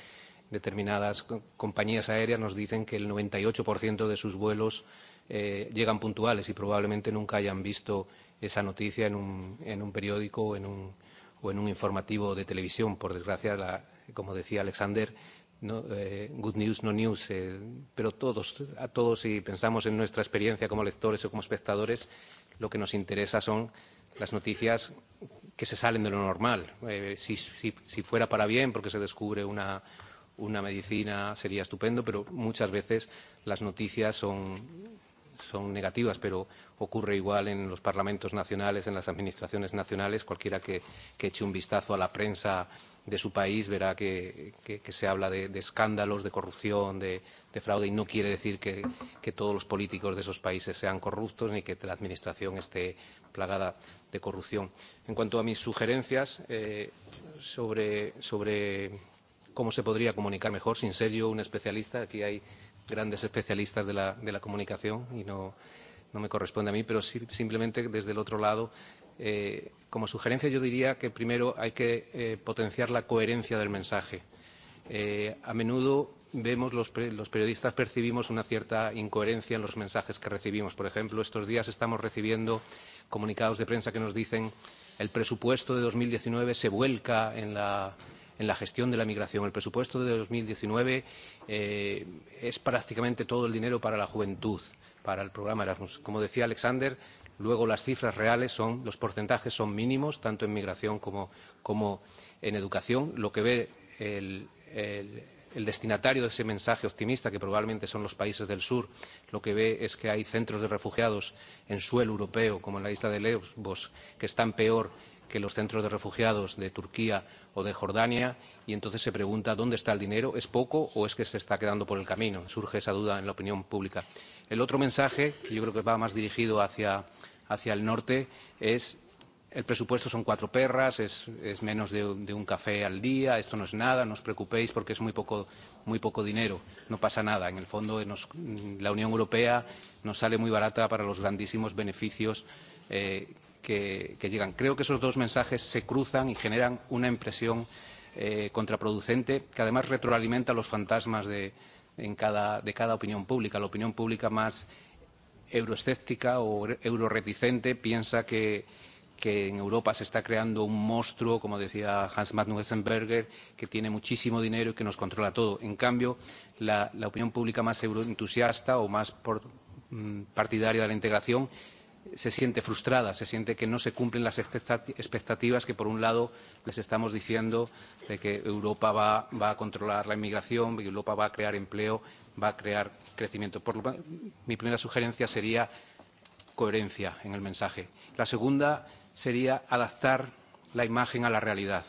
determinadas compañías aéreas nos dicen que el 98% de sus vuelos eh, llegan puntuales y probablemente nunca hayan visto esa noticia en un, en un periódico o en un, o en un informativo de televisión. Por desgracia, la, como decía Alexander, no, eh, good news, no news, eh, pero todos, a todos, si pensamos en nuestra experiencia como lectores o como espectadores, lo que nos interesa son las noticias que se salen de lo normal. Eh, si, si, si fuera para bien, porque se descubre una, una medicina, sería estupendo, pero muchas veces las noticias son son negativas, pero ocurre igual en los parlamentos nacionales, en las administraciones nacionales. Cualquiera que, que eche un vistazo a la prensa de su país verá que, que, que se habla de, de escándalos, de corrupción, de, de fraude, y no quiere decir que, que todos los políticos de esos países sean corruptos ni que la Administración esté plagada de corrupción. En cuanto a mis sugerencias eh, sobre, sobre cómo se podría comunicar mejor, sin ser yo un especialista, aquí hay grandes especialistas de la, de la comunicación y no, no me corresponde a mí, pero sí, simplemente desde el otro lado, eh, como sugerencia yo diría que primero hay que eh, potenciar la coherencia del mensaje. Eh, a menudo vemos los, pre los periodistas percibimos una cierta incoherencia en los mensajes que recibimos. Por ejemplo, estos días estamos recibiendo comunicados de prensa que nos dicen el presupuesto de 2019 se vuelca en la en la gestión de la migración. El presupuesto de 2019 eh, es prácticamente todo el dinero para la juventud, para el programa Erasmus. Como decía Alexander, luego las cifras reales son, los porcentajes son mínimos, tanto en migración como, como en educación. Lo que ve el, el, el destinatario de ese mensaje optimista, que probablemente son los países del sur, lo que ve es que hay centros de refugiados en suelo europeo, como en la isla de Lesbos, que están peor que los centros de refugiados de Turquía o de Jordania y entonces se pregunta dónde está el dinero, es poco o es que se está quedando por el camino. Surge esa duda en la opinión pública. El otro mensaje, que yo creo que va más dirigido hacia, hacia el norte, es el presupuesto son cuatro perras, es, es menos de, de un café al día, esto no es nada, no os preocupéis porque es muy poco, muy poco dinero, no pasa nada. En el fondo, nos, la Unión Europea nos sale muy barata para los grandísimos beneficios eh, que, que llegan. Creo que esos dos mensajes se cruzan y generan una impresión eh, contraproducente que además retroalimenta los fantasmas de, en cada, de cada opinión pública. La opinión pública más euroescéptica o euroreticente piensa que, que en Europa se está creando un monstruo, como decía Hans Magnus Essenberger, que tiene muchísimo dinero y que nos controla todo. En cambio, la, la opinión pública más euroentusiasta o más por, mm, partidaria de la integración se siente frustrada, se siente que no se cumplen las expectativas que, por un lado, les estamos diciendo de que Europa va, va a controlar la inmigración, Europa va a crear empleo, va a crear crecimiento. Por lo, mi primera sugerencia sería coherencia en el mensaje. La segunda sería adaptar la imagen a la realidad,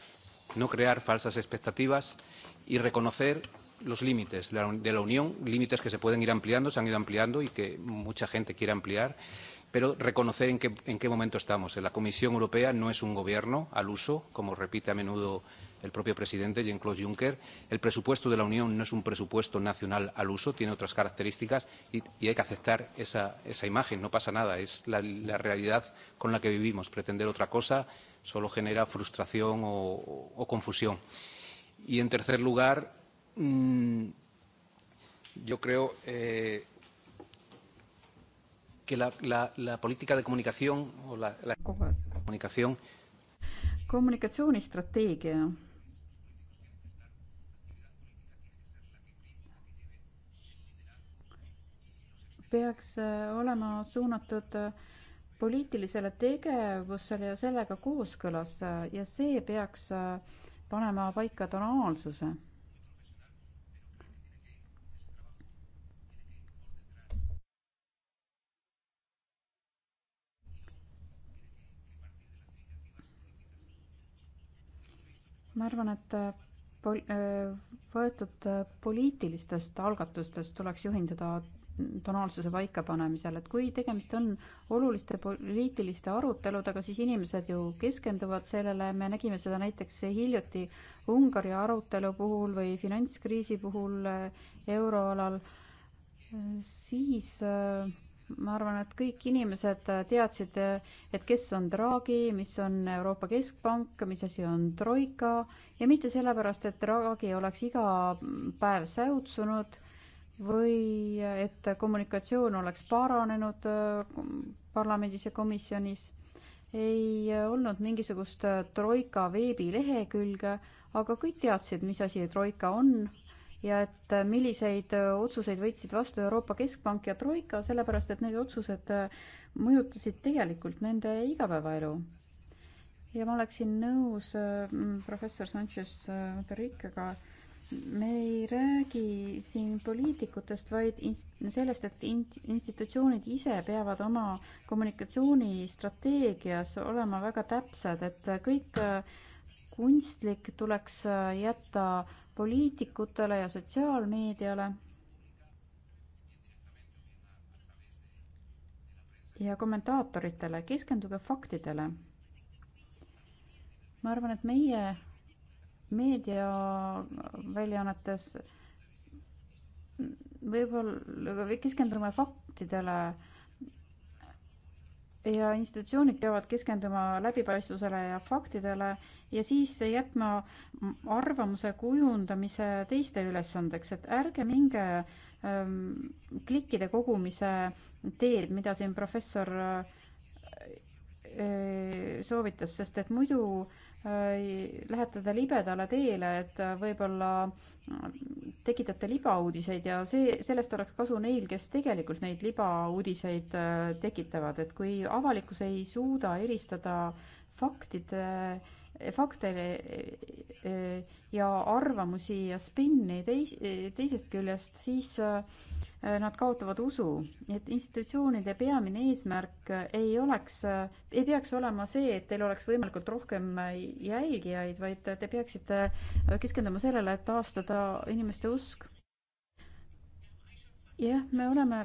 no crear falsas expectativas y reconocer los límites de la Unión, límites que se pueden ir ampliando, se han ido ampliando y que mucha gente quiere ampliar pero reconocer en qué, en qué momento estamos. La Comisión Europea no es un gobierno al uso, como repite a menudo el propio presidente Jean-Claude Juncker. El presupuesto de la Unión no es un presupuesto nacional al uso, tiene otras características y, y hay que aceptar esa, esa imagen. No pasa nada, es la, la realidad con la que vivimos. Pretender otra cosa solo genera frustración o, o confusión. Y en tercer lugar, mmm, yo creo. Eh, que la, la, la política de comunicación o la, la comunicación kommunikatsioonistrateegia peaks äh, olema suunatud äh, poliitilisele tegevusele ja sellega kooskõlas äh, ja see peaks panema paika tonaalsuse ma arvan, et äh, pol-, äh, võetud äh, poliitilistest algatustest tuleks juhinduda tonaalsuse paikapanemisel, et kui tegemist on oluliste poliitiliste aruteludega, siis inimesed ju keskenduvad sellele, me nägime seda näiteks hiljuti Ungari arutelu puhul või finantskriisi puhul euroalal, siis äh, ma arvan, et kõik inimesed äh, teadsid, äh, et kes on Draghi, mis on Euroopa Keskpank, mis asi on Troika ja mitte sellepärast, et Draghi oleks iga mm, päev säutsunud või äh, et kommunikatsioon oleks paranenud parlamendis ja komisjonis. ei olnud mingisugust Troika veebilehekülge, aga kõik teadsid, mis asi Troika on ja et äh, milliseid äh, otsuseid võtsid vastu Euroopa Keskpank ja Troika, sellepärast et need otsused äh, mõjutasid tegelikult nende igapäevaelu. ja ma oleksin nõus professor Sanchez Perricaga, me ei räägi siin poliitikutest, vaid sellest, et institutsioonid ise peavad oma kommunikatsioonistrateegias olema väga täpsed, et kõik kunstlik tuleks jätta poliitikutele ja sotsiaalmeediale. ja kommentaatoritele, keskenduge faktidele. ma arvan, et meie meediaväljaannetes võib-olla keskendume faktidele ja institutsioonid peavad keskenduma läbipaistvusele ja faktidele ja siis jätma arvamuse kujundamise teiste ülesandeks, et ärge minge ähm, klikkide kogumise teed, mida siin professor äh, soovitas, sest et muidu äh, Äh, lähetada libedale teele, et äh, võib-olla mm, tekitate libauudiseid ja see, sellest oleks kasu neil, kes tegelikult neid libauudiseid äh, tekitavad, et kui avalikkus ei suuda eristada faktide, fakte ja arvamusi ja spinni teis-, teisest küljest, siis Äh, nad kaotavad usu, et institutsioonide peamine eesmärk äh, ei oleks, äh, ei peaks olema see, et teil oleks võimalikult rohkem jälgijaid, vaid te peaksite keskenduma sellele, et taastada inimeste usk. jah, me oleme,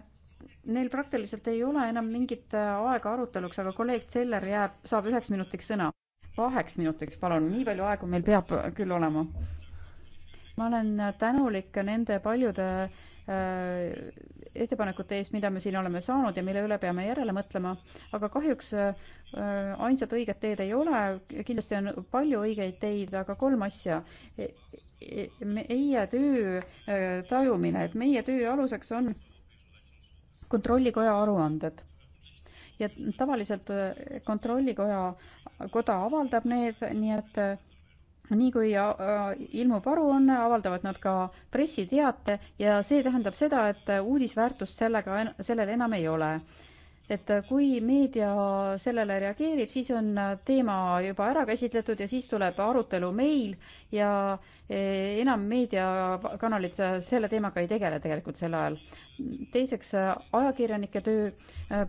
neil praktiliselt ei ole enam mingit aega aruteluks, aga kolleeg Zeller jääb, saab üheks minutiks sõna. kaheks minutiks, palun, nii palju aegu meil peab küll olema ma olen tänulik nende paljude Äh, ettepanekute eest, mida me siin oleme saanud ja mille üle peame järele mõtlema, aga kahjuks äh, ainsat õiget teed ei ole, kindlasti on palju õigeid teid, aga kolm asja e. e meie töö äh, tajumine, et meie töö aluseks on kontrollikoja aruanded ja tavaliselt kontrollikoja, koda avaldab need, nii et nii kui äh, ilmub aruanne, avaldavad nad ka pressiteate ja see tähendab seda, et uudisväärtust sellega, sellel enam ei ole. et kui meedia sellele reageerib, siis on teema juba ära käsitletud ja siis tuleb arutelu meil ja eh, enam meediakanalid selle teemaga ei tegele tegelikult sel ajal teiseks ajakirjanike töö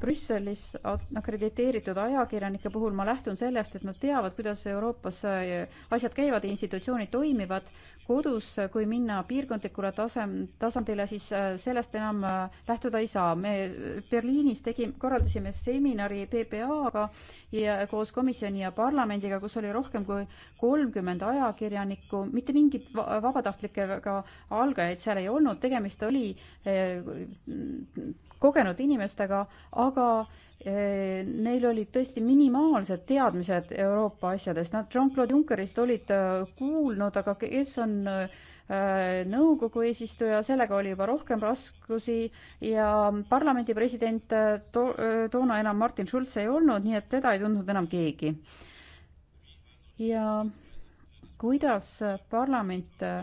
Brüsselis akrediteeritud ajakirjanike puhul ma lähtun sellest, et nad teavad, kuidas Euroopas eh, asjad käivad ja institutsioonid toimivad. kodus, kui minna piirkondlikule tasem, tasandile, siis eh, sellest enam eh, lähtuda ei saa. me Berliinis tegime, korraldasime seminari PPA-ga ja koos komisjoni ja parlamendiga, kus oli rohkem kui kolmkümmend ajakirjanikku, mitte mingit vabatahtlikega algajaid seal ei olnud, tegemist oli kogenud inimestega, aga eh, neil olid tõesti minimaalsed teadmised Euroopa asjadest, nad Jean-Claude Junckerist olid eh, kuulnud, aga kes on eh, nõukogu eesistuja, sellega oli juba rohkem raskusi ja parlamendi president to toona enam Martin Schulz ei olnud, nii et teda ei tundnud enam keegi. ja kuidas parlament äh,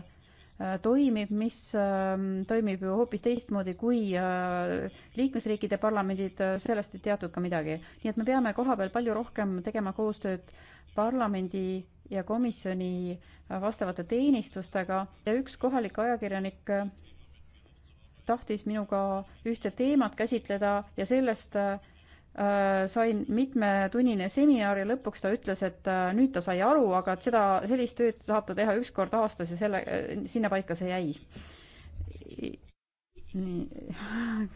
Äh, toimib, mis ähm, toimib ju hoopis teistmoodi kui äh, liikmesriikide parlamendid, äh, sellest ei teatud ka midagi. nii et me peame kohapeal palju rohkem tegema koostööd parlamendi ja komisjoni vastavate teenistustega ja üks kohalik ajakirjanik tahtis minuga ühte teemat käsitleda ja sellest äh, Äh, sain mitmetunnine seminar ja lõpuks ta ütles, et äh, nüüd ta sai aru, aga et seda, sellist tööd saab ta teha üks kord aastas ja selle, äh, sinnapaika see jäi. nii.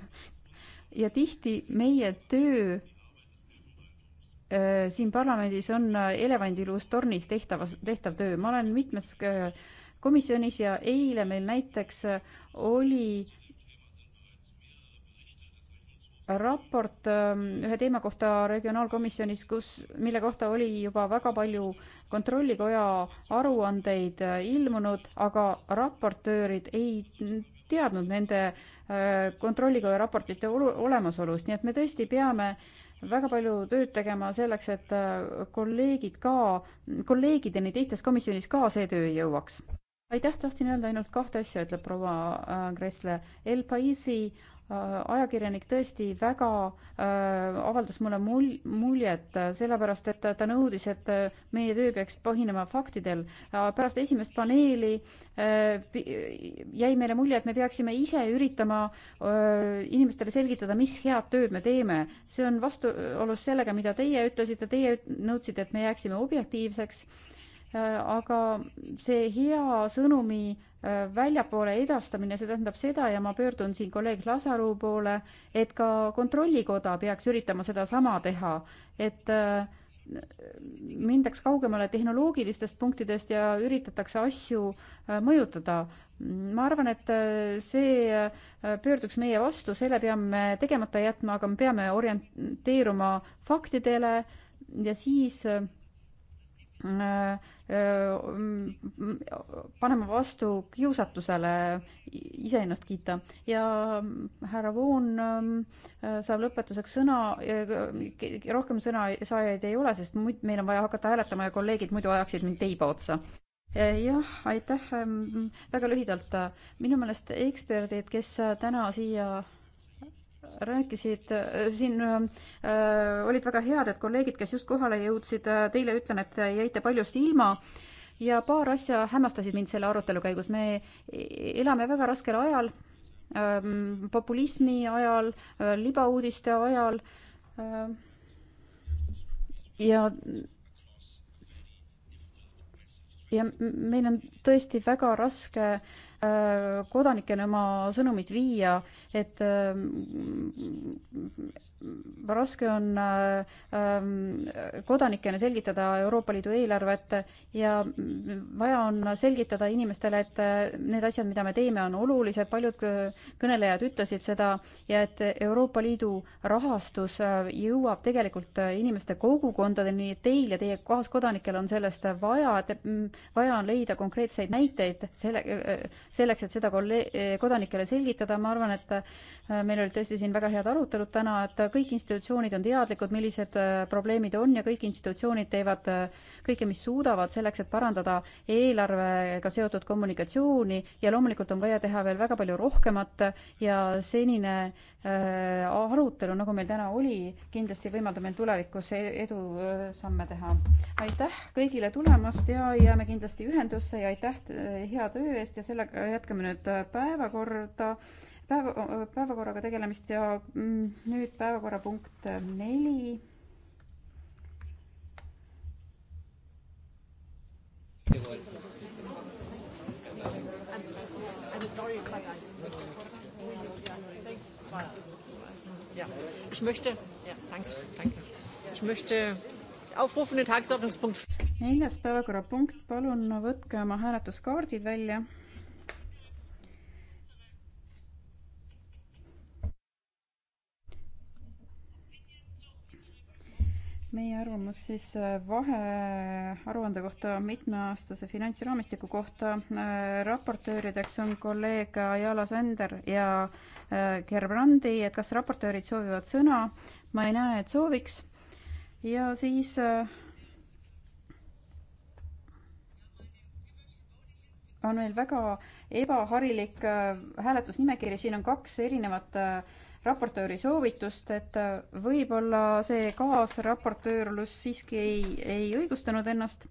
ja tihti meie töö siin parlamendis on elevandiluust tornis tehtavas, tehtav töö. ma olen mitmes komisjonis ja eile meil näiteks oli raport ähm, ühe teema kohta regionaalkomisjonis, kus, mille kohta oli juba väga palju kontrollikoja aruandeid äh, ilmunud, aga raportöörid ei teadnud nende äh, kontrollikoja raportite olemasolust, nii et me tõesti peame väga palju tööd tegema selleks, et äh, kolleegid ka, kolleegideni teistes komisjonis ka see töö jõuaks. aitäh, tahtsin öelda ainult kahte asja, ütleb proua Kressle. El Paisi Äh, ajakirjanik tõesti väga äh, avaldas mulle mul-, muljet, äh, sellepärast et ta nõudis, et äh, meie töö peaks põhinema faktidel. pärast esimest paneeli äh, jäi meile mulje, et me peaksime ise üritama äh, inimestele selgitada, mis head tööd me teeme. see on vastuolus sellega, mida teie ütlesite, teie nõudsite, et me jääksime objektiivseks äh,, aga see hea sõnumi äh, Äh, väljapoole edastamine, see tähendab seda ja ma pöördun siin kolleeg Lasaru poole, et ka Kontrollikoda peaks üritama sedasama teha, et äh, mindaks kaugemale tehnoloogilistest punktidest ja üritatakse asju äh, mõjutada. ma arvan, et see pöörduks meie vastu, selle peame tegemata jätma, aga me peame orienteeruma faktidele ja siis Äh, äh, panema vastu kiusatusele iseennast kiita ja mm, härra Voon ähm, äh, saab lõpetuseks sõna, rohkem sõnasaajaid ei ole, sest muid meil on vaja hakata hääletama ja kolleegid muidu ajaksid mind teiba otsa jah, aitäh, ähm, väga lühidalt. minu meelest eksperdid, kes täna siia rääkisid siin äh,, olid väga head, et kolleegid, kes just kohale jõudsid, äh, teile ütlen, et jäite paljust ilma ja paar asja hämmastasid mind selle arutelu käigus. me elame väga raskel ajal ähm,, populismi ajal äh,, libauudiste ajal äh, ja ja meil on tõesti väga raske äh, Äh, kodanikena oma sõnumit viia, et äh, raske on ähm, kodanikena selgitada Euroopa Liidu eelarvet ja vaja on selgitada inimestele, et äh, need asjad, mida me teeme, on olulised, paljud äh, kõnelejad ütlesid seda, ja et Euroopa Liidu rahastus äh, jõuab tegelikult inimeste kogukondadeni, teil ja teie kaaskodanikel on sellest vaja, et mm, vaja on leida konkreetseid näiteid selle, selleks, et seda kolleeg-, kodanikele selgitada, ma arvan, et meil olid tõesti siin väga head arutelud täna, et kõik institutsioonid on teadlikud, millised äh, probleemid on ja kõik institutsioonid teevad äh, kõike, mis suudavad selleks, et parandada eelarvega seotud kommunikatsiooni ja loomulikult on vaja teha veel väga palju rohkemat ja senine äh, arutelu, nagu meil täna oli, kindlasti võimaldab meil tulevikus e-, edusamme teha. aitäh kõigile tulemast ja jääme kindlasti ühendusse ja aitäh hea töö eest ja sellega jätkame nüüd päevakorda päev, päevakorraga tegelemist ja mm, nüüd päevakorrapunkt neli. Ich möchte, ja, danke, danke. Ich möchte aufrufen den Tagesordnungspunkt. Neljas päevakorrapunkt, palun võtke oma hääletuskaardid välja meie arvamus siis äh, vahearuande kohta mitmeaastase finantsraamistiku kohta. Äh, raportöörideks on kolleeg Ayala Sender ja äh, Gerbrandi, et kas raportöörid soovivad sõna? ma ei näe, et sooviks. ja siis on meil väga ebaharilik hääletusnimekiri, siin on kaks erinevat äh, raportööri soovitust, et äh, võib-olla see kaasraportöörlus siiski ei, ei õigustanud ennast.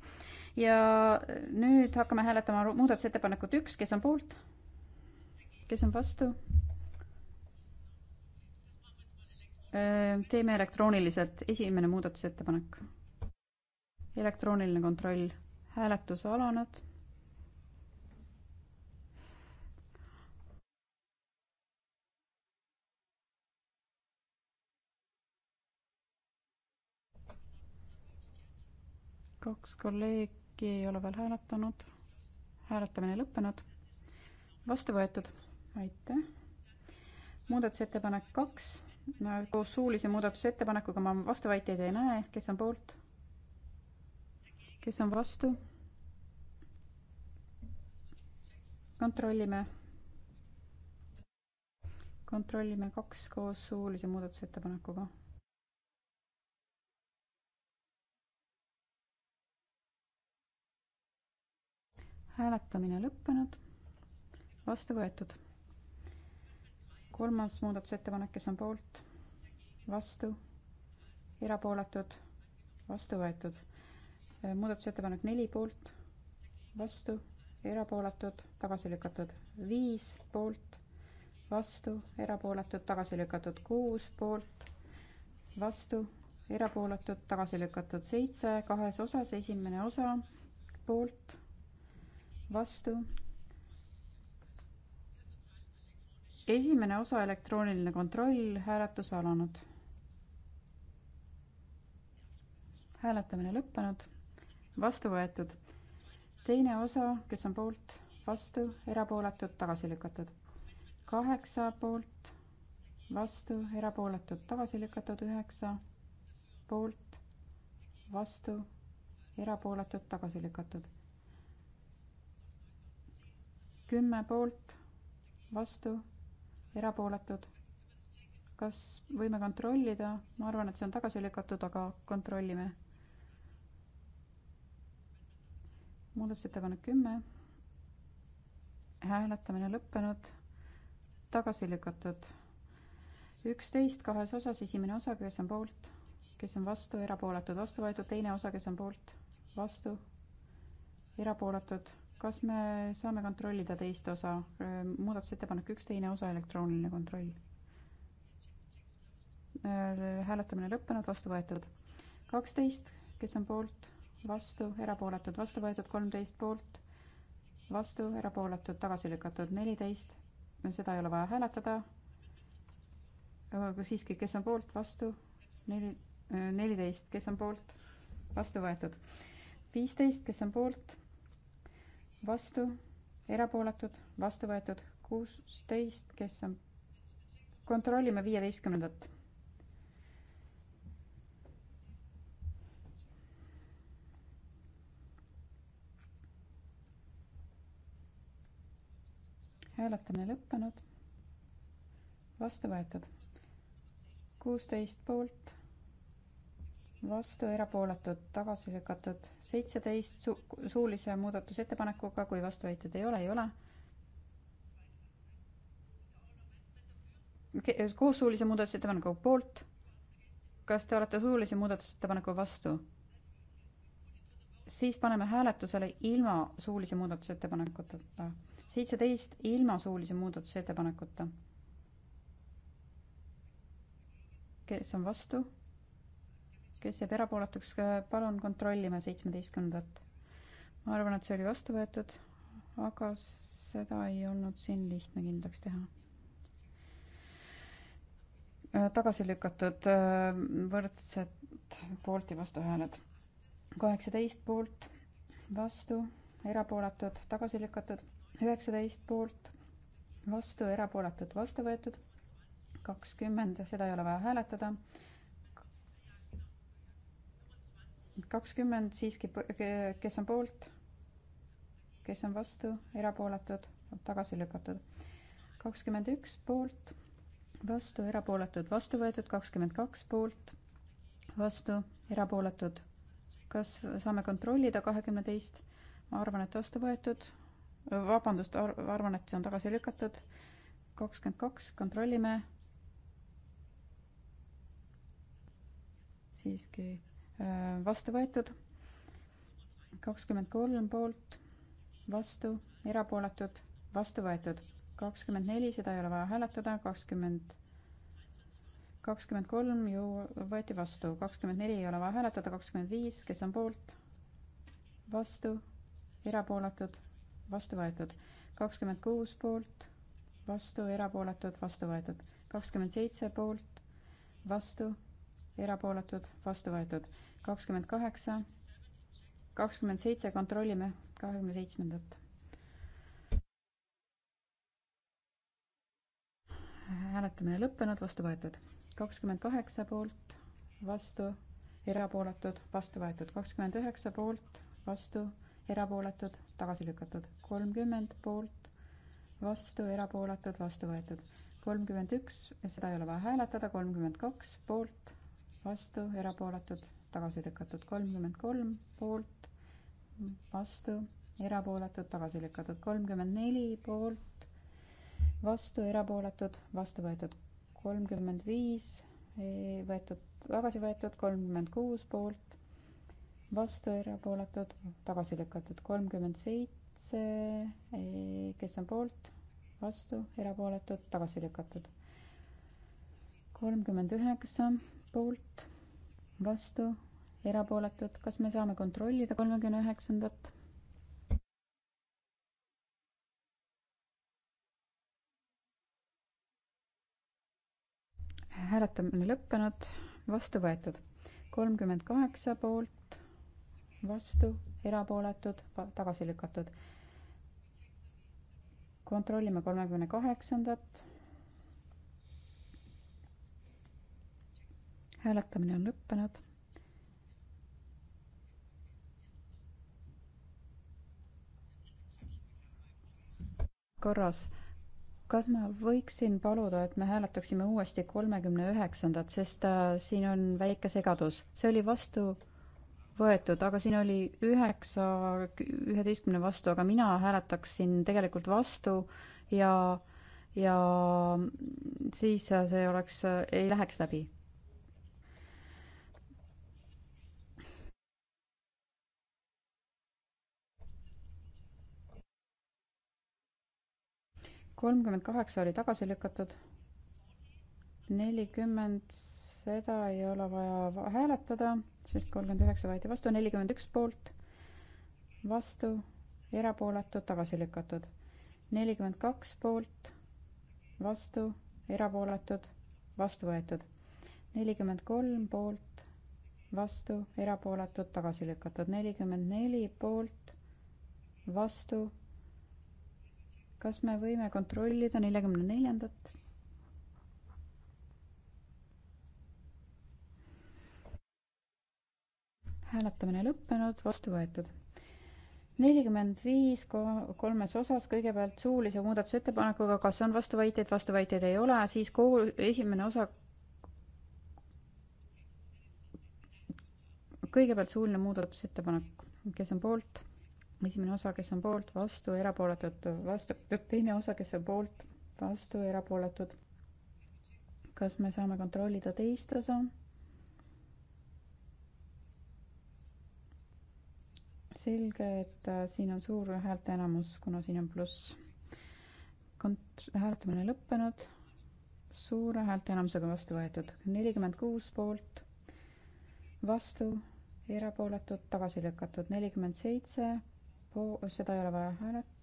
ja äh, nüüd hakkame hääletama muudatusettepanekut üks, kes on poolt? kes on vastu? Äh, teeme elektrooniliselt, esimene muudatusettepanek. elektrooniline kontroll, hääletus alanud kaks kolleegi ei ole veel hääletanud. hääletamine lõppenud. vastu võetud. aitäh. muudatusettepanek kaks no,. koos suulise muudatusettepanekuga ma vastuväiteid ei näe, kes on poolt? kes on vastu? kontrollime. kontrollime kaks koos suulise muudatusettepanekuga hääletamine lõppenud, vastu võetud. kolmas muudatusettepanek, kes on poolt, vastu, erapooletud, vastu võetud. muudatusettepanek neli poolt, vastu, erapooletud, tagasi lükatud, viis poolt, vastu, erapooletud, tagasi lükatud, kuus poolt, vastu, erapooletud, tagasi lükatud, seitse kahes osas, esimene osa poolt vastu. esimene osa elektrooniline kontroll, hääletus alanud. hääletamine lõppenud, vastu võetud. teine osa, kes on poolt, vastu, erapooletud, tagasi lükatud. kaheksa poolt, vastu, erapooletud, tagasi lükatud, üheksa poolt, vastu, erapooletud, tagasi lükatud kümme poolt, vastu, erapooletud. kas võime kontrollida? ma arvan, et see on tagasi lükatud, aga kontrollime. muudatusettepanek kümme. hääletamine lõppenud, tagasi lükatud. üksteist kahes osas, esimene osa, kes on poolt, kes on vastu, erapooletud, vastu võetud, teine osa, kes on poolt, vastu, erapooletud kas me saame kontrollida teist osa? muudatusettepanek üks, teine osa, elektrooniline kontroll. hääletamine lõppenud, vastu võetud. kaksteist, kes on poolt, vastu, erapooletud, vastu võetud, kolmteist poolt, vastu, erapooletud, tagasi lükatud, neliteist, seda ei ole vaja hääletada. aga siiski, kes on poolt, vastu, neli, neliteist, kes on poolt, vastu võetud. viisteist, kes on poolt vastu, erapooletud, vastu võetud kuusteist, kes on, kontrollime viieteistkümnendat. hääletamine lõppenud, vastu võetud kuusteist poolt vastu, erapooletud, tagasi lükatud. seitseteist su-, suulise muudatusettepanekuga, kui vastuväiteid ei ole, ei ole. koos suulise muudatusettepanekuga poolt. kas te olete suulise muudatusettepaneku vastu? siis paneme hääletusele ilma suulise muudatusettepanekuteta. seitseteist ilma suulise muudatusettepanekuta. kes on vastu? kes jääb erapooletuks, palun kontrollime seitsmeteistkümnendat. ma arvan, et see oli vastu võetud, aga seda ei olnud siin lihtne kindlaks teha. tagasi lükatud võrdsed poolt ja vastuhääled. kaheksateist poolt, vastu, erapooletud, tagasi lükatud, üheksateist poolt, vastu, erapooletud, vastu võetud, kakskümmend, seda ei ole vaja hääletada kakskümmend siiski, kes on poolt, kes on vastu, erapooletud, tagasi lükatud. kakskümmend üks poolt, vastu, erapooletud, vastu võetud, kakskümmend kaks poolt, vastu, erapooletud. kas saame kontrollida kahekümne teist? ma arvan, et vastu võetud. vabandust, arvan, et see on tagasi lükatud. kakskümmend kaks, kontrollime. siiski vastu võetud. kakskümmend kolm poolt, vastu, erapooletud, vastu võetud. kakskümmend neli, seda ei ole vaja hääletada, kakskümmend kakskümmend kolm ju võeti vastu, kakskümmend neli ei ole vaja hääletada, kakskümmend viis, kes on poolt, vastu, erapooletud, vastu võetud, kakskümmend kuus poolt, vastu, erapooletud, vastu võetud, kakskümmend seitse poolt, vastu, erapooletud, vastu võetud. kakskümmend kaheksa, kakskümmend seitse, kontrollime kahekümne seitsmendat. hääletamine lõppenud, vastu võetud. kakskümmend kaheksa poolt, vastu, erapooletud, vastu võetud. kakskümmend üheksa poolt, vastu, erapooletud, tagasi lükatud. kolmkümmend poolt, vastu, erapooletud, vastu võetud. kolmkümmend üks, seda ei ole vaja hääletada, kolmkümmend kaks poolt, vastu, erapooletud, tagasi lükatud kolmkümmend kolm poolt, vastu, erapooletud, tagasi lükatud kolmkümmend neli poolt, vastu, erapooletud, vastu võetud kolmkümmend viis, eh, võetud, tagasi võetud kolmkümmend kuus poolt, vastu, erapooletud, tagasi lükatud kolmkümmend seitse, eh, kes on poolt, vastu, erapooletud, tagasi lükatud kolmkümmend üheksa poolt, vastu, erapooletud, kas me saame kontrollida kolmekümne üheksandat? hääletamine lõppenud, vastu võetud kolmkümmend kaheksa poolt, vastu, erapooletud, tagasi lükatud. kontrollime kolmekümne kaheksandat hääletamine on lõppenud. korras, kas ma võiksin paluda, et me hääletaksime uuesti kolmekümne üheksandat, sest äh, siin on väike segadus, see oli vastu võetud, aga siin oli üheksa, üheteistkümne vastu, aga mina hääletaksin tegelikult vastu ja, ja siis äh, see oleks, äh, ei läheks läbi. kolmkümmend kaheksa oli tagasi lükatud. nelikümmend, seda ei ole vaja hääletada, sest kolmkümmend üheksa võeti vastu, nelikümmend üks poolt, vastu, erapooletud, tagasi lükatud. nelikümmend kaks poolt, vastu, erapooletud, vastu võetud. nelikümmend kolm poolt, vastu, erapooletud, tagasi lükatud. nelikümmend neli poolt, vastu kas me võime kontrollida neljakümne neljandat? hääletamine lõppenud, vastu võetud. nelikümmend viis kolmes osas, kõigepealt suulise muudatusettepanekuga, kas on vastuväiteid, vastuväiteid ei ole, siis kool, esimene osa. kõigepealt suuline muudatusettepanek, kes on poolt? esimene osa, kes on poolt, vastu, erapooletud, vastu, teine osa, kes on poolt, vastu, erapooletud. kas me saame kontrollida teist osa? selge, et äh, siin on suur häälteenamus, kuna siin on pluss. kont-, hääletamine lõppenud, suure häälteenamusega vastu võetud, nelikümmend kuus poolt, vastu, erapooletud, tagasi lükatud, nelikümmend seitse po-, seda ei ole vaja hääletada.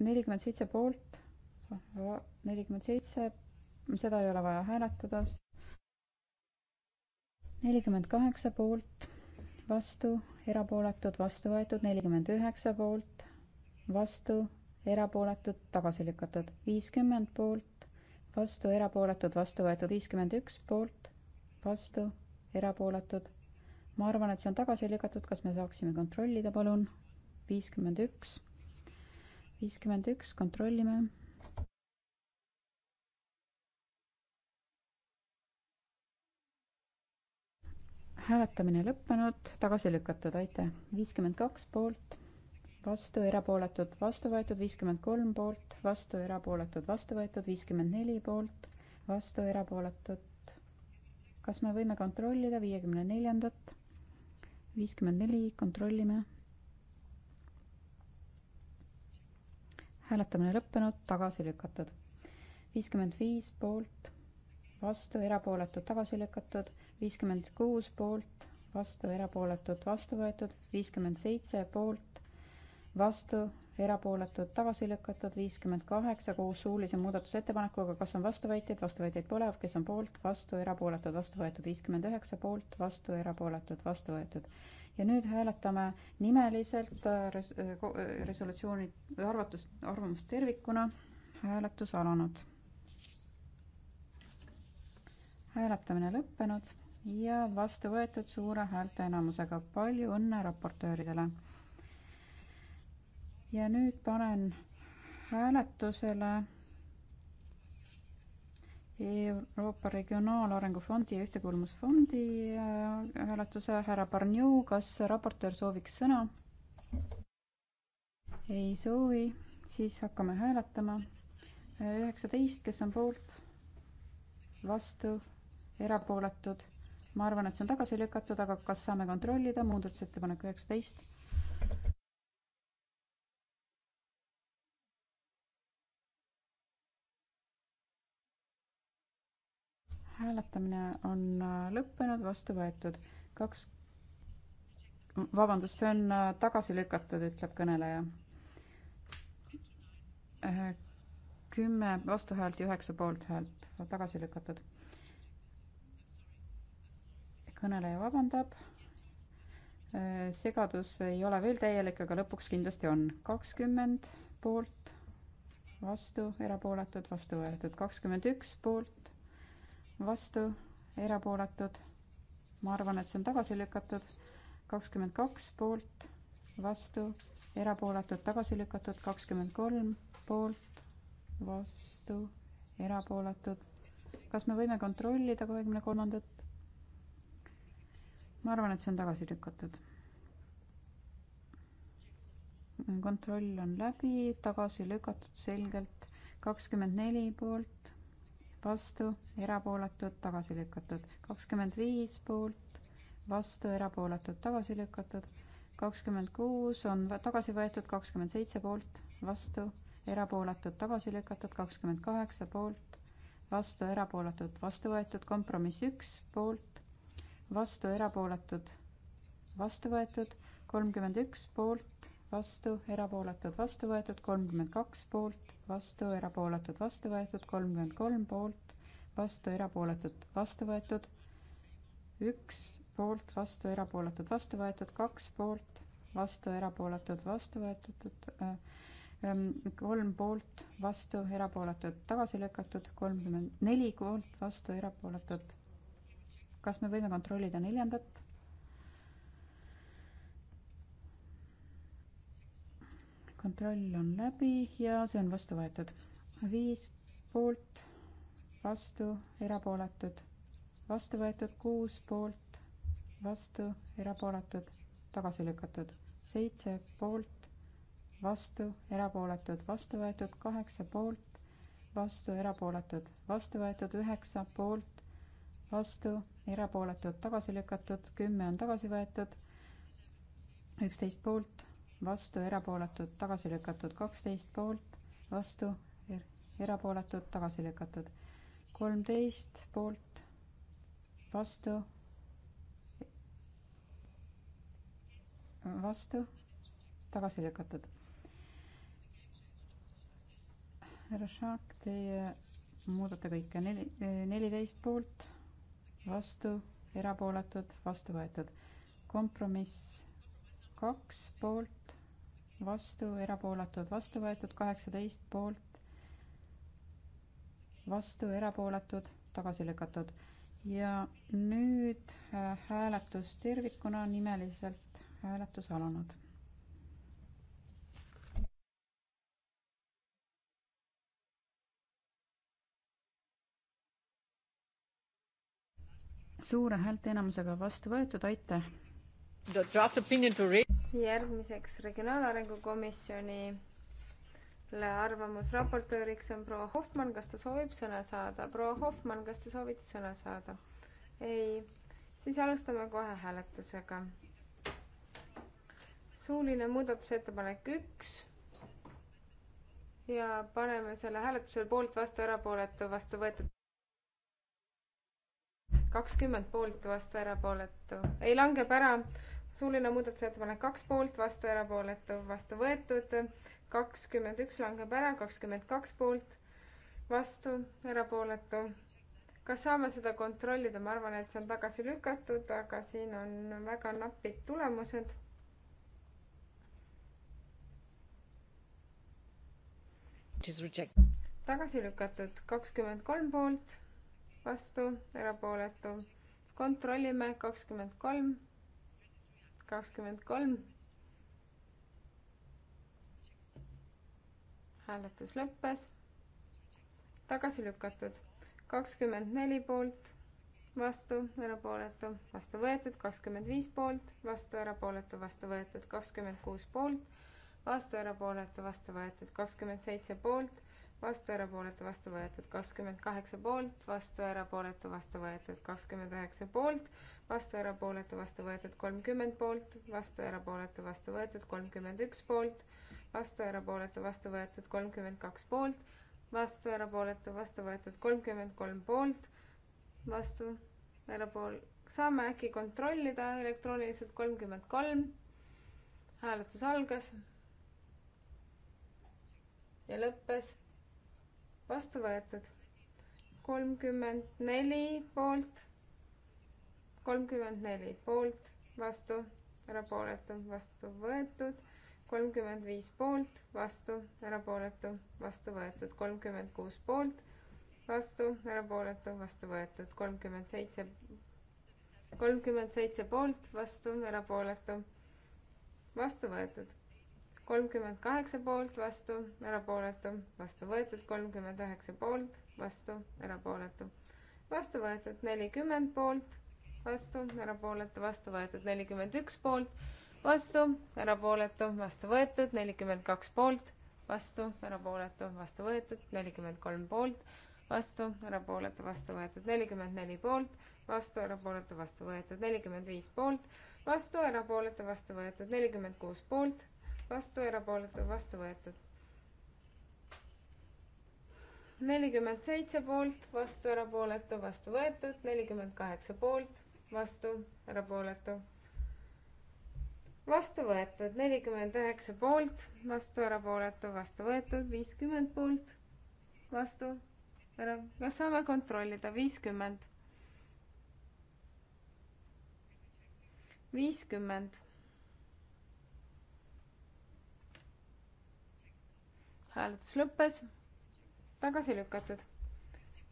nelikümmend seitse poolt, nelikümmend seitse, seda ei ole vaja hääletada. nelikümmend kaheksa poolt, vastu, erapooletud, vastu võetud, nelikümmend üheksa poolt, vastu, erapooletud, tagasi lükatud, viiskümmend poolt, vastu, erapooletud, vastu võetud, viiskümmend üks poolt, vastu, erapooletud ma arvan, et see on tagasi lükatud, kas me saaksime kontrollida, palun? viiskümmend üks, viiskümmend üks, kontrollime. hääletamine lõppenud, tagasi lükatud, aitäh. viiskümmend kaks poolt, vastu, erapooletud, vastu võetud, viiskümmend kolm poolt, vastu, erapooletud, vastu võetud, viiskümmend neli poolt, vastu, erapooletud. kas me võime kontrollida viiekümne neljandat? viiskümmend neli, kontrollime. hääletamine lõppenud, tagasi lükatud. viiskümmend viis poolt, vastu, erapooletud, tagasi lükatud. viiskümmend kuus poolt, vastu, erapooletud, vastu võetud. viiskümmend seitse poolt, vastu, erapooletud tagasi lükatud, viiskümmend kaheksa koos suulise muudatusettepanekuga, kas on vastuväiteid, vastuväiteid pole, kes on poolt, vastu, erapooletud, vastu võetud, viiskümmend üheksa poolt, vastu, erapooletud, vastu võetud. ja nüüd hääletame nimeliselt äh, res-, äh, äh, resolutsiooni või arvatust, arvamust tervikuna, hääletus alanud. hääletamine lõppenud ja vastu võetud suure häälteenamusega, palju õnne raportööridele! ja nüüd panen hääletusele Euroopa Regionaalarengu Fondi ja Ühtekuuluvusfondi äh, hääletuse. härra Barnjou, kas raportöör sooviks sõna? ei soovi, siis hakkame hääletama. üheksateist, kes on poolt, vastu, erapooletud. ma arvan, et see on tagasi lükatud, aga kas saame kontrollida muudatusettepanek üheksateist? hääletamine on äh, lõppenud, vastu võetud kaks, vabandust, see on äh, tagasi lükatud, ütleb kõneleja. kümme vastuhäält ja üheksa poolthäält tagasi lükatud. kõneleja vabandab. segadus ei ole veel täielik, aga lõpuks kindlasti on. kakskümmend poolt, vastu, erapooletud, vastu võetud. kakskümmend üks poolt, vastu, erapooletud. ma arvan, et see on tagasi lükatud. kakskümmend kaks poolt, vastu, erapooletud, tagasi lükatud. kakskümmend kolm poolt, vastu, erapooletud. kas me võime kontrollida kahekümne kolmandat? ma arvan, et see on tagasi lükatud. kontroll on läbi, tagasi lükatud selgelt. kakskümmend neli poolt vastu, erapooletud, tagasi lükatud. kakskümmend viis poolt, vastu, erapooletud, tagasi lükatud. kakskümmend kuus on tagasi võetud, kakskümmend seitse poolt, vastu, erapooletud, tagasi lükatud, kakskümmend kaheksa poolt, vastu, erapooletud, vastu võetud, kompromiss üks poolt, vastu, erapooletud, vastu võetud, kolmkümmend üks poolt, vastu, erapooletud, vastu võetud, kolmkümmend kaks poolt, vastu, erapooletud, vastu võetud, kolmkümmend kolm poolt, vastu, erapooletud, vastu võetud, üks poolt, vastu, erapooletud, vastu võetud, kaks poolt, vastu, erapooletud, vastu võetud, äh, ähm, kolm poolt, vastu, erapooletud, tagasi lükatud, kolmkümmend neli poolt, vastu, erapooletud. kas me võime kontrollida neljandat? kontroll on läbi ja see on vastu võetud. viis poolt, vastu, erapooletud, vastu võetud kuus poolt, vastu, erapooletud, tagasi lükatud. seitse poolt, vastu, erapooletud, vastu võetud kaheksa poolt, vastu, erapooletud, vastu võetud üheksa poolt, vastu, erapooletud, tagasi lükatud, kümme on tagasi võetud, üksteist poolt vastu, erapooletud, tagasi lükatud, kaksteist poolt, vastu, er-, erapooletud, tagasi lükatud, kolmteist poolt, vastu, vastu, tagasi lükatud. härra Šaak, teie muudate kõike neli, neliteist poolt, vastu, erapooletud, vastu võetud. kompromiss kaks poolt, vastu, erapooletud, vastu võetud, kaheksateist poolt, vastu, erapooletud, tagasi lükatud. ja nüüd äh, hääletus tervikuna nimeliselt hääletus alanud. suure häälteenamusega vastu võetud, aitäh! järgmiseks Regionaalarengu Komisjonile arvamusraportööriks on proua Hoffmann, kas ta soovib sõna saada? proua Hoffmann, kas te soovite sõna saada? ei, siis alustame kohe hääletusega. suuline muudatusettepanek üks ja paneme selle hääletusele poolt, vastu, erapooletu, vastu võetud kakskümmend poolt, vastu, erapooletu. ei, langeb ära. suuline muudatusettepanek kaks poolt, vastu, erapooletu, vastu võetud. kakskümmend üks langeb ära, kakskümmend kaks poolt, vastu, erapooletu. kas saame seda kontrollida, ma arvan, et see on tagasi lükatud, aga siin on väga napid tulemused. tagasi lükatud kakskümmend kolm poolt vastu, erapooletu. kontrollime kakskümmend kolm, kakskümmend kolm. hääletus lõppes, tagasi lükatud, kakskümmend neli poolt, vastu, erapooletu, vastu võetud, kakskümmend viis poolt, vastu, erapooletu, vastu võetud, kakskümmend kuus poolt, vastu, erapooletu, vastu võetud, kakskümmend seitse poolt vastu, erapooletu, vastu võetud kakskümmend kaheksa poolt, vastu, erapooletu, vastu võetud kakskümmend üheksa poolt, vastu, erapooletu, vastu võetud kolmkümmend poolt, vastu, erapooletu, vastu võetud kolmkümmend üks poolt, vastu, erapooletu, vastu võetud kolmkümmend kaks poolt, vastu, erapooletu, vastu võetud kolmkümmend kolm poolt, vastu, erapool-, saame äkki kontrollida elektrooniliselt kolmkümmend kolm, hääletus algas ja lõppes vastu võetud. kolmkümmend neli poolt, kolmkümmend neli poolt, vastu, erapooletu, vastu võetud, kolmkümmend viis poolt, vastu, erapooletu, vastu võetud, kolmkümmend kuus poolt, vastu, erapooletu, vastu võetud, kolmkümmend seitse, kolmkümmend seitse poolt, vastu, erapooletu, vastu võetud kolmkümmend kaheksa poolt, vastu, erapooletu, vastu võetud, kolmkümmend üheksa poolt, vastu, erapooletu, vastu võetud, nelikümmend poolt, vastu, erapooletu, vastu võetud, nelikümmend üks poolt, vastu, erapooletu, vastu võetud, nelikümmend kaks poolt, vastu, erapooletu, vastu võetud, nelikümmend kolm poolt, vastu, erapooletu, vastu võetud, nelikümmend neli poolt, vastu, erapooletu, vastu võetud, nelikümmend viis poolt, vastu, erapooletu, vastu võetud, nelikümmend kuus poolt, vastu, erapooletu, vastu võetud. nelikümmend seitse poolt, vastu, erapooletu, vastu võetud, nelikümmend kaheksa poolt, vastu, erapooletu vastu võetud nelikümmend üheksa poolt, vastu erapooletu, vastu võetud viiskümmend poolt, vastu ära, kas saame kontrollida viiskümmend? viiskümmend hääletus lõppes, tagasi lükatud.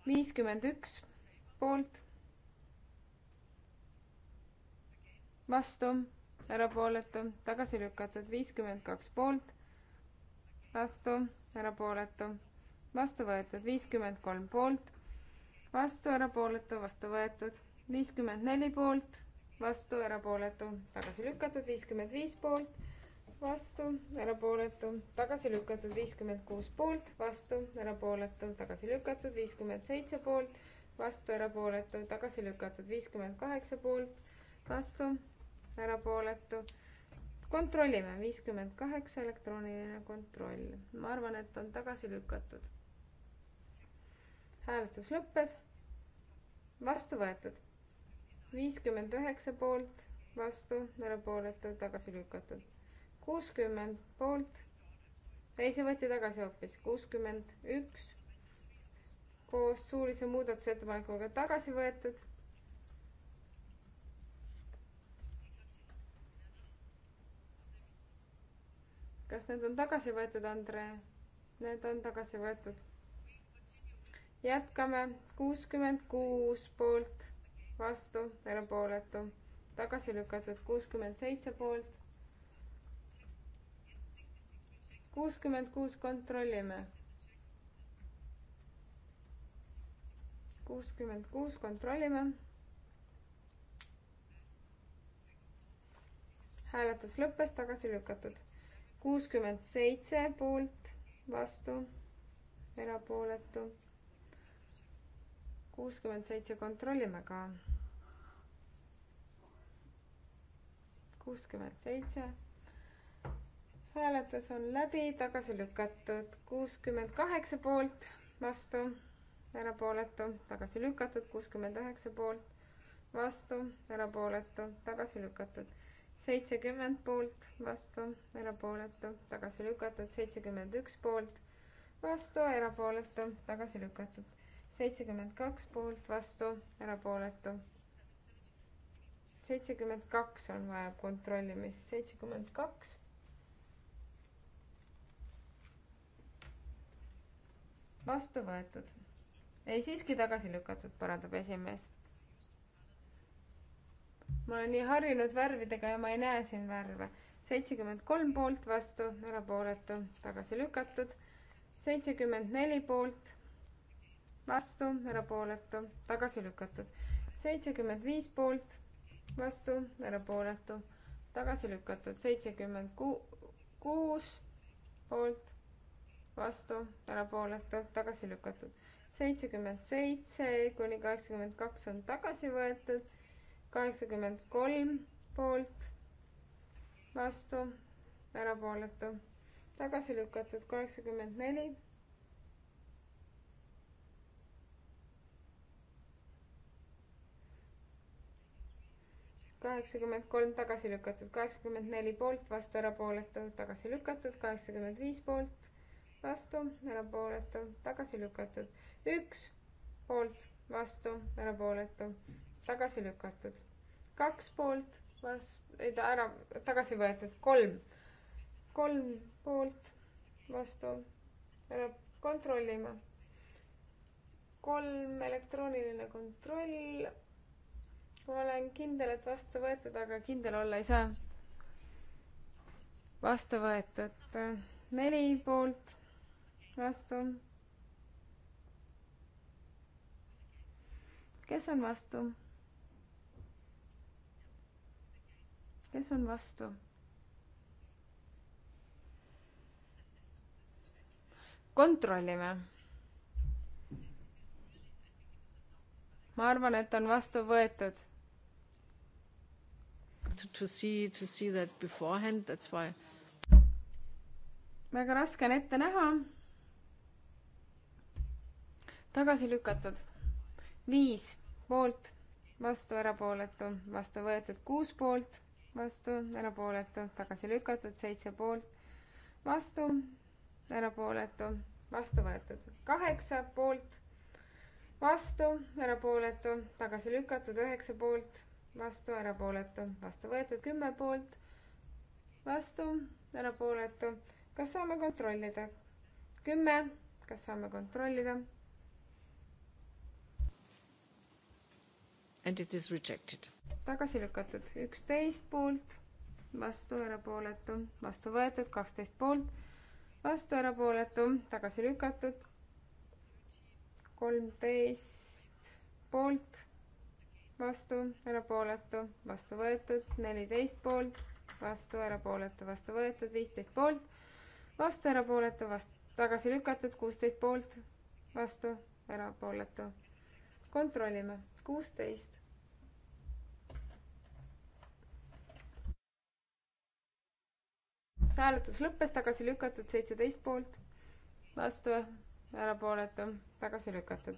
viiskümmend üks poolt, vastu, erapooletu, tagasi lükatud, viiskümmend kaks poolt, vastu, erapooletu, vastu võetud, viiskümmend kolm poolt, vastu, erapooletu, vastu võetud, viiskümmend neli poolt, vastu, erapooletu, tagasi lükatud, viiskümmend viis poolt vastu, erapooletu, tagasi lükatud viiskümmend kuus poolt, vastu, erapooletu, tagasi lükatud viiskümmend seitse poolt, vastu, erapooletu, tagasi lükatud viiskümmend kaheksa poolt, vastu, erapooletu. kontrollime, viiskümmend kaheksa elektrooniline kontroll. ma arvan, et on tagasi lükatud. hääletus lõppes, vastu võetud, viiskümmend üheksa poolt, vastu, erapooletu, tagasi lükatud kuuskümmend poolt, ei, see võeti tagasi hoopis, kuuskümmend üks koos suulise muudatusettepanekuga tagasi võetud. kas need on tagasi võetud, Andre? Need on tagasi võetud. jätkame kuuskümmend kuus poolt, vastu, erapooletu, tagasi lükatud kuuskümmend seitse poolt, kuuskümmend kuus kontrollime. kuuskümmend kuus kontrollime. hääletus lõppes, tagasi lükatud. kuuskümmend seitse poolt, vastu, erapooletu. kuuskümmend seitse kontrollime ka. kuuskümmend seitse hääletus on läbi, tagasi lükatud kuuskümmend kaheksa poolt, vastu, erapooletu, tagasi lükatud kuuskümmend üheksa poolt, vastu, erapooletu, tagasi lükatud seitsekümmend poolt, vastu, erapooletu, tagasi lükatud seitsekümmend üks poolt, vastu, erapooletu, tagasi lükatud seitsekümmend kaks poolt, vastu, erapooletu. seitsekümmend kaks on vaja kontrollimist, seitsekümmend kaks vastu võetud. ei, siiski tagasi lükatud, parandab esimees. ma olen nii harjunud värvidega ja ma ei näe siin värve. seitsekümmend kolm poolt vastu, erapooletu, tagasi lükatud. seitsekümmend neli poolt vastu, erapooletu, tagasi lükatud. seitsekümmend viis poolt vastu, erapooletu, tagasi lükatud. seitsekümmend kuus poolt vastu, erapooletu, tagasi lükatud. seitsekümmend seitse kuni kaheksakümmend kaks on tagasi võetud, kaheksakümmend kolm poolt, vastu, erapooletu, tagasi lükatud, kaheksakümmend neli kaheksakümmend kolm tagasi lükatud, kaheksakümmend neli poolt, vastu erapooletu, tagasi lükatud, kaheksakümmend viis poolt, vastu, erapooletu, tagasi lükatud. üks poolt, vastu, erapooletu, tagasi lükatud. kaks poolt, vastu, ei ta ära, tagasi võetud, kolm. kolm poolt, vastu, kontrollime. kolm, elektrooniline kontroll. ma olen kindel, et vastu võetud, aga kindel olla ei saa. vastu võetud neli poolt vastu. kes on vastu? kes on vastu? kontrollime. ma arvan, et on vastu võetud. To see, to see that beforehand, that's why. väga raske on ette näha tagasi lükatud. viis poolt, vastu, erapooletu, vastu võetud kuus poolt, vastu, erapooletu, tagasi lükatud, seitse poolt, vastu, erapooletu, vastu võetud, kaheksa poolt, vastu, erapooletu, tagasi lükatud, üheksa poolt, vastu, erapooletu, vastu võetud, kümme poolt, vastu, erapooletu. kas saame kontrollida? kümme, kas saame kontrollida? and it is rejected. tagasi lükatud üksteist poolt, vastu erapooletu, vastu võetud kaksteist poolt, vastu erapooletu, tagasi lükatud kolmteist poolt, vastu erapooletu, vastu võetud neliteist poolt, vastu erapooletu, vastu võetud viisteist poolt, vastu erapooletu, vastu tagasi lükatud kuusteist poolt, vastu erapooletu. kontrollime kuusteist. hääletus lõppes, tagasi lükatud, seitseteist poolt, vastu, erapooletu, tagasi lükatud.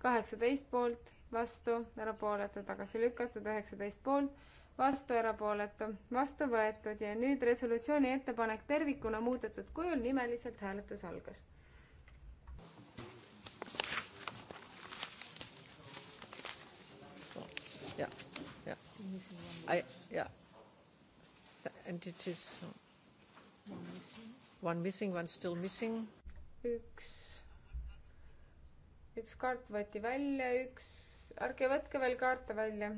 kaheksateist poolt, vastu, erapooletu, tagasi lükatud, üheksateist poolt vastu, erapooletu, vastu võetud ja nüüd resolutsiooni ettepanek tervikuna muudetud kujul nimeliselt hääletus algas. ja, ja, ja, ja, and it is One missing, one still missing. üks, üks kaart võeti välja, üks, ärge võtke veel kaarte välja.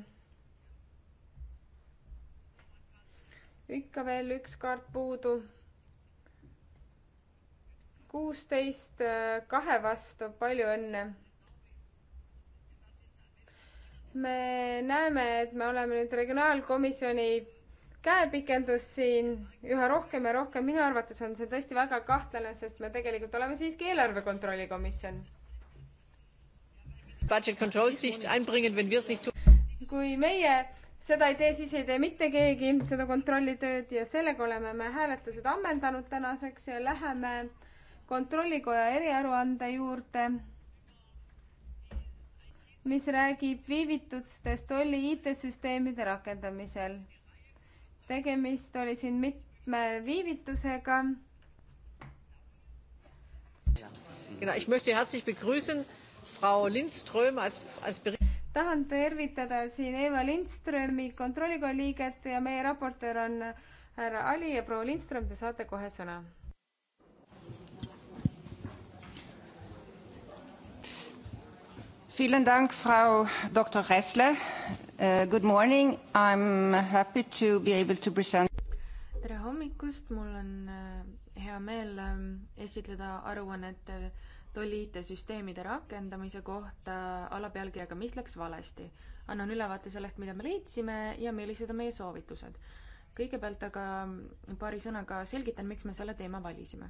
ikka veel üks kaart puudu. kuusteist äh, kahe vastu, palju õnne me näeme, et me oleme nüüd regionaalkomisjoni käepikendus siin üha rohkem ja rohkem, minu arvates on see tõesti väga kahtlane, sest me tegelikult oleme siiski eelarve kontrolli komisjon. kui meie seda ei tee, siis ei tee mitte keegi seda kontrollitööd ja sellega oleme me hääletused ammendanud tänaseks ja läheme kontrollikoja eriaruande juurde, mis räägib viivitustest tolli IT-süsteemide rakendamisel tegemist oli siin mitme viivitusega. tahan tervitada siin Eva Lindströmi kontrollikoja liiget ja meie raportöör on härra Ali ja proua Lindström, te saate kohe sõna Vielen Dank, Frau Dr. Ressler. Uh, good morning. I'm happy to be able to present. tere hommikust, mul on uh, hea meel um, esitleda aruannet tolli IT-süsteemide rakendamise kohta alapealkirjaga Mis läks valesti. annan ülevaate sellest, mida me leidsime ja millised on meie soovitused. kõigepealt aga paari sõnaga selgitan, miks me selle teema valisime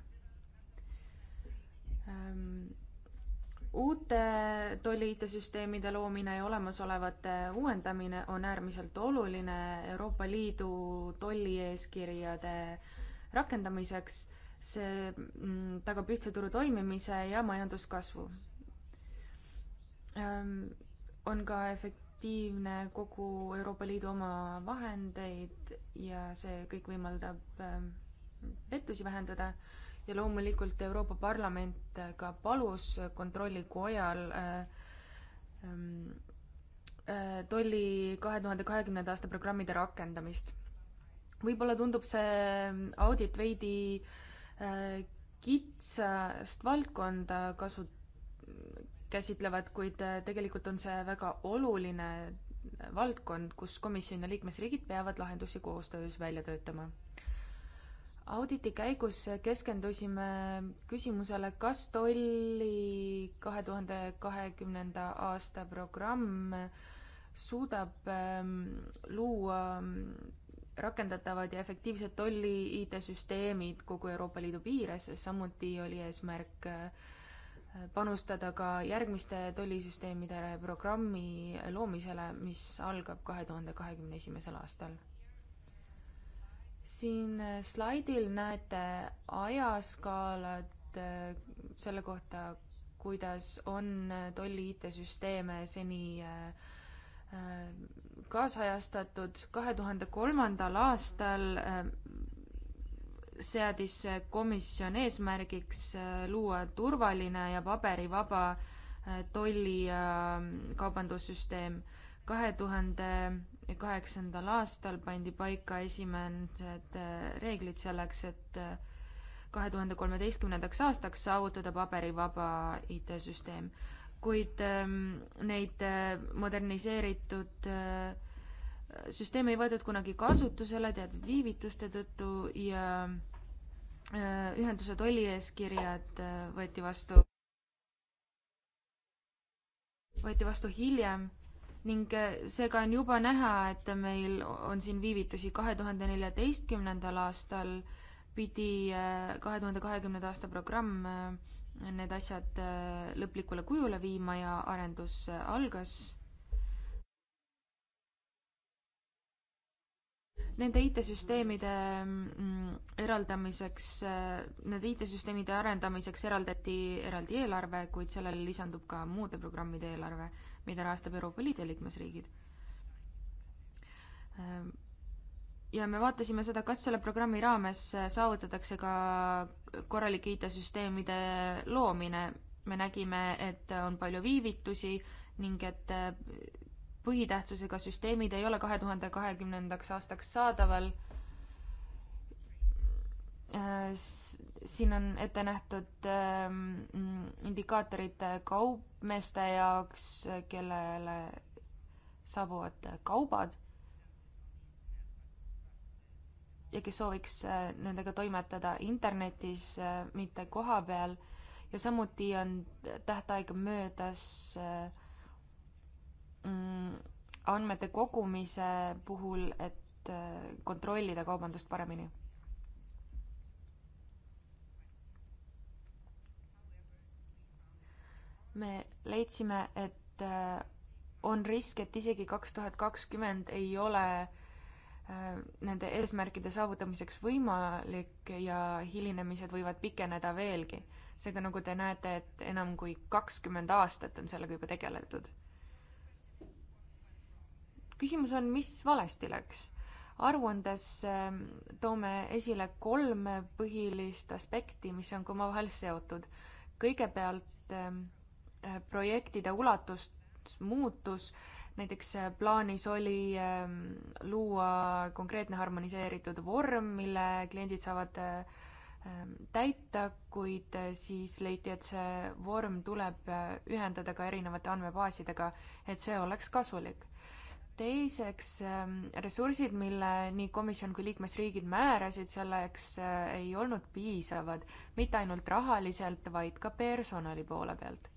ähm, uute tolli-IT-süsteemide loomine ja olemasolevate uuendamine on äärmiselt oluline Euroopa Liidu tollieeskirjade rakendamiseks. see mm, tagab ühtse turu toimimise ja majanduskasvu. Ähm, on ka efektiivne kogu Euroopa Liidu oma vahendeid ja see kõik võimaldab ähm, pettusi vähendada ja loomulikult Euroopa Parlament äh, ka palus kontrollikojal äh, ähm, äh, tolli kahe tuhande kahekümnenda aasta programmide rakendamist. võib-olla tundub see ähm, audit veidi kitsast valdkonda kasu, käsitlevat, kuid tegelikult on see väga oluline valdkond, kus komisjon ja liikmesriigid peavad lahendusi koostöös välja töötama auditi käigus keskendusime küsimusele, kas tolli kahe tuhande kahekümnenda aasta programm suudab ähm, luua ähm, rakendatavad ja efektiivsed tolli IT-süsteemid kogu Euroopa Liidu piires, samuti oli eesmärk äh, panustada ka järgmiste tollisüsteemide programmi loomisele, mis algab kahe tuhande kahekümne esimesel aastal siin äh, slaidil näete ajaskaalat äh, selle kohta, kuidas on äh, tolli IT-süsteeme seni kaasajastatud. kahe tuhande kolmandal aastal seadis komisjon eesmärgiks luua turvaline ja paberivaba tollikaubandus süsteem. kahe tuhande kaheksandal aastal pandi paika esimesed äh, reeglid selleks, et äh, kahe tuhande kolmeteistkümnendaks aastaks saavutada paberivaba IT-süsteem. kuid ähm, neid äh, moderniseeritud süsteeme ei võetud kunagi kasutusele teatud viivituste tõttu ja ühenduse tollieeskirjad võeti vastu, võeti vastu hiljem ning äh, seega on juba näha, et meil on siin viivitusi. kahe tuhande neljateistkümnendal aastal pidi äh, kahe tuhande kahekümnenda aasta programm äh, need asjad lõplikule kujule viima ja arendus algas. Nende IT-süsteemide mm, eraldamiseks, nende IT-süsteemide arendamiseks eraldati eraldi eelarve, kuid sellele lisandub ka muude programmide eelarve mida rahastab Euroopa Liit ja liikmesriigid. Ehm, ja me vaatasime seda, kas selle programmi raames saavutatakse ka korralike IT-süsteemide loomine. me nägime, et on palju viivitusi ning et eh, põhitähtsusega süsteemid ei ole kahe tuhande kahekümnendaks aastaks saadaval ehm, siin on ette nähtud ähm, indikaatorid kaupmeeste jaoks, kellele saabuvad kaubad ja kes sooviks äh, nendega toimetada internetis, äh, mitte koha peal. ja samuti on tähtaeg möödas äh, mm, andmete kogumise puhul, et kontrollida kaubandust paremini me leidsime, et äh, on risk, et isegi kaks tuhat kakskümmend ei ole äh, nende eesmärkide saavutamiseks võimalik ja hilinemised võivad pikeneda veelgi. seega, nagu te näete, et enam kui kakskümmend aastat on sellega juba tegeletud. küsimus on, mis valesti läks? aruandes ähm, toome esile kolm põhilist aspekti, mis on ka omavahel seotud. kõigepealt ähm, projektide ulatust muutus, näiteks äh, plaanis oli ähm, luua konkreetne harmoniseeritud vorm, mille kliendid saavad äh, ähm, täita, kuid äh, siis leiti, et see vorm tuleb ühendada ka erinevate andmebaasidega, et see oleks kasulik. teiseks, ähm, ressursid, mille nii komisjon kui liikmesriigid määrasid selleks, ei olnud piisavad, mitte ainult rahaliselt, vaid ka personali poole pealt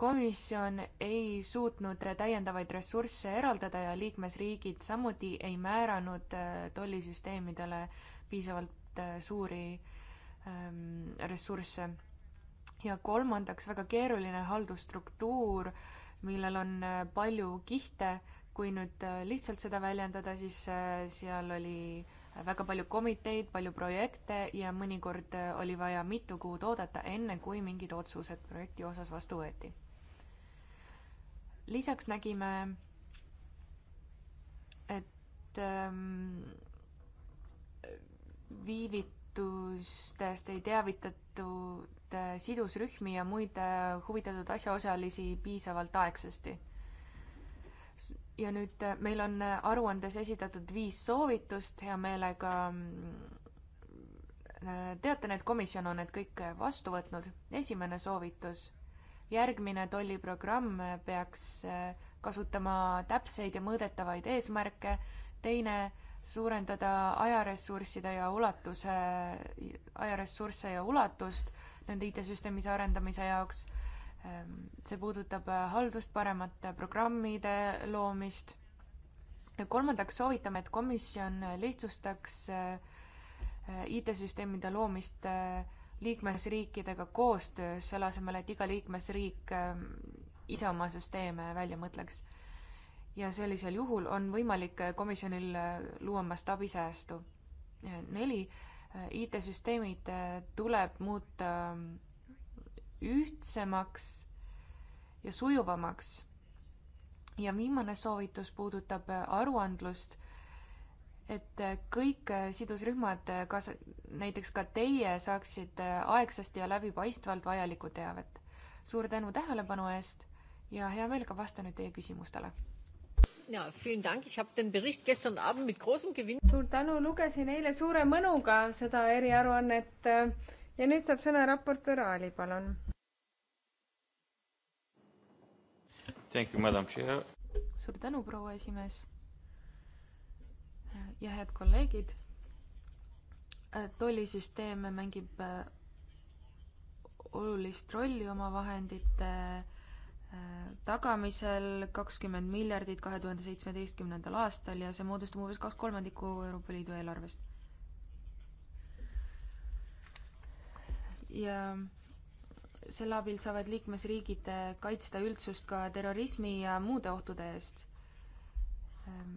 komisjon ei suutnud täiendavaid ressursse eraldada ja liikmesriigid samuti ei määranud äh, tollisüsteemidele piisavalt äh, suuri ähm, ressursse. ja kolmandaks, väga keeruline haldusstruktuur, millel on äh, palju kihte, kui nüüd lihtsalt seda väljendada, siis seal oli äh, väga palju komiteid, palju projekte ja mõnikord äh, oli vaja mitu kuud oodata, enne kui mingid otsused projekti osas vastu võeti. lisaks nägime, et ähm, viivitustest ei teavitatud äh, sidusrühmi ja muid äh, huvitatud asjaosalisi piisavalt aegsasti ja nüüd äh, meil on äh, aruandes esitatud viis soovitust, hea meelega mm, äh, teatan, et komisjon on need kõik vastu võtnud. esimene soovitus, järgmine tolliprogramm peaks kasutama täpseid ja mõõdetavaid eesmärke, teine, suurendada ajaressursside ja ulatuse, ajaressursse ja ulatust nende IT-süsteemis arendamise jaoks Ehm, see puudutab äh, haldust, paremate programmide loomist. kolmandaks soovitame, et komisjon lihtsustaks äh, äh, IT-süsteemide loomist liikmesriikidega koostöös, selle asemel, et iga liikmesriik ise oma süsteeme välja mõtleks. ja sellisel juhul on võimalik komisjonil luua mastaabisäästu. neli, IT-süsteemid tuleb muuta ühtsemaks ja sujuvamaks. ja viimane soovitus puudutab aruandlust, et kõik sidusrühmad, kas näiteks ka teie, saaksid aegsasti ja läbipaistvalt vajalikku teavet. suur tänu tähelepanu eest ja hea meelega vastan nüüd teie küsimustele ja, vielen Dank. Ich habe den Bericht gestern Abend mit großem Gewinn. Suur tänu, lugesin eile suure mõnuga seda eriaruannet ja nüüd saab sõna raportöör Aali, palun. Thank you, madam chair. suur tänu, proua esimees. ja head kolleegid. tollisüsteem mängib äh, olulist rolli oma vahendite äh, tagamisel kakskümmend miljardit kahe tuhande seitsmeteistkümnendal aastal ja see moodustab umbes kaks kolmandikku Euroopa Liidu eelarvest. ja selle abil saavad liikmesriigid kaitsta üldsust ka terrorismi ja muude ohtude eest. Ehm,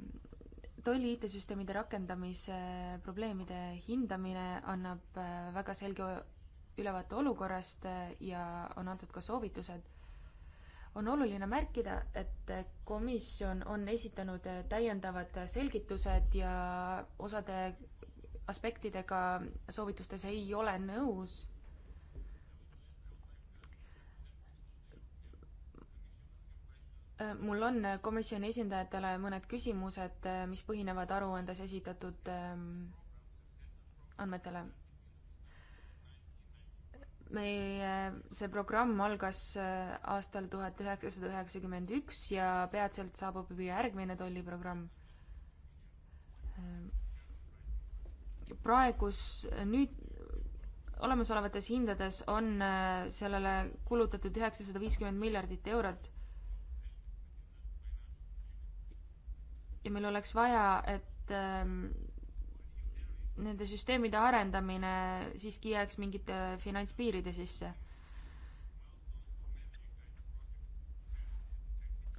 tolli IT-süsteemide rakendamise probleemide hindamine annab äh, väga selge ülevaate olukorrast äh, ja on antud ka soovitused. on oluline märkida, et äh, komisjon on esitanud täiendavad selgitused ja osade aspektidega soovitustes ei ole nõus mul on komisjoni esindajatele mõned küsimused, eh, mis põhinevad aruandes esitatud ehm, andmetele. meie, eh, see programm algas eh, aastal tuhat üheksasada üheksakümmend üks ja peatselt saabub juba järgmine tolliprogramm. Ehm, praegus, nüüd olemasolevates hindades on sellele kulutatud üheksasada viiskümmend miljardit eurot ja meil oleks vaja, et ähm, nende süsteemide arendamine siiski jääks mingite finantspiiride sisse.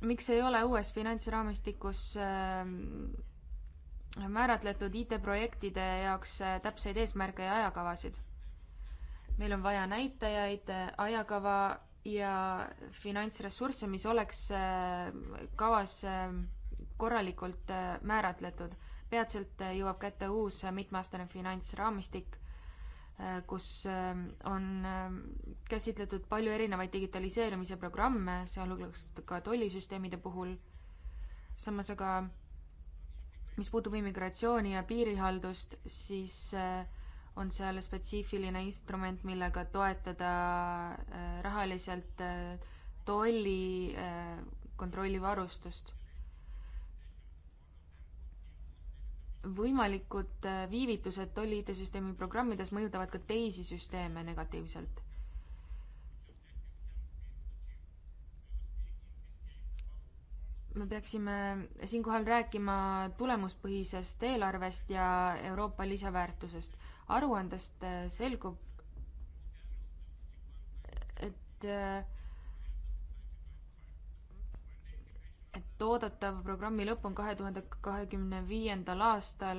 miks ei ole uues finantsraamistikus äh, määratletud IT-projektide jaoks äh, täpseid eesmärke ja ajakavasid? meil on vaja näitajaid, äh, ajakava ja finantsressursse, mis oleks äh, kavas ähm, korralikult äh, määratletud. peatselt äh, jõuab kätte uus äh, mitmeaastane finantsraamistik, kus ähm, on ähm, käsitletud palju erinevaid digitaliseerimise programme, sealhulgas ka tollisüsteemide puhul. samas aga mis puutub immigratsiooni ja piirihaldust, siis on seal spetsiifiline instrument, millega toetada rahaliselt tolli kontrollivarustust võimalikud äh, viivitused tolli IT-süsteemi programmides mõjutavad ka teisi süsteeme negatiivselt. me peaksime siinkohal rääkima tulemuspõhisest eelarvest ja Euroopa lisaväärtusest. aruandest äh, selgub, et äh, et oodatav programmi lõpp on kahe tuhande kahekümne viiendal aastal,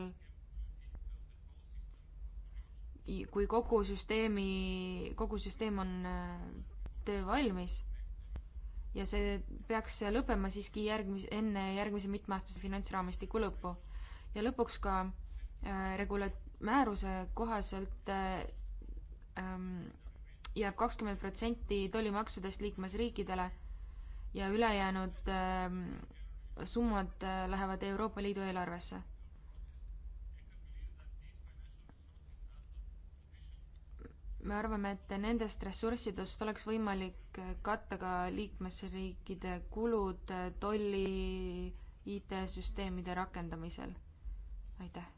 kui kogu süsteemi, kogu süsteem on äh, töövalmis ja see peaks lõppema siiski järgmise, enne järgmise mitmeaastase finantsraamistiku lõppu. ja lõpuks ka äh, regula-, määruse kohaselt äh, ähm, jääb kakskümmend protsenti tollimaksudest liikmesriikidele ja ülejäänud ähm, summad äh, lähevad Euroopa Liidu eelarvesse. me arvame, et nendest ressurssidest oleks võimalik äh, katta ka liikmesriikide kulud äh, tolli IT-süsteemide rakendamisel. aitäh!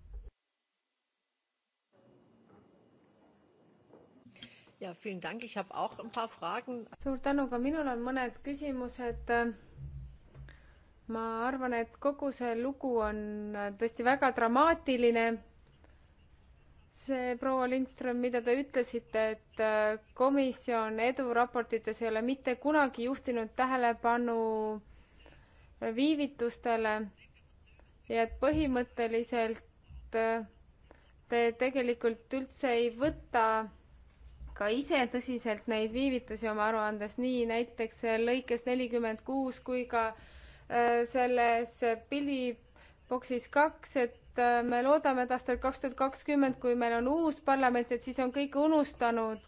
ja, vielen Dank, ich habe auch ein paar Fragen. suur tänu, ka minul on mõned küsimused. ma arvan, et kogu see lugu on tõesti väga dramaatiline. see proua Lindström, mida te ütlesite, et komisjon eduraportites ei ole mitte kunagi juhtinud tähelepanu viivitustele ja et põhimõtteliselt te tegelikult üldse ei võta ka ise tõsiselt neid viivitusi oma aruandes, nii näiteks äh, lõikes nelikümmend kuus kui ka äh, selles pildiboksis kaks, et äh, me loodame, et aastal kaks tuhat kakskümmend, kui meil on uus parlament, et siis on kõik unustanud,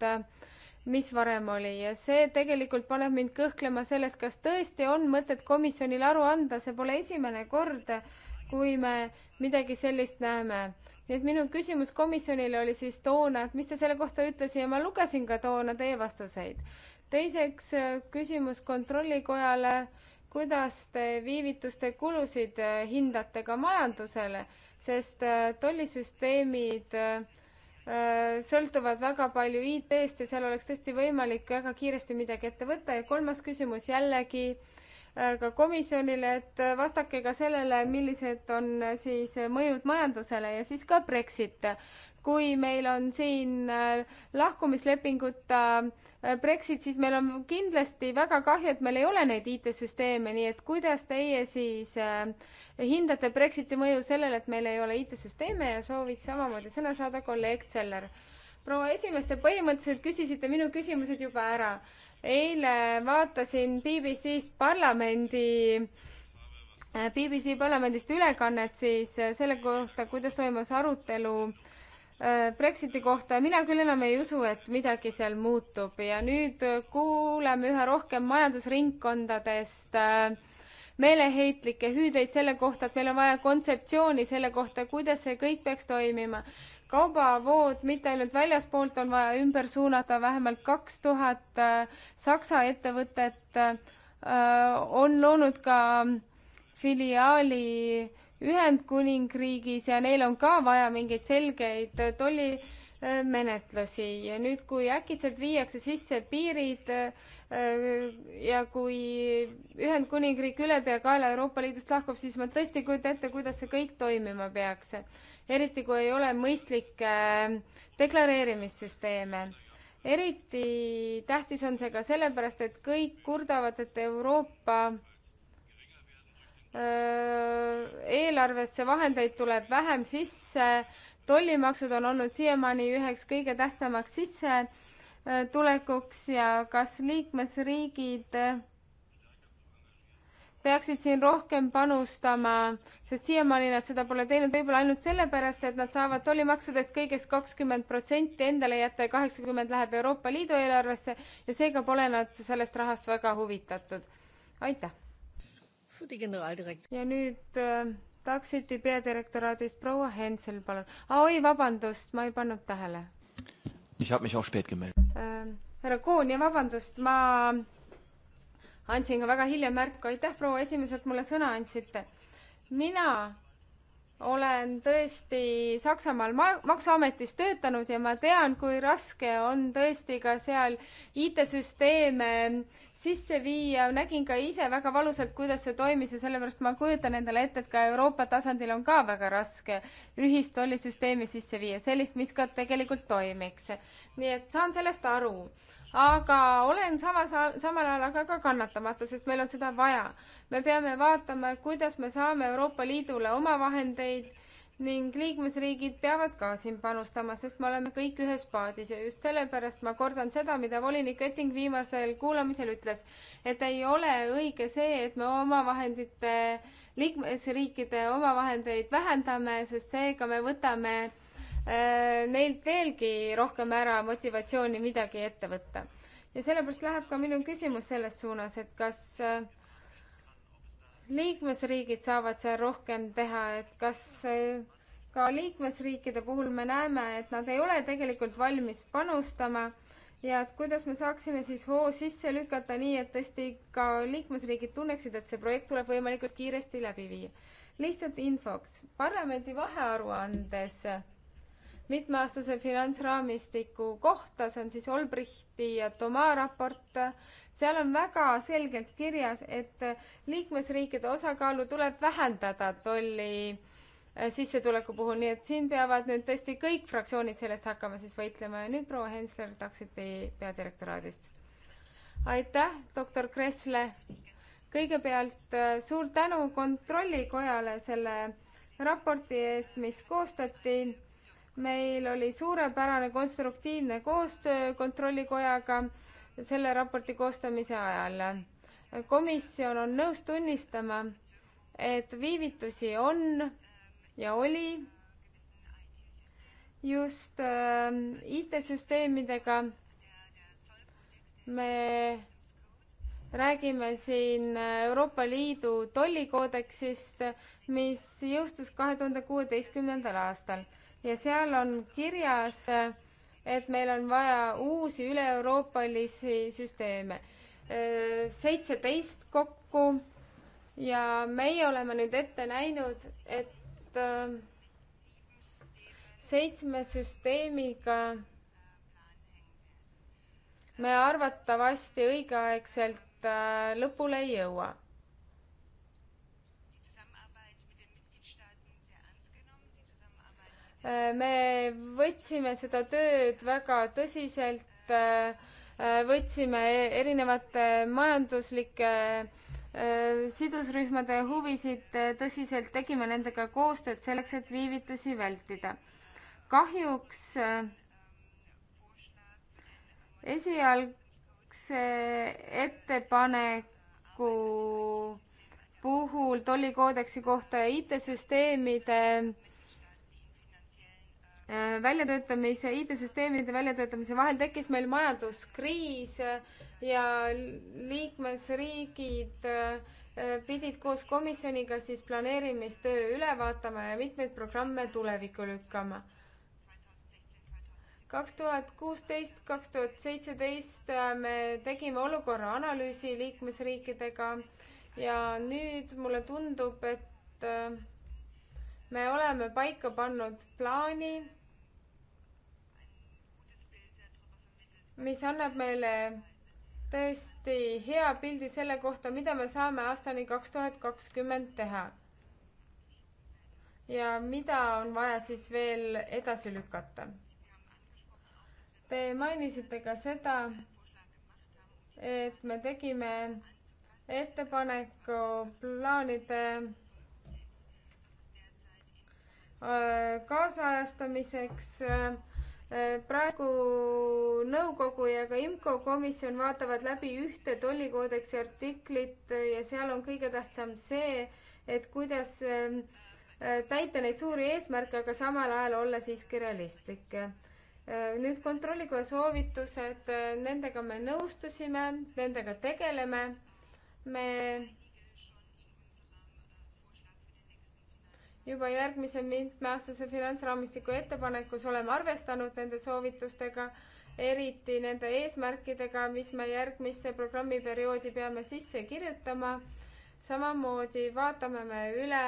mis varem oli ja see tegelikult paneb mind kõhklema selles, kas tõesti on mõtet komisjonile aru anda, see pole esimene kord, kui me midagi sellist näeme nii et minu küsimus komisjonile oli siis toona, et mis te selle kohta ütlesite ja ma lugesin ka toona teie vastuseid. teiseks äh, küsimus kontrollikojale, kuidas te viivituste kulusid äh, hindate ka majandusele, sest äh, tollisüsteemid sõltuvad väga palju IT-st ja seal oleks tõesti võimalik väga kiiresti midagi ette võtta ja kolmas küsimus jällegi äh, Äh, ka komisjonile, et äh, vastake ka sellele, millised on äh, siis mõjud majandusele ja siis ka Brexit. kui meil on siin lahkumislepinguta Brexit, siis meil on kindlasti väga kahju, et meil ei ole neid IT-süsteeme, nii et kuidas teie siis hindate Brexiti mõju sellele, et meil ei ole IT-süsteeme ja sooviks samamoodi sõna saada kolleeg Zeller proua esimees, te põhimõtteliselt küsisite minu küsimused juba ära. eile vaatasin BBC-st parlamendi äh, BBC parlamendist ülekannet siis äh, selle kohta, kuidas toimus arutelu äh, Brexiti kohta ja mina küll enam ei usu, et midagi seal muutub ja nüüd kuuleme üha rohkem majandusringkondadest meeleheitlikke hüüdeid selle kohta, et meil on vaja kontseptsiooni selle kohta, kuidas see kõik peaks toimima kaubavood mitte ainult väljaspoolt on vaja ümber suunata, vähemalt kaks tuhat äh, Saksa ettevõtet äh, on loonud ka filiaali Ühendkuningriigis ja neil on ka vaja mingeid selgeid tollimenetlusi äh, ja nüüd, kui äkitselt viiakse sisse piirid ja kui Ühendkuningriik ülepeakaela Euroopa Liidust lahkub, siis ma tõesti ei kujuta ette, kuidas see kõik toimima peaks eriti kui ei ole mõistlikke äh, deklareerimissüsteeme. eriti tähtis on see ka sellepärast, et kõik kurdavad, et Euroopa äh, eelarvesse vahendeid tuleb vähem sisse, tollimaksud on olnud siiamaani üheks kõige tähtsamaks sissetulekuks ja kas liikmesriigid peaksid siin rohkem panustama, sest siiamaani nad seda pole teinud võib-olla ainult sellepärast, et nad saavad tollimaksudest kõigest kakskümmend protsenti endale jätta ja kaheksakümmend läheb Euroopa Liidu eelarvesse ja seega pole nad sellest rahast väga huvitatud. aitäh! ja nüüd äh, Taxiti peadirektoraadist proua Hensel, palun. Ah, oi, vabandust, ma ei pannud tähele. Ich habe mich auch spät gemeldet äh,. härra Koon ja vabandust, ma andsin ka väga hilja märku, aitäh, proua esimees, et mulle sõna andsite. mina olen tõesti Saksamaal ma-, maksuametis töötanud ja ma tean, kui raske on tõesti ka seal IT-süsteeme sisse viia, nägin ka ise väga valusalt, kuidas see toimis ja sellepärast ma kujutan endale ette, et ka Euroopa tasandil on ka väga raske ühist tollisüsteemi sisse viia, sellist, mis ka tegelikult toimiks. nii et saan sellest aru aga olen samas, samal ajal aga ka kannatamatu, sest meil on seda vaja. me peame vaatama, kuidas me saame Euroopa Liidule oma vahendeid ning liikmesriigid peavad ka siin panustama, sest me oleme kõik ühes paadis ja just sellepärast ma kordan seda, mida volinik Etting viimasel kuulamisel ütles, et ei ole õige see, et me oma vahendite, liikmesriikide omavahendeid vähendame, sest seega me võtame Äh, neilt veelgi rohkem ära motivatsiooni midagi ette võtta. ja sellepärast läheb ka minu küsimus selles suunas, et kas äh, liikmesriigid saavad seal rohkem teha, et kas äh, ka liikmesriikide puhul me näeme, et nad ei ole tegelikult valmis panustama ja et kuidas me saaksime siis hoo sisse lükata nii, et tõesti ka liikmesriigid tunneksid, et see projekt tuleb võimalikult kiiresti läbi viia. lihtsalt infoks, parlamendi vahearuandes mitmeaastase finantsraamistiku kohta, see on siis Olbrichti ja Toma raport, seal on väga selgelt kirjas, et liikmesriikide osakaalu tuleb vähendada tolli äh, sissetuleku puhul, nii et siin peavad nüüd tõesti kõik fraktsioonid sellest hakkama siis võitlema ja nüüd proua Hensler Taksiti peadirektoraadist. aitäh, doktor Kressle. kõigepealt äh, suur tänu Kontrollikojale selle raporti eest, mis koostati meil oli suurepärane konstruktiivne koostöö Kontrollikojaga selle raporti koostamise ajal. komisjon on nõus tunnistama, et viivitusi on ja oli just äh, IT-süsteemidega. me räägime siin Euroopa Liidu tollikoodeksist, mis jõustus kahe tuhande kuueteistkümnendal aastal ja seal on kirjas, et meil on vaja uusi üle-euroopalisi süsteeme. seitseteist kokku ja meie oleme nüüd ette näinud, et äh, seitsme süsteemiga me arvatavasti õigeaegselt äh, lõpule ei jõua me võtsime seda tööd väga tõsiselt, äh, võtsime e-, erinevate majanduslike äh, sidusrühmade huvisid äh, tõsiselt, tegime nendega koostööd selleks, et viivitusi vältida. kahjuks esialgse ettepaneku puhul tollikoodeksi kohta IT-süsteemide väljatöötamise, IT-süsteemide väljatöötamise vahel tekkis meil majanduskriis ja liikmesriigid äh, pidid koos komisjoniga siis planeerimistöö üle vaatama ja mitmeid programme tulevikku lükkama. kaks tuhat kuusteist, kaks tuhat seitseteist äh, me tegime olukorra analüüsi liikmesriikidega ja nüüd mulle tundub, et äh, me oleme paika pannud plaani mis annab meile tõesti hea pildi selle kohta, mida me saame aastani kaks tuhat kakskümmend teha. ja mida on vaja siis veel edasi lükata. Te mainisite ka seda, et me tegime ettepaneku plaanide äh, kaasajastamiseks äh, praegu nõukogu ja ka IMCO komisjon vaatavad läbi ühte tollikoodeksi artiklit ja seal on kõige tähtsam see, et kuidas ähm, äh, täita neid suuri eesmärke, aga samal ajal olla siiski realistlik. Äh, nüüd kontrollikoja soovitused, äh, nendega me nõustusime, nendega tegeleme. me juba järgmise mitmeaastase finantsraamistiku ettepanekus oleme arvestanud nende soovitustega, eriti nende eesmärkidega, mis me järgmisse programmiperioodi peame sisse kirjutama. samamoodi vaatame me üle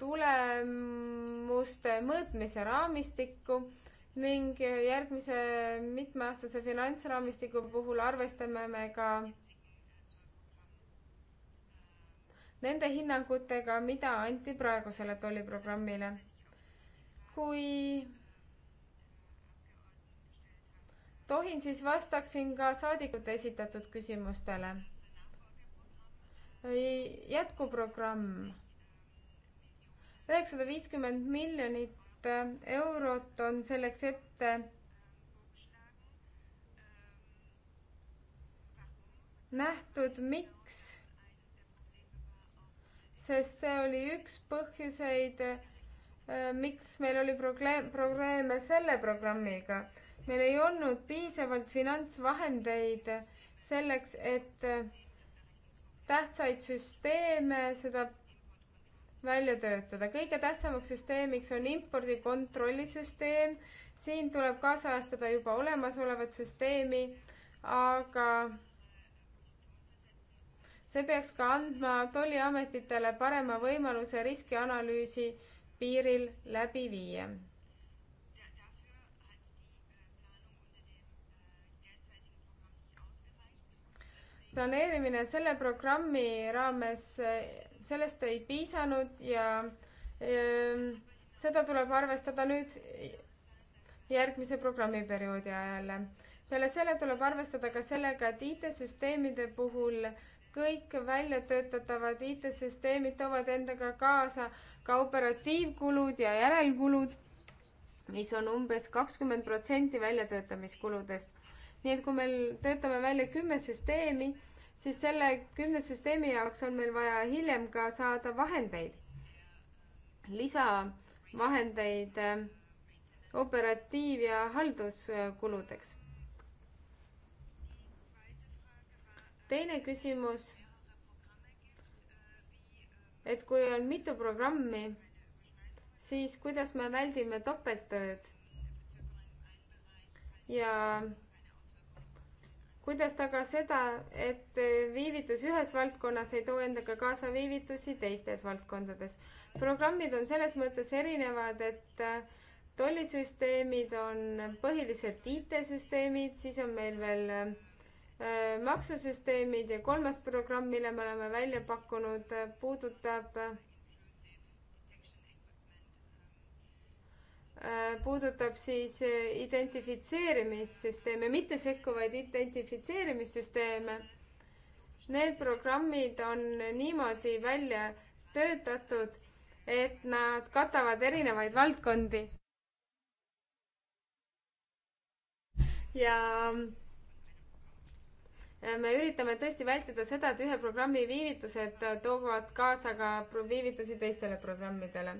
tulemuste mõõtmise raamistikku ning järgmise mitmeaastase finantsraamistiku puhul arvestame me ka nende hinnangutega, mida anti praegusele tolliprogrammile. kui tohin, siis vastaksin ka saadikute esitatud küsimustele. jätkuprogramm. üheksasada viiskümmend miljonit äh, eurot on selleks ette nähtud, miks sest see oli üks põhjuseid, äh, miks meil oli probleem, probleeme selle programmiga. meil ei olnud piisavalt finantsvahendeid selleks, et äh, tähtsaid süsteeme, seda välja töötada. kõige tähtsamaks süsteemiks on impordikontrolli süsteem. siin tuleb kaasajastada juba olemasolevat süsteemi, aga see peaks ka andma tolliametitele parema võimaluse riskianalüüsi piiril läbi viia. planeerimine selle programmi raames, eh, sellest ei piisanud ja öö, eh, seda tuleb arvestada nüüd järgmise programmiperioodi ajal. peale selle tuleb arvestada ka sellega, et IT-süsteemide puhul öö, kõik väljatöötatavad IT-süsteemid toovad endaga kaasa ka operatiivkulud ja järelkulud, mis on umbes kakskümmend protsenti väljatöötamiskuludest. nii et kui me töötame välja kümme süsteemi, siis selle kümne süsteemi jaoks on meil vaja hiljem ka saada vahendeid, lisavahendeid äh, operatiiv- ja halduskuludeks teine küsimus, et kui on mitu programmi, siis kuidas me väldime topelttööd ja kuidas taga seda, et viivitus ühes valdkonnas ei too endaga kaasa viivitusi teistes valdkondades. programmid on selles mõttes erinevad, et tollisüsteemid on põhiliselt IT-süsteemid, siis on meil veel Äh, maksusüsteemid ja kolmas programm, mille me oleme välja pakkunud, äh, puudutab, äh, puudutab siis identifitseerimissüsteeme, mitte sekkuvaid identifitseerimissüsteeme. Need programmid on niimoodi välja töötatud, et nad katavad erinevaid valdkondi. ja Äh, me üritame tõesti vältida seda, et ühe programmi viivitused toovad kaasa ka viivitusi teistele programmidele.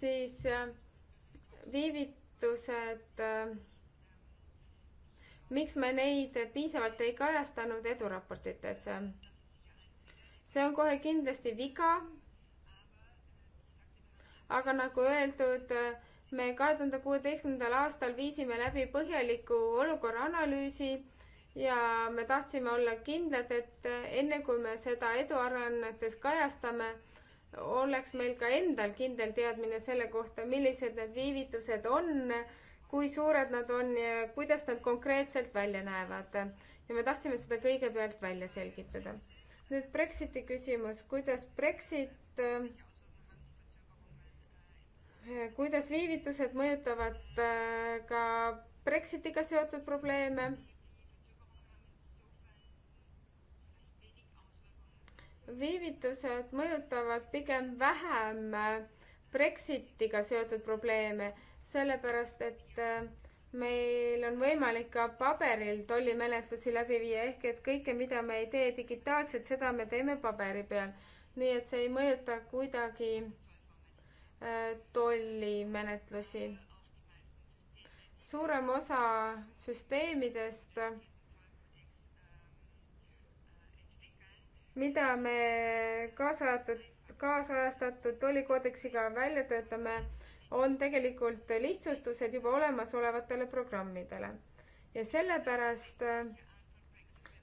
siis äh, viivitused, äh, miks me neid piisavalt ei kajastanud eduraportites? see on kohe kindlasti viga. aga nagu öeldud, me kahe tuhande kuueteistkümnendal aastal viisime läbi põhjaliku olukorra analüüsi ja me tahtsime olla kindlad, et enne kui me seda eduaruannetes kajastame, oleks meil ka endal kindel teadmine selle kohta, millised need viivitused on, kui suured nad on ja kuidas nad konkreetselt välja näevad. ja me tahtsime seda kõigepealt välja selgitada. nüüd Brexiti küsimus, kuidas Brexit, eh, kuidas viivitused mõjutavad eh, ka Brexitiga seotud probleeme viivitused mõjutavad pigem vähem Brexitiga seotud probleeme, sellepärast et äh, meil on võimalik ka paberil tollimenetlusi läbi viia, ehk et kõike, mida me ei tee digitaalselt, seda me teeme paberi peal. nii et see ei mõjuta kuidagi äh, tollimenetlusi. suurem osa süsteemidest mida me kaasajatud, kaasajastatud tollikoodeksiga välja töötame, on tegelikult lihtsustused juba olemasolevatele programmidele. ja sellepärast äh,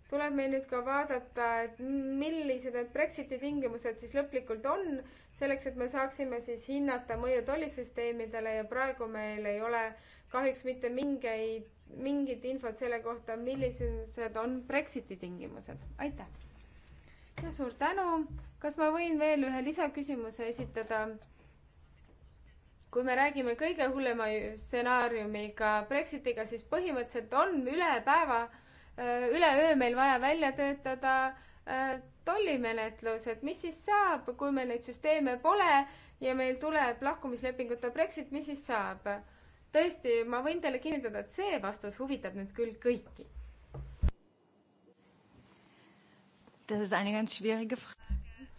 tuleb meil nüüd ka vaadata, et millised need Brexiti tingimused siis lõplikult on, selleks et me saaksime siis hinnata mõju tollisüsteemidele ja praegu meil ei ole kahjuks mitte mingeid, mingit infot selle kohta, millised on Brexiti tingimused. aitäh! ja suur tänu. kas ma võin veel ühe lisaküsimuse esitada? kui me räägime kõige hullema stsenaariumiga Brexitiga, siis põhimõtteliselt on üle päeva, äh, üleöö meil vaja välja töötada äh, tollimenetlus, et mis siis saab, kui meil neid süsteeme pole ja meil tuleb lahkumislepinguta Brexit, mis siis saab? tõesti, ma võin teile kinnitada, et see vastus huvitab nüüd küll kõiki Das ist eine ganz schwierige Frage.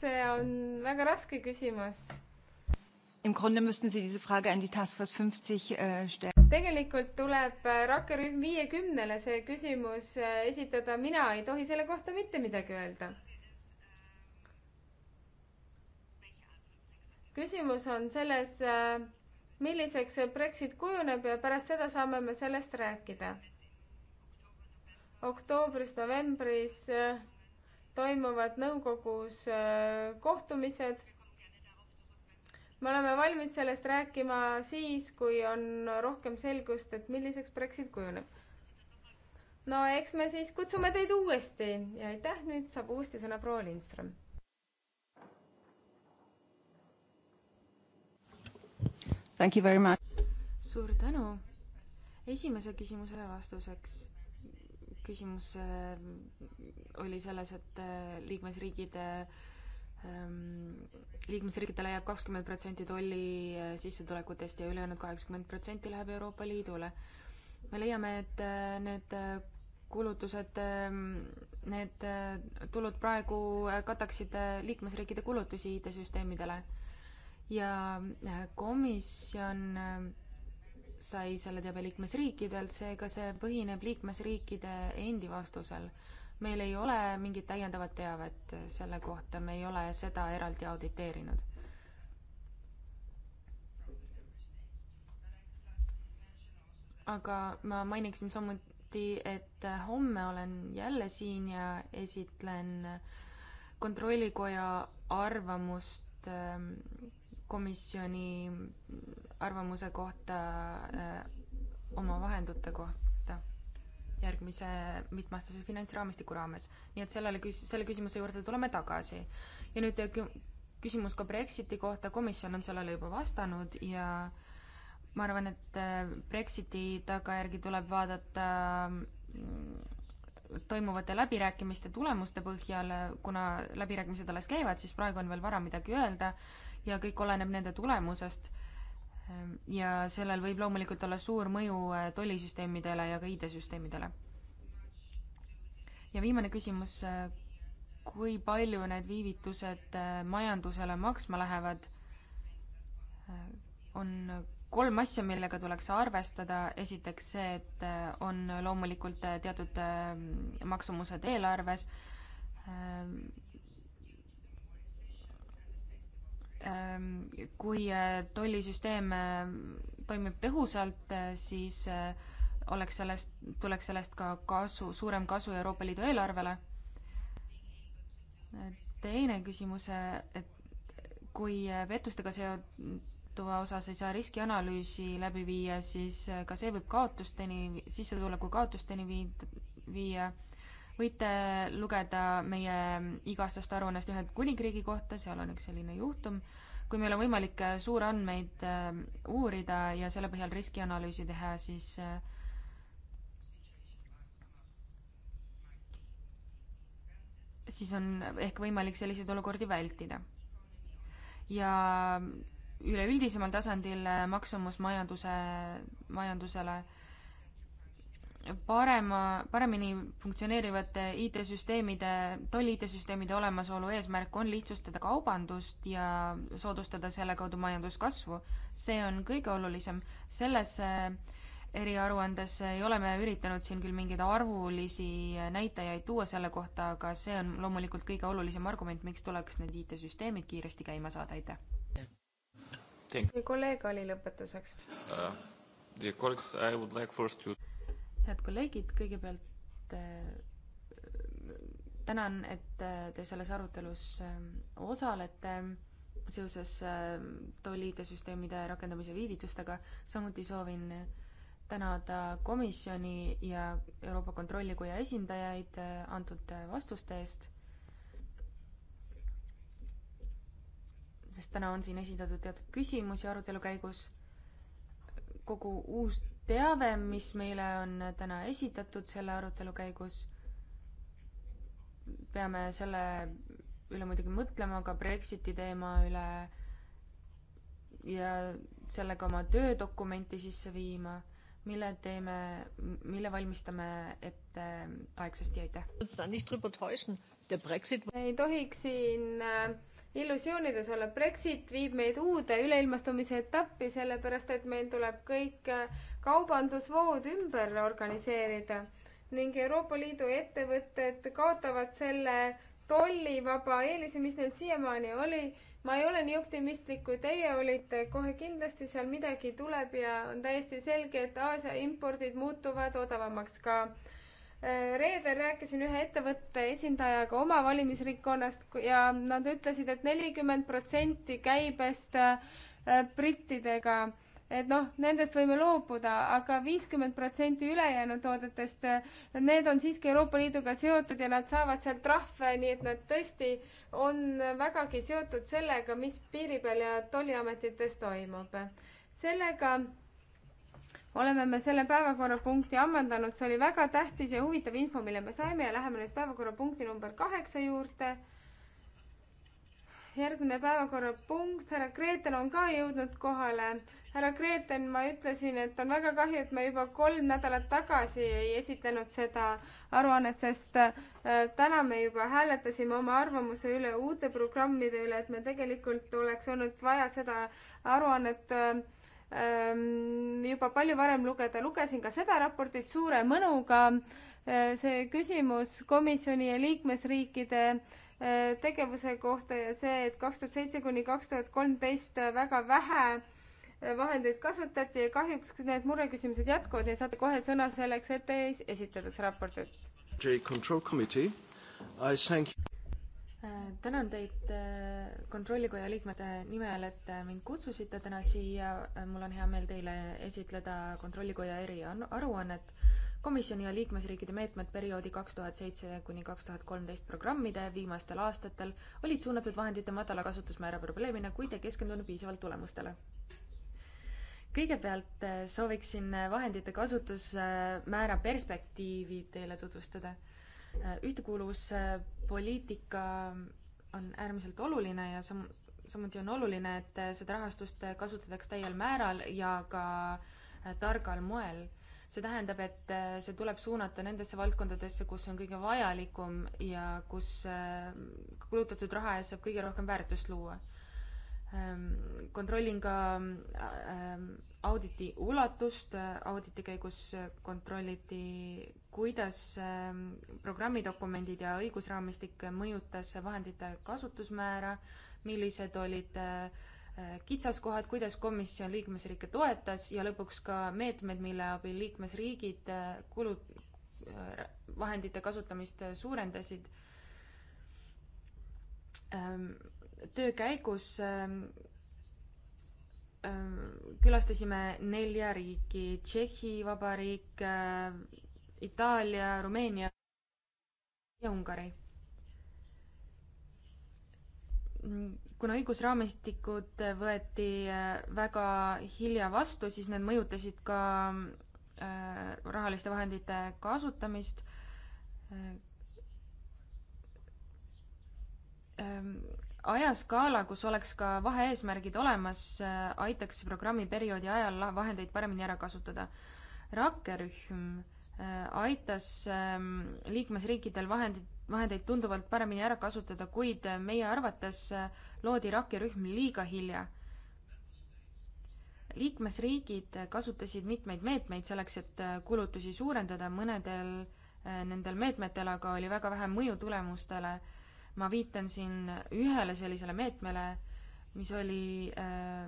see on väga raske küsimus. Im Grunde müssten Sie diese Frage an die Taskforce 50 äh, stellen. tegelikult tuleb äh, rakkerühm viiekümnele see küsimus äh, esitada, mina ei tohi selle kohta mitte midagi öelda. küsimus on selles, äh, milliseks see Brexit kujuneb ja pärast seda saame me sellest rääkida. oktoobris, novembris äh, toimuvad nõukogus äh, kohtumised. me oleme valmis sellest rääkima siis, kui on rohkem selgust, et milliseks Brexit kujuneb. no eks me siis kutsume teid uuesti ja aitäh, nüüd saab uuesti sõna proua Lindström. Thank you very much. suur tänu. esimese küsimuse vastuseks küsimus äh, oli selles, et äh, liikmesriigid ähm, liikmesriikidele jääb kakskümmend protsenti tolli äh, sissetulekutest ja ülejäänud kaheksakümmend protsenti läheb Euroopa Liidule. me leiame, et need kulutused, ähm, need tulud praegu kataksid liikmesriikide kulutusi IT-süsteemidele ja komisjon sai selle teabe liikmesriikidelt, seega see põhineb liikmesriikide endi vastusel. meil ei ole mingit täiendavat teavet selle kohta, me ei ole seda eraldi auditeerinud. aga ma mainiksin samuti, et homme olen jälle siin ja esitlen kontrollikoja arvamust ähm, komisjoni arvamuse kohta äh, oma vahendute kohta järgmise mitmeaastase finantsraamistiku raames. nii et sellele küs-, selle küsimuse juurde tuleme tagasi. ja nüüd äh, küsimus ka Brexiti kohta, komisjon on sellele juba vastanud ja ma arvan, et äh, Brexiti tagajärgi tuleb vaadata mm, toimuvate läbirääkimiste tulemuste põhjal, kuna läbirääkimised alles käivad, siis praegu on veel vara midagi öelda ja kõik oleneb nende tulemusest Ehm, ja sellel võib loomulikult olla suur mõju äh, tollisüsteemidele ja ka IT-süsteemidele. ja viimane küsimus, äh, kui palju need viivitused äh, majandusele maksma lähevad, on kolm asja, millega tuleks arvestada, esiteks see, et on loomulikult teatud maksumused eelarves, Ähm, kui äh, tollisüsteem ähm, toimib tõhusalt, äh, siis äh, oleks sellest, tuleks sellest ka kasu, suurem kasu Euroopa Liidu eelarvele. teine küsimus, et kui pettustega seotuva osas ei saa riskianalüüsi läbi viia, siis ka see võib kaotusteni, sissetuleku kaotusteni viid-, viia võite lugeda meie iga-aastast aruannest Ühendkuningriigi kohta, seal on üks selline juhtum, kui meil on võimalik äh, suurandmeid äh, uurida ja selle põhjal riskianalüüsi teha, siis äh, siis on ehk võimalik selliseid olukordi vältida. ja üleüldisemal tasandil maksumus majanduse, majandusele äh, parema, paremini funktsioneerivate IT-süsteemide, tolli IT-süsteemide olemasolu eesmärk on lihtsustada kaubandust ja soodustada selle kaudu majanduskasvu. see on kõige olulisem. selles eh, eriaruandes ei ole me üritanud siin küll mingeid arvulisi näitajaid tuua selle kohta, aga see on loomulikult kõige olulisem argument, miks tuleks need IT-süsteemid kiiresti käima saada, aitäh. kolleeg oli lõpetuseks uh,. The colleagues I would like first to head kolleegid, kõigepealt äh, tänan, et äh, te selles arutelus äh, osalete seoses tolliide süsteemide rakendamise viivitustega. samuti soovin tänada komisjoni ja Euroopa Kontrollikoja esindajaid antud vastuste eest. sest täna on siin esitatud teatud küsimusi arutelu käigus. kogu uus teave, mis meile on täna esitatud selle arutelu käigus. peame selle üle muidugi mõtlema, ka Brexiti teema üle ja sellega oma töödokumenti sisse viima, mille teeme, mille valmistame ette aegsasti, aitäh. ei tohiks siin äh, illusioonides olla. Brexit viib meid uude üleilmastumise etappi, sellepärast et meil tuleb kõik äh, kaubandusvood ümber organiseerida ning Euroopa Liidu ettevõtted kaotavad selle tollivaba eelise, mis neil siiamaani oli. ma ei ole nii optimistlik, kui teie olite, kohe kindlasti seal midagi tuleb ja on täiesti selge, et Aasia impordid muutuvad odavamaks ka Äh, reedel rääkisin ühe ettevõtte esindajaga oma valimisringkonnast ja nad ütlesid et, et nelikümmend protsenti käibest äh, brittidega, et noh, nendest võime loobuda aga, aga viiskümmend protsenti ülejäänud toodetest, äh, need on siiski Euroopa Liiduga seotud ja nad saavad sealt trahve, nii et nad tõesti on vägagi seotud sellega, mis piiri peal ja tolliametites toimub. sellega oleme me selle päevakorrapunkti ammendanud, see oli väga tähtis ja huvitav info, mille me saime ja läheme nüüd päevakorrapunkti number kaheksa juurde. järgmine päevakorrapunkt, härra Gretel on ka jõudnud kohale. härra Gretel, ma ütlesin, et on väga kahju, et ma juba kolm nädalat tagasi ei esitlenud seda aruannet, sest äh, täna me juba hääletasime oma arvamuse üle uute programmide üle, et me tegelikult oleks olnud vaja seda aruannet äh, Ehm, juba palju varem lugeda, lugesin ka seda raportit suure mõnuga. Ehm, see küsimus komisjoni ja liikmesriikide ehm, tegevuse kohta ja see, et kaks tuhat seitse kuni kaks tuhat kolmteist väga vähe vahendeid kasutati ja kahjuks need mureküsimused jätkuvad, nii et saate kohe sõna selleks, et esitada seda raportit. Äh, tänan teid äh, Kontrollikoja liikmete nimel, et äh, mind kutsusite täna siia. mul on hea meel teile esitleda Kontrollikoja eriaruannet, komisjoni ja liikmesriikide meetmed perioodi kaks tuhat seitse kuni kaks tuhat kolmteist programmide viimastel aastatel olid suunatud vahendite madala kasutusmäära probleemina, kuid ei keskendunud piisavalt tulemustele kõigepealt sooviksin vahendite kasutusmäära perspektiivi teile tutvustada Äh, ühtekuuluvuspoliitika on äärmiselt oluline ja sam-, samuti on oluline, et äh, seda rahastust äh, kasutataks täiel määral ja ka targal moel. see tähendab, et see tuleb suunata nendesse valdkondadesse, kus see on kõige vajalikum ja kus kulutatud raha eest saab kõige rohkem väärtust luua Ähm, kontrollin ka ähm, auditi ulatust, äh, auditi käigus äh, kontrolliti, kuidas ähm, programmidokumendid ja õigusraamistik mõjutas vahendite kasutusmäära, millised olid äh, kitsaskohad, kuidas komisjon liikmesriike toetas ja lõpuks ka meetmed, mille abil liikmesriigid kulu, vahendite kasutamist suurendasid töö käigus ähm, ähm, külastasime nelja riiki, Tšehhi Vabariik, äh, Itaalia, Rumeenia ja Ungari. kuna õigusraamistikud võeti äh, väga hilja vastu, siis need mõjutasid ka äh, rahaliste vahendite kasutamist ähm, ajaskaala, kus oleks ka vahe-eesmärgid olemas, äh, aitaks programmi perioodi ajal vahendeid paremini ära kasutada. rakkerühm äh, aitas ähm, liikmesriikidel vahendid, vahendeid tunduvalt paremini ära kasutada, kuid äh, meie arvates loodi rakkerühm liiga hilja. liikmesriigid kasutasid mitmeid meetmeid selleks, et kulutusi suurendada, mõnedel nendel meetmetel aga oli väga vähe mõju tulemustele ma viitan siin ühele sellisele meetmele, mis oli äh,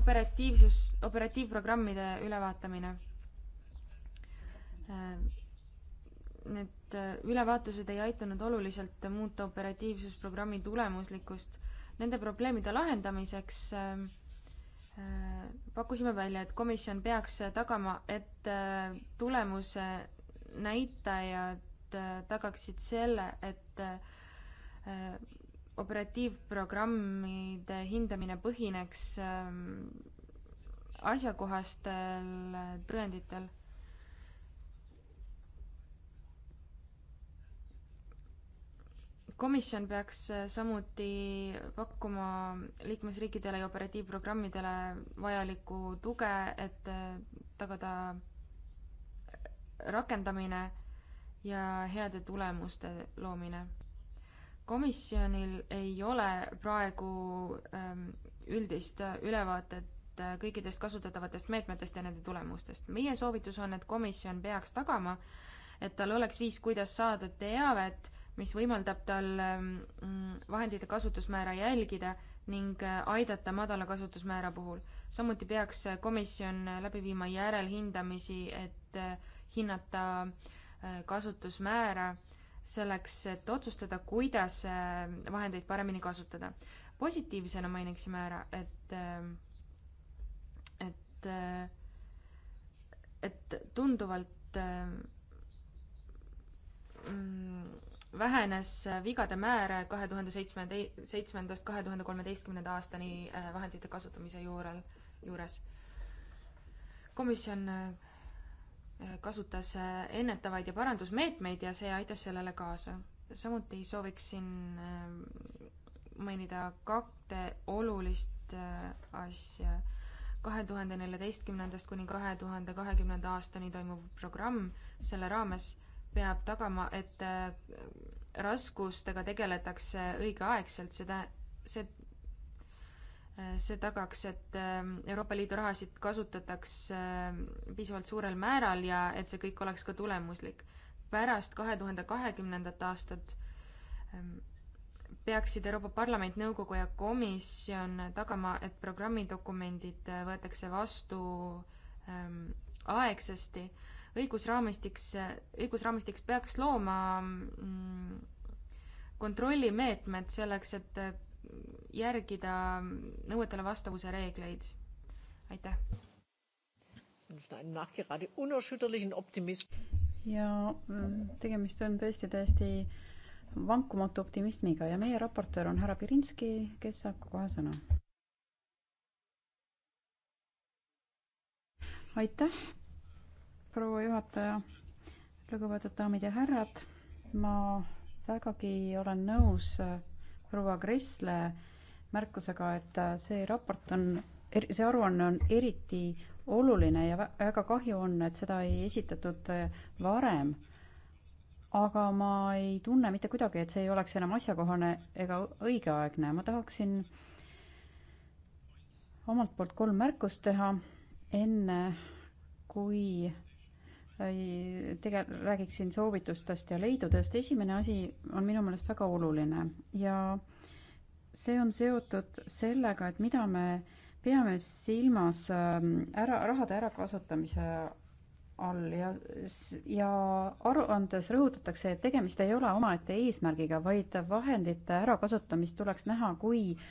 operatiivsus, operatiivprogrammide ülevaatamine äh,. Need äh, ülevaatused ei aidanud oluliselt muuta operatiivsusprogrammi tulemuslikkust. Nende probleemide lahendamiseks äh, Äh, pakkusime välja, et komisjon peaks tagama, et äh, tulemuse näitajad äh, tagaksid selle, et operatiivprogrammide hindamine põhineks ähm, asjakohastel tõenditel komisjon peaks äh, samuti pakkuma liikmesriikidele ja operatiivprogrammidele vajalikku tuge, et äh, tagada äh, rakendamine ja heade tulemuste loomine. komisjonil ei ole praegu ähm, üldist ülevaatet kõikidest kasutatavatest meetmetest ja nende tulemustest. meie soovitus on, et komisjon peaks tagama, et tal oleks viis, kuidas saada teavet mis võimaldab tal ähm, vahendite kasutusmäära jälgida ning äh, aidata madala kasutusmäära puhul. samuti peaks äh, komisjon äh, läbi viima järelhindamisi, et hinnata kasutusmäära selleks, et otsustada, kuidas vahendeid paremini kasutada. positiivsena mainiksime ära, et, et, et tunduvalt mm, vähenes vigade määr kahe tuhande seitsmenda, seitsmendast kahe tuhande kolmeteistkümnenda aastani äh, vahendite kasutamise juurel, juures. komisjon äh, äh, kasutas ennetavaid ja parandusmeetmeid ja see aitas sellele kaasa. samuti sooviksin mainida kahte olulist asja. kahe tuhande neljateistkümnendast kuni kahe tuhande kahekümnenda aastani toimuv programm, selle raames peab tagama, et äh, raskustega tegeletakse õigeaegselt, seda, see, äh, see tagaks, et äh, Euroopa Liidu rahasid kasutataks piisavalt suurel määral ja et see kõik oleks ka tulemuslik. pärast kahe tuhande kahekümnendat aastat ähm, peaksid Euroopa Parlament, Nõukogu ja Komisjon tagama, et programmidokumendid võetakse vastu ähm, aegsasti õigusraamistiks, õigusraamistiks peaks looma mm, kontrollimeetmed selleks, et järgida nõuetele vastavuse reegleid. aitäh. ja tegemist on tõesti täiesti vankumatu optimismiga ja meie raportöör on härra Pirinski, kes saab kohe sõna. aitäh, proua juhataja, lugupeetud daamid ja härrad, ma vägagi olen nõus äh, proua Kressle märkusega, et äh, see raport on, see aruanne on eriti oluline ja väga kahju on, et seda ei esitatud äh, varem. aga ma ei tunne mitte kuidagi, et see ei oleks enam asjakohane ega õigeaegne, ma tahaksin omalt poolt kolm märkust teha, enne kui tege-, räägiksin soovitustest ja leidudest. esimene asi on minu meelest väga oluline ja see on seotud sellega, et mida me peame silmas ähm, ära, rahade ärakasutamise all ja, ja aruandes rõhutatakse, et tegemist ei ole omaette eesmärgiga, vaid vahendite ärakasutamist tuleks näha kui äh,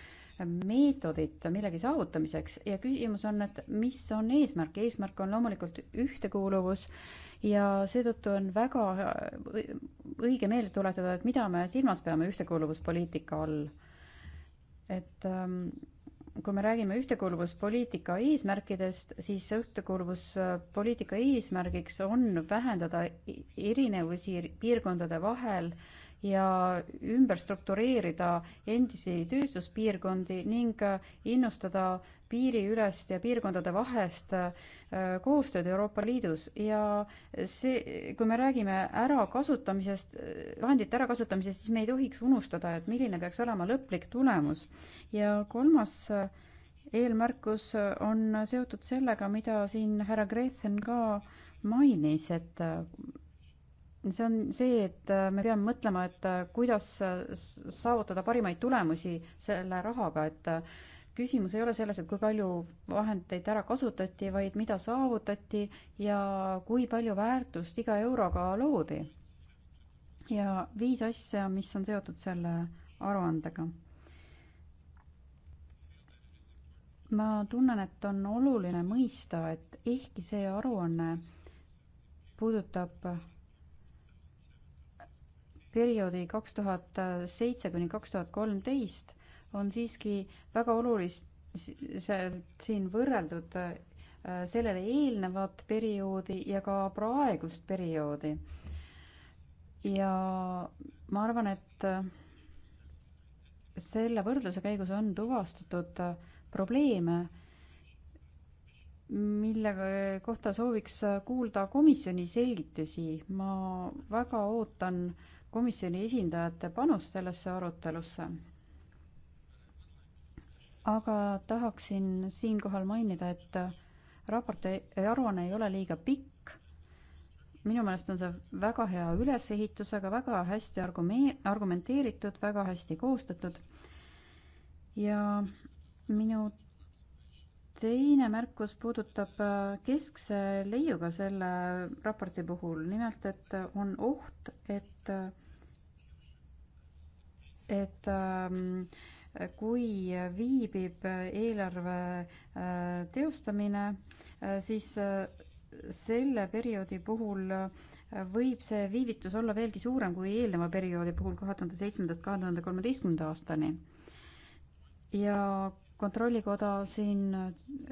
meetodit millegi saavutamiseks ja küsimus on, et mis on eesmärk, eesmärk on loomulikult ühtekuuluvus ja seetõttu on väga õige meelde tuletada, et mida me silmas peame ühtekuuluvuspoliitika all. et ähm, kui me räägime ühtekuuluvuspoliitika eesmärkidest, siis ühtekuuluvuspoliitika eesmärgiks on vähendada erinevusi piirkondade vahel ja ümber struktureerida endisi tööstuspiirkondi ning innustada piiriülest ja piirkondade vahest äh, koostööd Euroopa Liidus ja see, kui me räägime ärakasutamisest, äh, vahendite ärakasutamisest, siis me ei tohiks unustada, et milline peaks olema lõplik tulemus. ja kolmas äh, eelmärkus on seotud sellega, mida siin härra Gräzin ka mainis, et see on see, et äh, me peame mõtlema, et äh, kuidas äh, saavutada parimaid tulemusi selle rahaga, et küsimus ei ole selles, et kui palju vahendeid ära kasutati, vaid mida saavutati ja kui palju väärtust iga euroga loodi. ja viis asja, mis on seotud selle aruandega. ma tunnen, et on oluline mõista, et ehkki see aruanne puudutab perioodi kaks tuhat seitse kuni kaks tuhat kolmteist on siiski väga oluliselt siin võrreldud äh, sellele eelnevat perioodi ja ka praegust perioodi. ja ma arvan, et äh, selle võrdluse käigus on tuvastatud äh, probleeme, mille kohta sooviks kuulda komisjoni selgitusi. ma väga ootan äh, komisjoni esindajate panust sellesse arutelusse. aga tahaksin siinkohal mainida, et raport, aruanne ei ole liiga pikk. minu meelest on see väga hea ülesehitusega, väga hästi argume-, argumenteeritud, väga hästi koostatud. ja minu teine märkus puudutab äh, keskse leiuga selle raporti puhul, nimelt et on oht, et et et ähm, kui viibib eelarve äh, teostamine, äh, siis äh, selle perioodi puhul võib see viivitus olla veelgi suurem kui eelneva perioodi puhul kahe tuhande seitsmendast kahe tuhande kolmeteistkümnenda aastani. ja kontrollikoda siin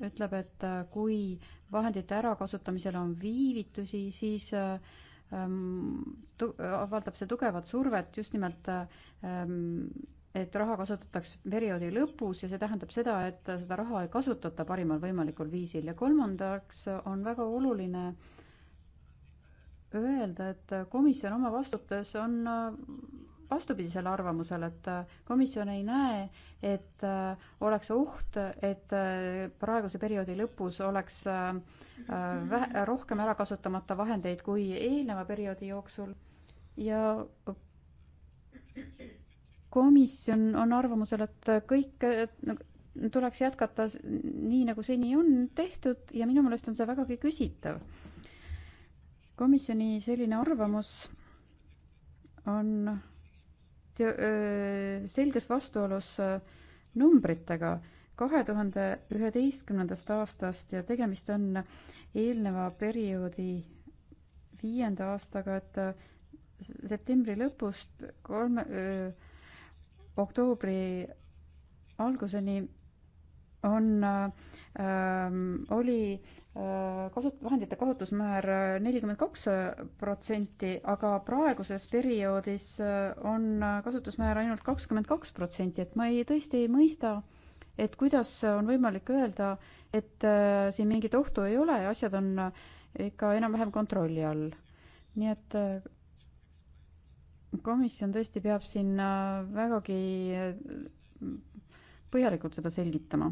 ütleb, et kui vahendite ärakasutamisel on viivitusi, siis äh, Ehm, tu-, avaldab see tugevat survet just nimelt ehm, et raha kasutatakse perioodi lõpus ja see tähendab seda, et seda raha ei kasutata parimal võimalikul viisil ja kolmandaks on väga oluline öelda, et komisjon oma vastutes on vastupidisele arvamusele, et äh, komisjon ei näe, et äh, oleks oht, et äh, praeguse perioodi lõpus oleks vähe, rohkem ära kasutamata vahendeid kui eelneva perioodi jooksul ja komisjon on arvamusel, et kõik tuleks jätkata nii, nagu seni on tehtud ja minu meelest on see vägagi küsitav. komisjoni selline arvamus on selges vastuolus numbritega kahe tuhande üheteistkümnendast aastast ja tegemist on eelneva perioodi viienda aastaga, et septembri lõpust kolme, oktoobri alguseni on ähm,, oli äh, kasut-, vahendite kasutusmäär äh, nelikümmend kaks protsenti, aga praeguses perioodis äh, on äh, kasutusmäär ainult kakskümmend kaks protsenti, et ma ei, tõesti ei mõista, et kuidas on võimalik öelda, et äh, siin mingit ohtu ei ole ja asjad on ikka enam-vähem kontrolli all. nii et äh, komisjon tõesti peab siin vägagi põhjalikult seda selgitama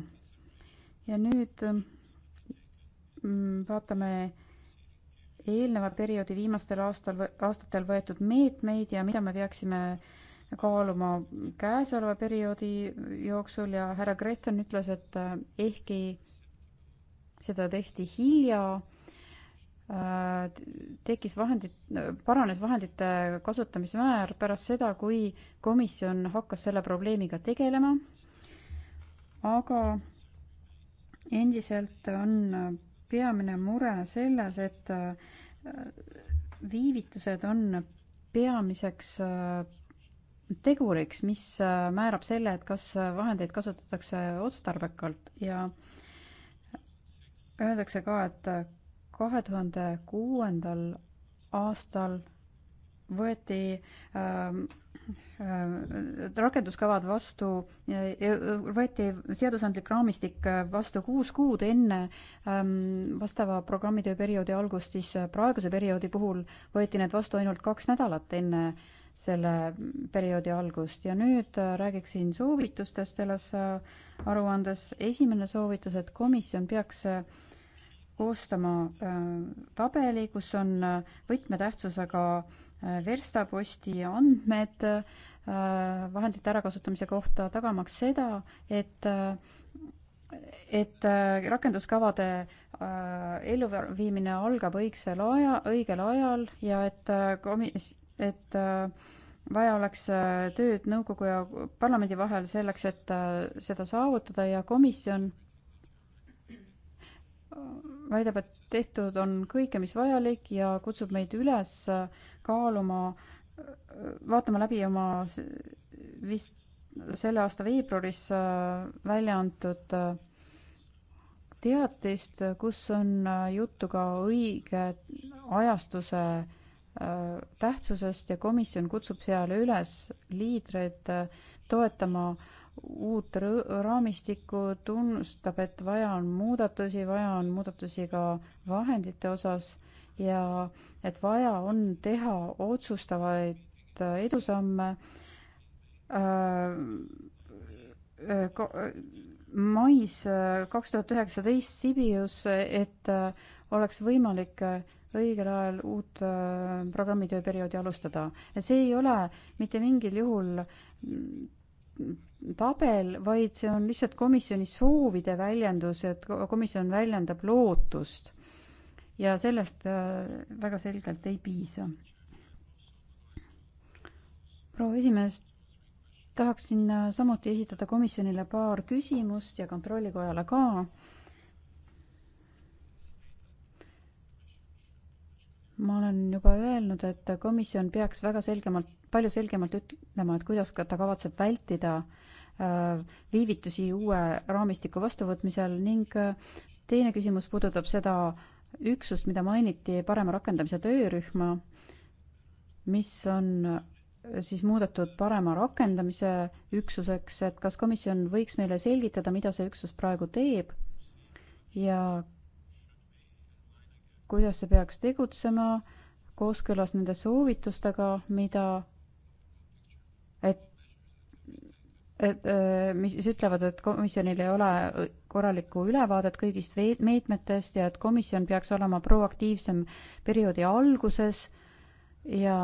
ja nüüd mm, vaatame eelneva perioodi viimastel aastal, aastatel võetud meetmeid ja mida me peaksime kaaluma käesoleva perioodi jooksul ja härra Gretton ütles, et äh, ehkki seda tehti hilja, äh, tekkis vahendid, paranes vahendite kasutamismäär pärast seda, kui komisjon hakkas selle probleemiga tegelema, aga endiselt on peamine mure selles, et äh, viivitused on peamiseks äh, teguriks, mis äh, määrab selle, et kas vahendeid kasutatakse otstarbekalt ja öeldakse ka, et kahe tuhande kuuendal aastal võeti äh, Äh, rakenduskavad vastu, äh, äh, võeti seadusandlik raamistik vastu kuus kuud enne ähm, vastava programmitöö perioodi algust, siis praeguse perioodi puhul võeti need vastu ainult kaks nädalat enne selle perioodi algust ja nüüd räägiksin soovitustest selles aruandes. esimene soovitus, et komisjon peaks koostama tabeli, kus on võtmetähtsusega äh, verstaposti andmed äh, vahendite ärakasutamise kohta, tagamaks seda, et et äh, rakenduskavade äh, elluviimine algab õigsel aja, õigel ajal ja et komis-, et vaja oleks tööd nõukogu ja parlamendi vahel selleks, et seda saavutada ja komisjon väidab, et tehtud on kõike, mis vajalik ja kutsub meid üles kaaluma, vaatama läbi oma vist selle aasta veebruaris äh, välja antud äh, teatist, kus on äh, juttu ka õige ajastuse tähtsusest ja komisjon kutsub seal üles liidreid toetama uut raamistikku, tunnustab, et vaja on muudatusi, vaja on muudatusi ka vahendite osas ja et vaja on teha otsustavaid edusamme äh, äh, ka mais äh, kaks tuhat üheksateist Sibius, et oleks võimalik õigel ajal uut programmitööperioodi alustada. see ei ole mitte mingil juhul mm, tabel, vaid see on lihtsalt komisjoni soovide väljendus, et komisjon väljendab lootust ja sellest äh, väga selgelt ei piisa. proua esimees, tahaksin äh, samuti esitada komisjonile paar küsimust ja kontrollikojale ka. ma olen juba öelnud, et komisjon peaks väga selgemalt, palju selgemalt ütlema, et kuidas ta kavatseb vältida äh, viivitusi uue raamistiku vastuvõtmisel ning teine küsimus puudutab seda äh, üksust, mida mainiti, parema rakendamise töörühma, mis on siis muudetud parema rakendamise üksuseks, et kas komisjon võiks meile selgitada, mida see üksus praegu teeb ja kuidas see peaks tegutsema kooskõlas nende soovitustega, mida, et et mis ütlevad, et komisjonil ei ole korralikku ülevaadet kõigist meetmetest ja et komisjon peaks olema proaktiivsem perioodi alguses ja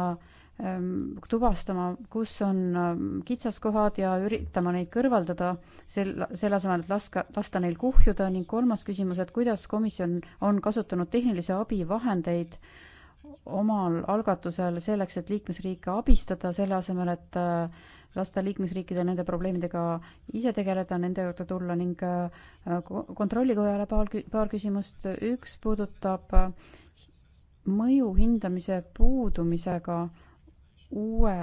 ähm, tuvastama, kus on ähm, kitsaskohad ja üritama neid kõrvaldada, sel, selle asemel, et laska, lasta neil kuhjuda ning kolmas küsimus, et kuidas komisjon on kasutanud tehnilise abi vahendeid omal algatusel selleks, et liikmesriike abistada, selle asemel, et äh, lasta liikmesriikide nende probleemidega ise tegeleda, nende juurde tulla ning äh, kontrollikojale paar, paar küsimust. üks puudutab mõju hindamise puudumisega uue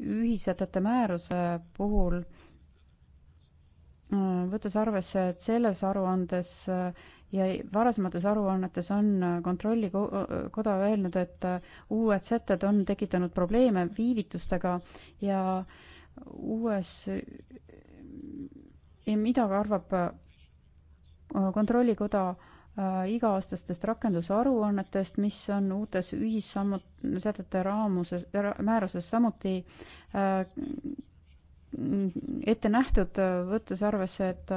ühissätete määruse puhul, äh, võttes arvesse, et selles aruandes äh, ja varasemates aruannetes on Kontrollikoda öelnud, et uued sätted on tekitanud probleeme viivitustega ja äh, uues, mida arvab äh, kontrollikoda äh, iga-aastastest rakendusaruannetest, mis on uutes ühissammut-, sätete raamuses, määruses samuti äh, ette nähtud, võttes arvesse, et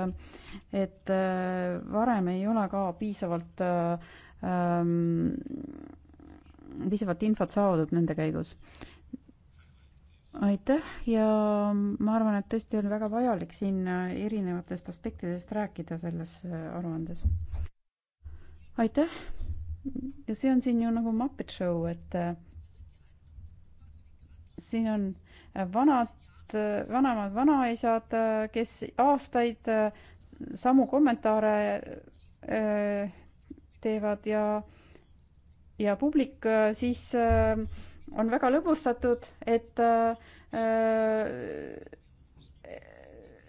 et äh, varem ei ole ka piisavalt ähm, piisavalt infot saadud nende käigus äh, aitäh ja ma arvan, et tõesti on väga vajalik siin erinevatest aspektidest rääkida selles äh, aruandes. aitäh. ja see on siin ju nagu Muppet Show, et äh, siin on äh, vanad, vanemad vanaisad, kes aastaid samu kommentaare teevad ja, ja publik siis äh, on väga lõbustatud, et äh,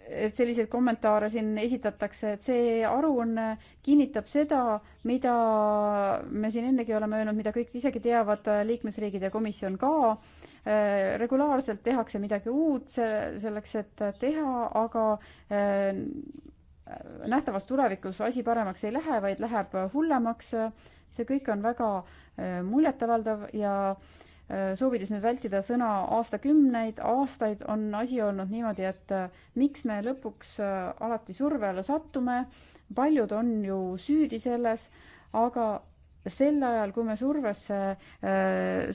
et selliseid kommentaare siin esitatakse, et see aruanne kinnitab seda, mida me siin ennegi oleme öelnud, mida kõik isegi teavad, liikmesriigid ja komisjon ka. Äh, regulaarselt tehakse midagi uut selleks, et teha, aga äh, nähtavas tulevikus asi paremaks ei lähe, vaid läheb hullemaks. see kõik on väga muljetavaldav ja äh, Äh, soovides nüüd vältida sõna aastakümneid, aastaid on asi olnud niimoodi, et äh, miks me lõpuks äh, alati surve alla sattume, paljud on ju süüdi selles, aga sel ajal, kui me survesse,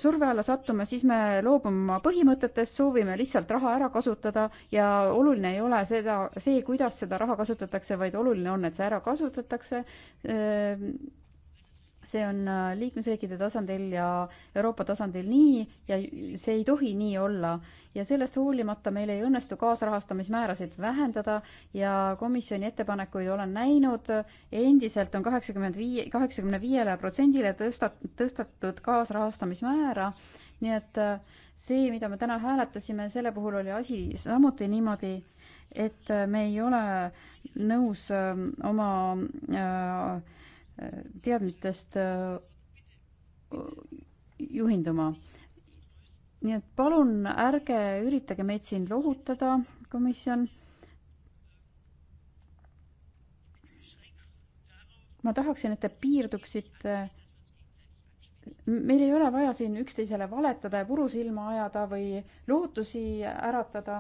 surve alla sattume, siis me loobume oma põhimõtetest, soovime lihtsalt raha ära kasutada ja oluline ei ole seda, see, kuidas seda raha kasutatakse, vaid oluline on, et see ära kasutatakse see on äh, liikmesriikide tasandil ja Euroopa tasandil nii ja see ei tohi nii olla. ja sellest hoolimata meil ei õnnestu kaasrahastamismäärasid vähendada ja komisjoni ettepanekuid olen näinud, endiselt on kaheksakümmend viie, kaheksakümne viiele protsendile tõsta-, tõstetud kaasrahastamismäära, nii et äh, see, mida me täna hääletasime, selle puhul oli asi samuti niimoodi, et äh, me ei ole nõus oma äh, teadmistest äh, juhinduma. nii et palun ärge üritage meid siin lohutada, komisjon. ma tahaksin, et te piirduksite meil ei ole vaja siin üksteisele valetada ja puru silma ajada või lootusi äratada.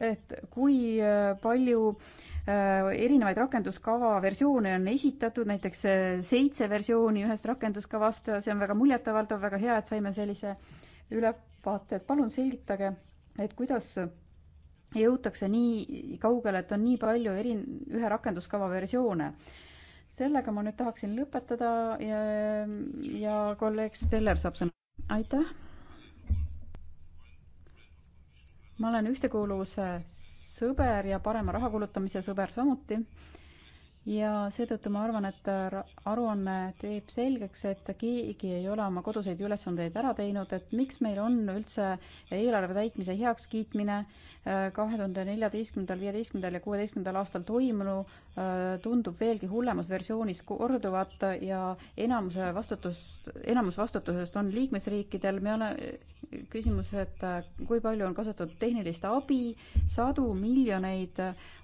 et kui palju äh, Äh, erinevaid rakenduskava versioone on esitatud, näiteks äh, seitse versiooni ühest rakenduskavast, see on väga muljetavaldav, väga hea, et saime sellise ülevaate, et palun selgitage, et kuidas jõutakse nii kaugele, et on nii palju eri, ühe rakenduskava versioone. sellega ma nüüd tahaksin lõpetada ja, ja kolleeg Steller saab sõna. aitäh! ma olen ühtekuuluvuse sõber ja parema raha kulutamise sõber samuti ja seetõttu ma arvan, et aruanne teeb selgeks, et keegi ei ole oma koduseid ülesandeid ära teinud, et miks meil on üldse eelarve täitmise heakskiitmine äh, kahe tuhande neljateistkümnendal, viieteistkümnendal ja kuueteistkümnendal aastal toimunu äh, tundub veelgi hullemas versioonis korduvat ja enamuse vastutust, enamus vastutusest on liikmesriikidel, me ole-, äh, küsimus, et kui palju on kasutatud tehnilist abi, sadu miljoneid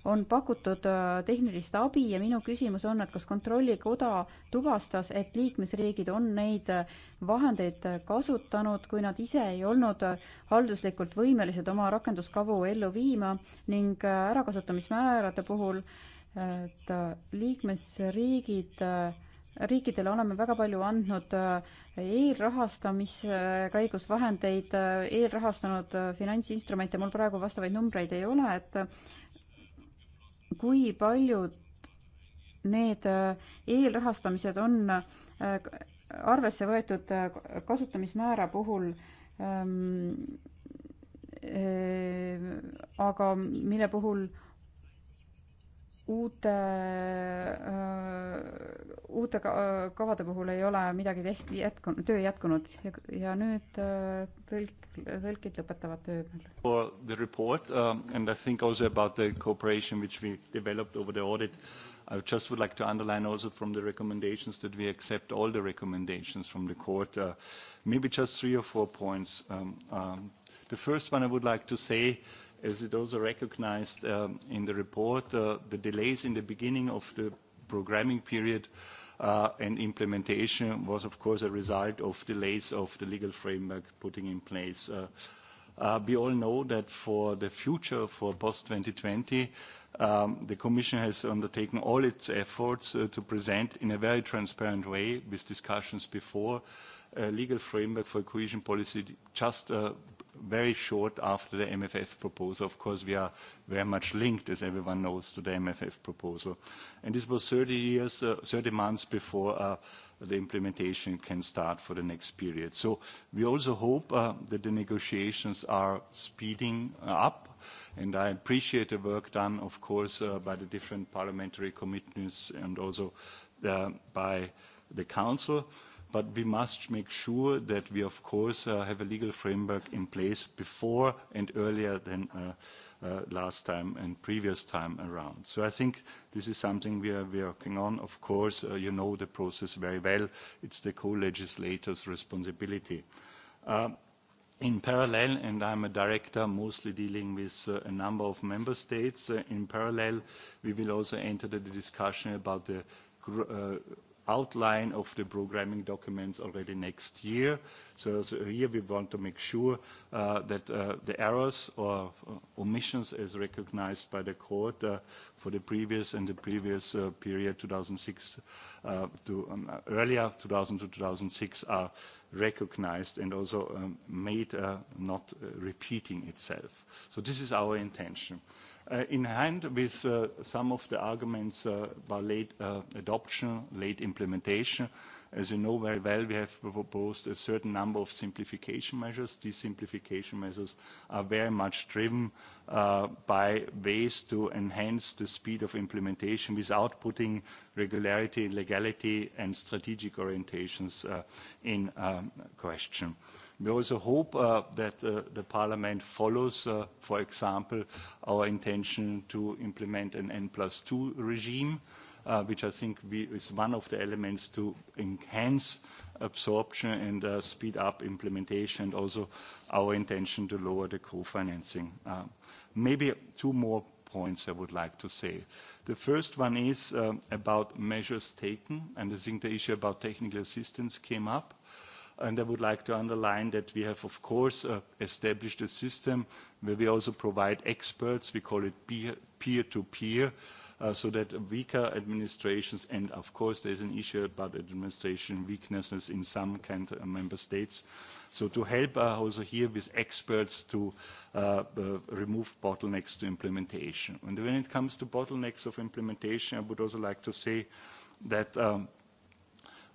on pakutud äh, tehnilist abi ja minu küsimus on, et kas Kontrollikoda tuvastas, et liikmesriigid on neid äh, vahendeid äh, kasutanud, kui nad ise ei olnud halduslikult võimelised oma rakenduskavu ellu viima ning ärakasutamismäärade puhul, et liikmesriigid riikidele oleme väga palju andnud eelrahastamise käigus vahendeid, eelrahastanud finantsinstrumente, mul praegu vastavaid numbreid ei ole, et kui paljud need äh, eelrahastamised on äh, arvesse võetud äh, kasutamismäära puhul ähm, äh, aga mille puhul uute, uute kavade puhul ei ole midagi tehti, jätkunud, töö jätkunud ja, ja nüüd tõlk, tõlgid lõpetavad töö. For the report um, and I think also about the cooperation which we developed over the audit. I just would like to underline also from the recommendations that we accept all the recommendations from the court. Uh, maybe just three or four points. Um, um, the first one I would like to say uh, as it also recognized um, in the report, uh, the delays in the beginning of the programming period uh, and implementation was, of course, a result of delays of the legal framework putting in place. Uh, uh, we all know that for the future, for post-2020, um, the Commission has undertaken all its efforts uh, to present in a very transparent way, with discussions before, a legal framework for cohesion policy just uh, very short after the MFF proposal. Of course, we are very much linked, as everyone knows, to the MFF proposal. And this was 30 years, uh, 30 months before uh, the implementation can start for the next period. So we also hope uh, that the negotiations are speeding up, and I appreciate the work done, of course, uh, by the different parliamentary committees and also uh, by the council. Uh, but we must make sure that we, of course, uh, have a legal framework in place before and earlier than uh, uh, last time and previous time around. So I think this is something we are working on. Of course, uh, you know the process very well. It's the co-legislator's responsibility. Uh, in parallel, and I'm a director mostly dealing with uh, a number of member states, uh, in parallel, we will also enter the discussion about the uh, outline of the programming documents already next year. So, so here we want to make sure uh, that uh, the errors or uh, omissions as recognized by the court uh, for the previous and the previous uh, period 2006 uh, to um, earlier 2000 to 2006 are recognized and also um, made uh, not uh, repeating itself. So this is our intention. Uh, uh, in hand with uh, some of the arguments uh, about late uh, adoption, late implementation. As you know very well, we have proposed a certain number of simplification measures. These simplification measures are very much driven uh, by ways to enhance the speed of implementation without putting regularity, legality, and strategic orientations uh, in um, question. Uh, We also hope uh, that uh, the Parliament follows, uh, for example, our intention to implement an N plus two regime, uh, which I think we, is one of the elements to enhance absorption and uh, speed up implementation, and also our intention to lower the co-financing. Uh, maybe two more points I would like to say. The first one is uh, about measures taken, and I think the issue about technical assistance came up. And I would like to underline that we have, of course, uh, established a system where we also provide experts. We call it peer-to-peer, -peer, uh, so that weaker administrations, and of course, there's an issue about administration weaknesses in some kind of uh, member states. So to help uh, also here with experts to uh, uh, remove bottlenecks to implementation. And when it comes to bottlenecks of implementation, I would also like to say that um,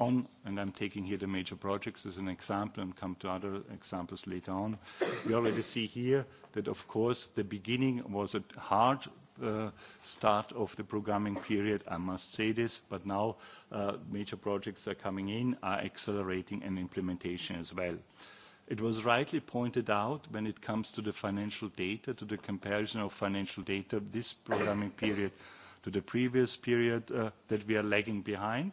on, and I'm taking here the major projects as an example and come to other examples later on. We already see here that, of course, the beginning was a hard uh, start of the programming period, I must say this, but now uh, major projects are coming in, are accelerating and implementation as well. It was rightly pointed out when it comes to the financial data, to the comparison of financial data, this programming period to the previous period, uh, that we are lagging behind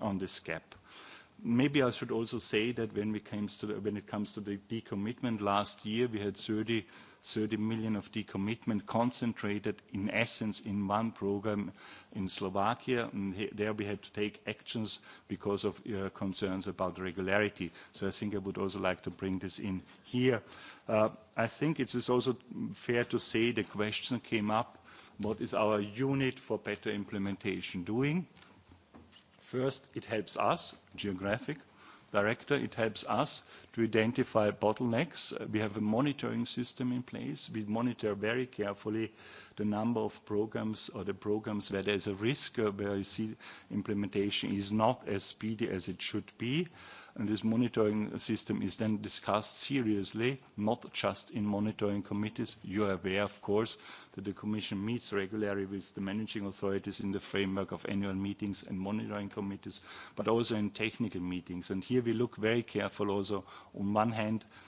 on this gap. Maybe I should also say that when it comes to the decommitment, last year, we had 30 30 million of decommitment concentrated, in essence, in one program in Slovakia. There we had to take actions because of uh, concerns about regularity. So I think I would also like to bring this in here. Uh, I think it is also fair to say the question came up, what is our unit for better implementation doing? Uh, First, it helps us, geographic director, it helps us to identify bottlenecks. We have a monitoring system in place. We monitor very carefully the number of programs or the programs where there's a risk, where you see implementation is not as speedy as it should be and this monitoring system is then discussed seriously, not just in monitoring committees. You are aware, of course, that the Commission meets regularly with the managing authorities in the framework of annual meetings and monitoring committees, but also in technical meetings. And here we look very careful also, on one hand,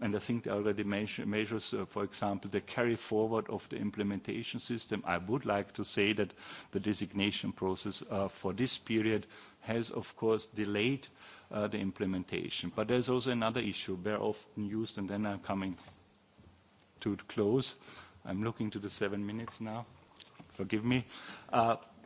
and I think they already measures, uh, for example, the carry forward of the implementation system. I would like to say that the designation process uh, for this period has, of course, delayed uh, the implementation. But there's also another issue, very often used, and then I'm coming to close. I'm looking to the seven minutes now. Forgive me. Uh,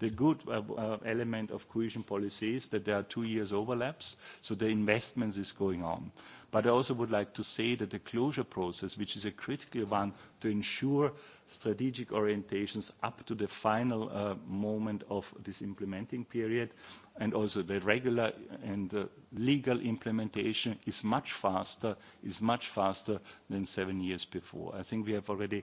The good uh, uh, element of cohesion policy is that there are two years overlaps, so the investments is going on. But I also would like to say that the closure process, which is a critical one to ensure strategic orientations up to the final uh, moment of this implementing period, and also the regular and uh, legal implementation is much faster, is much faster than seven years before. I think we have already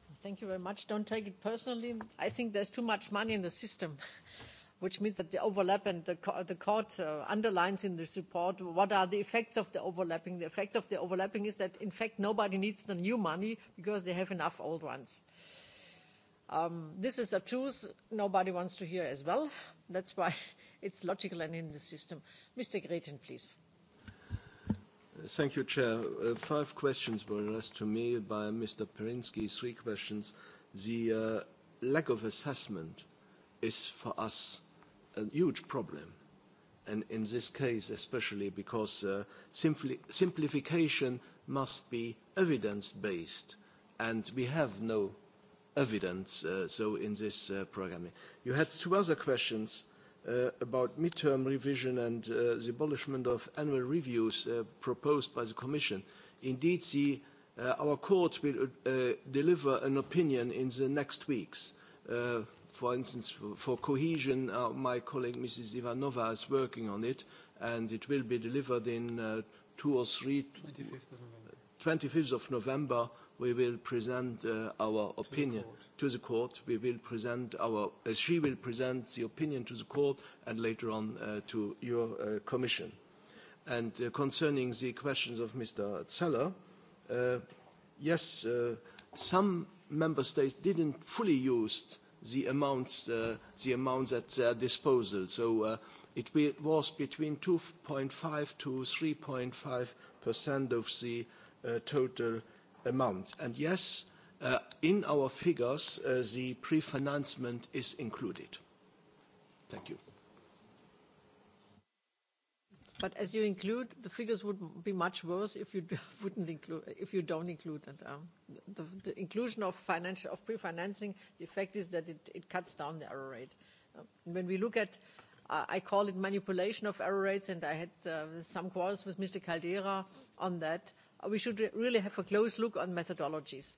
Thank you very much. Don't take it personally. I think there's too much money in the system, which means that the overlap and the, co the court uh, underlines in this report what are the effects of the overlapping. The effects of the overlapping is that, in fact, nobody needs the new money because they have enough old ones. Um, this is obtuse. Nobody wants to hear as well. That's why it's logical and in the system. Mr. Gretin, please. Thank you, Chair. Uh, five questions were addressed to me by Mr. Perinsky, three questions. The uh, lack of assessment is for us a huge problem. And in this case, especially because uh, simply, simplification must be evidence-based, and we have no evidence, uh, so in this uh, programming. You had two other questions uh, about midterm revision and uh, the abolishment of annual reviews uh, proposed by the Commission. Indeed, the, uh, our court will uh, deliver an opinion in the next weeks. Uh, for instance, for, for cohesion, uh, my colleague Mrs. Ivanova is working on it, and it will be delivered in uh, two or three... 25th of November. 25th of November, we will present uh, our opinion. To the court to the court. We will present our, uh, she will present the opinion to the court and later on uh, to your uh, commission. And uh, concerning the questions of Mr. Zeller, uh, yes, uh, some member states didn't fully use the amounts, uh, the amounts at their disposal. So uh, it was between 2.5 to 3.5 percent of the uh, total amount. And yes, Uh, in our figures, uh, the pre-financement is included. Thank you. But as you include, the figures would be much worse if you wouldn't include, if you don't include that. Um, the, the inclusion of financial, of pre-financing, the effect is that it, it cuts down the error rate. Uh, when we look at, uh, I call it manipulation of error rates, and I had uh, some quarrels with Mr. Caldera on that. We should really have a close look on methodologies. Uh,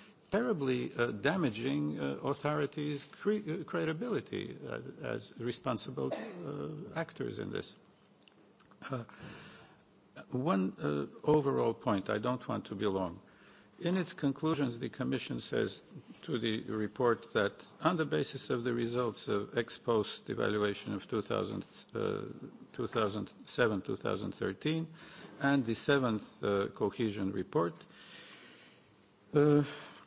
terribly uh, damaging uh, authorities' cre- uh, credibility uh, as responsible uh, actors in this. Uh, uh, one uh, overall point, I don't want to be long. In its conclusions, the Commission says to the report that on the basis of the results of ex post evaluation of 2000, uh, 2007 2013 and the seventh uh, cohesion report, uh,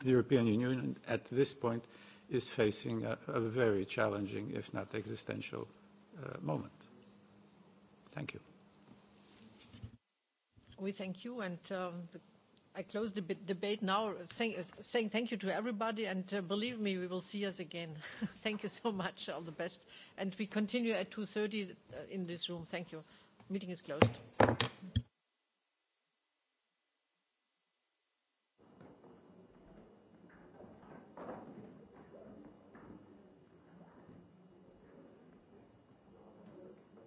the European Union at this point is facing a, a very challenging, if not existential, uh, moment. Thank you. We thank you, and um, I close the debate now, saying, saying thank you to everybody, and uh, believe me, we will see us again. thank you so much. All the best. And we continue at 2:30 uh, in this room. Thank you. Meeting is closed.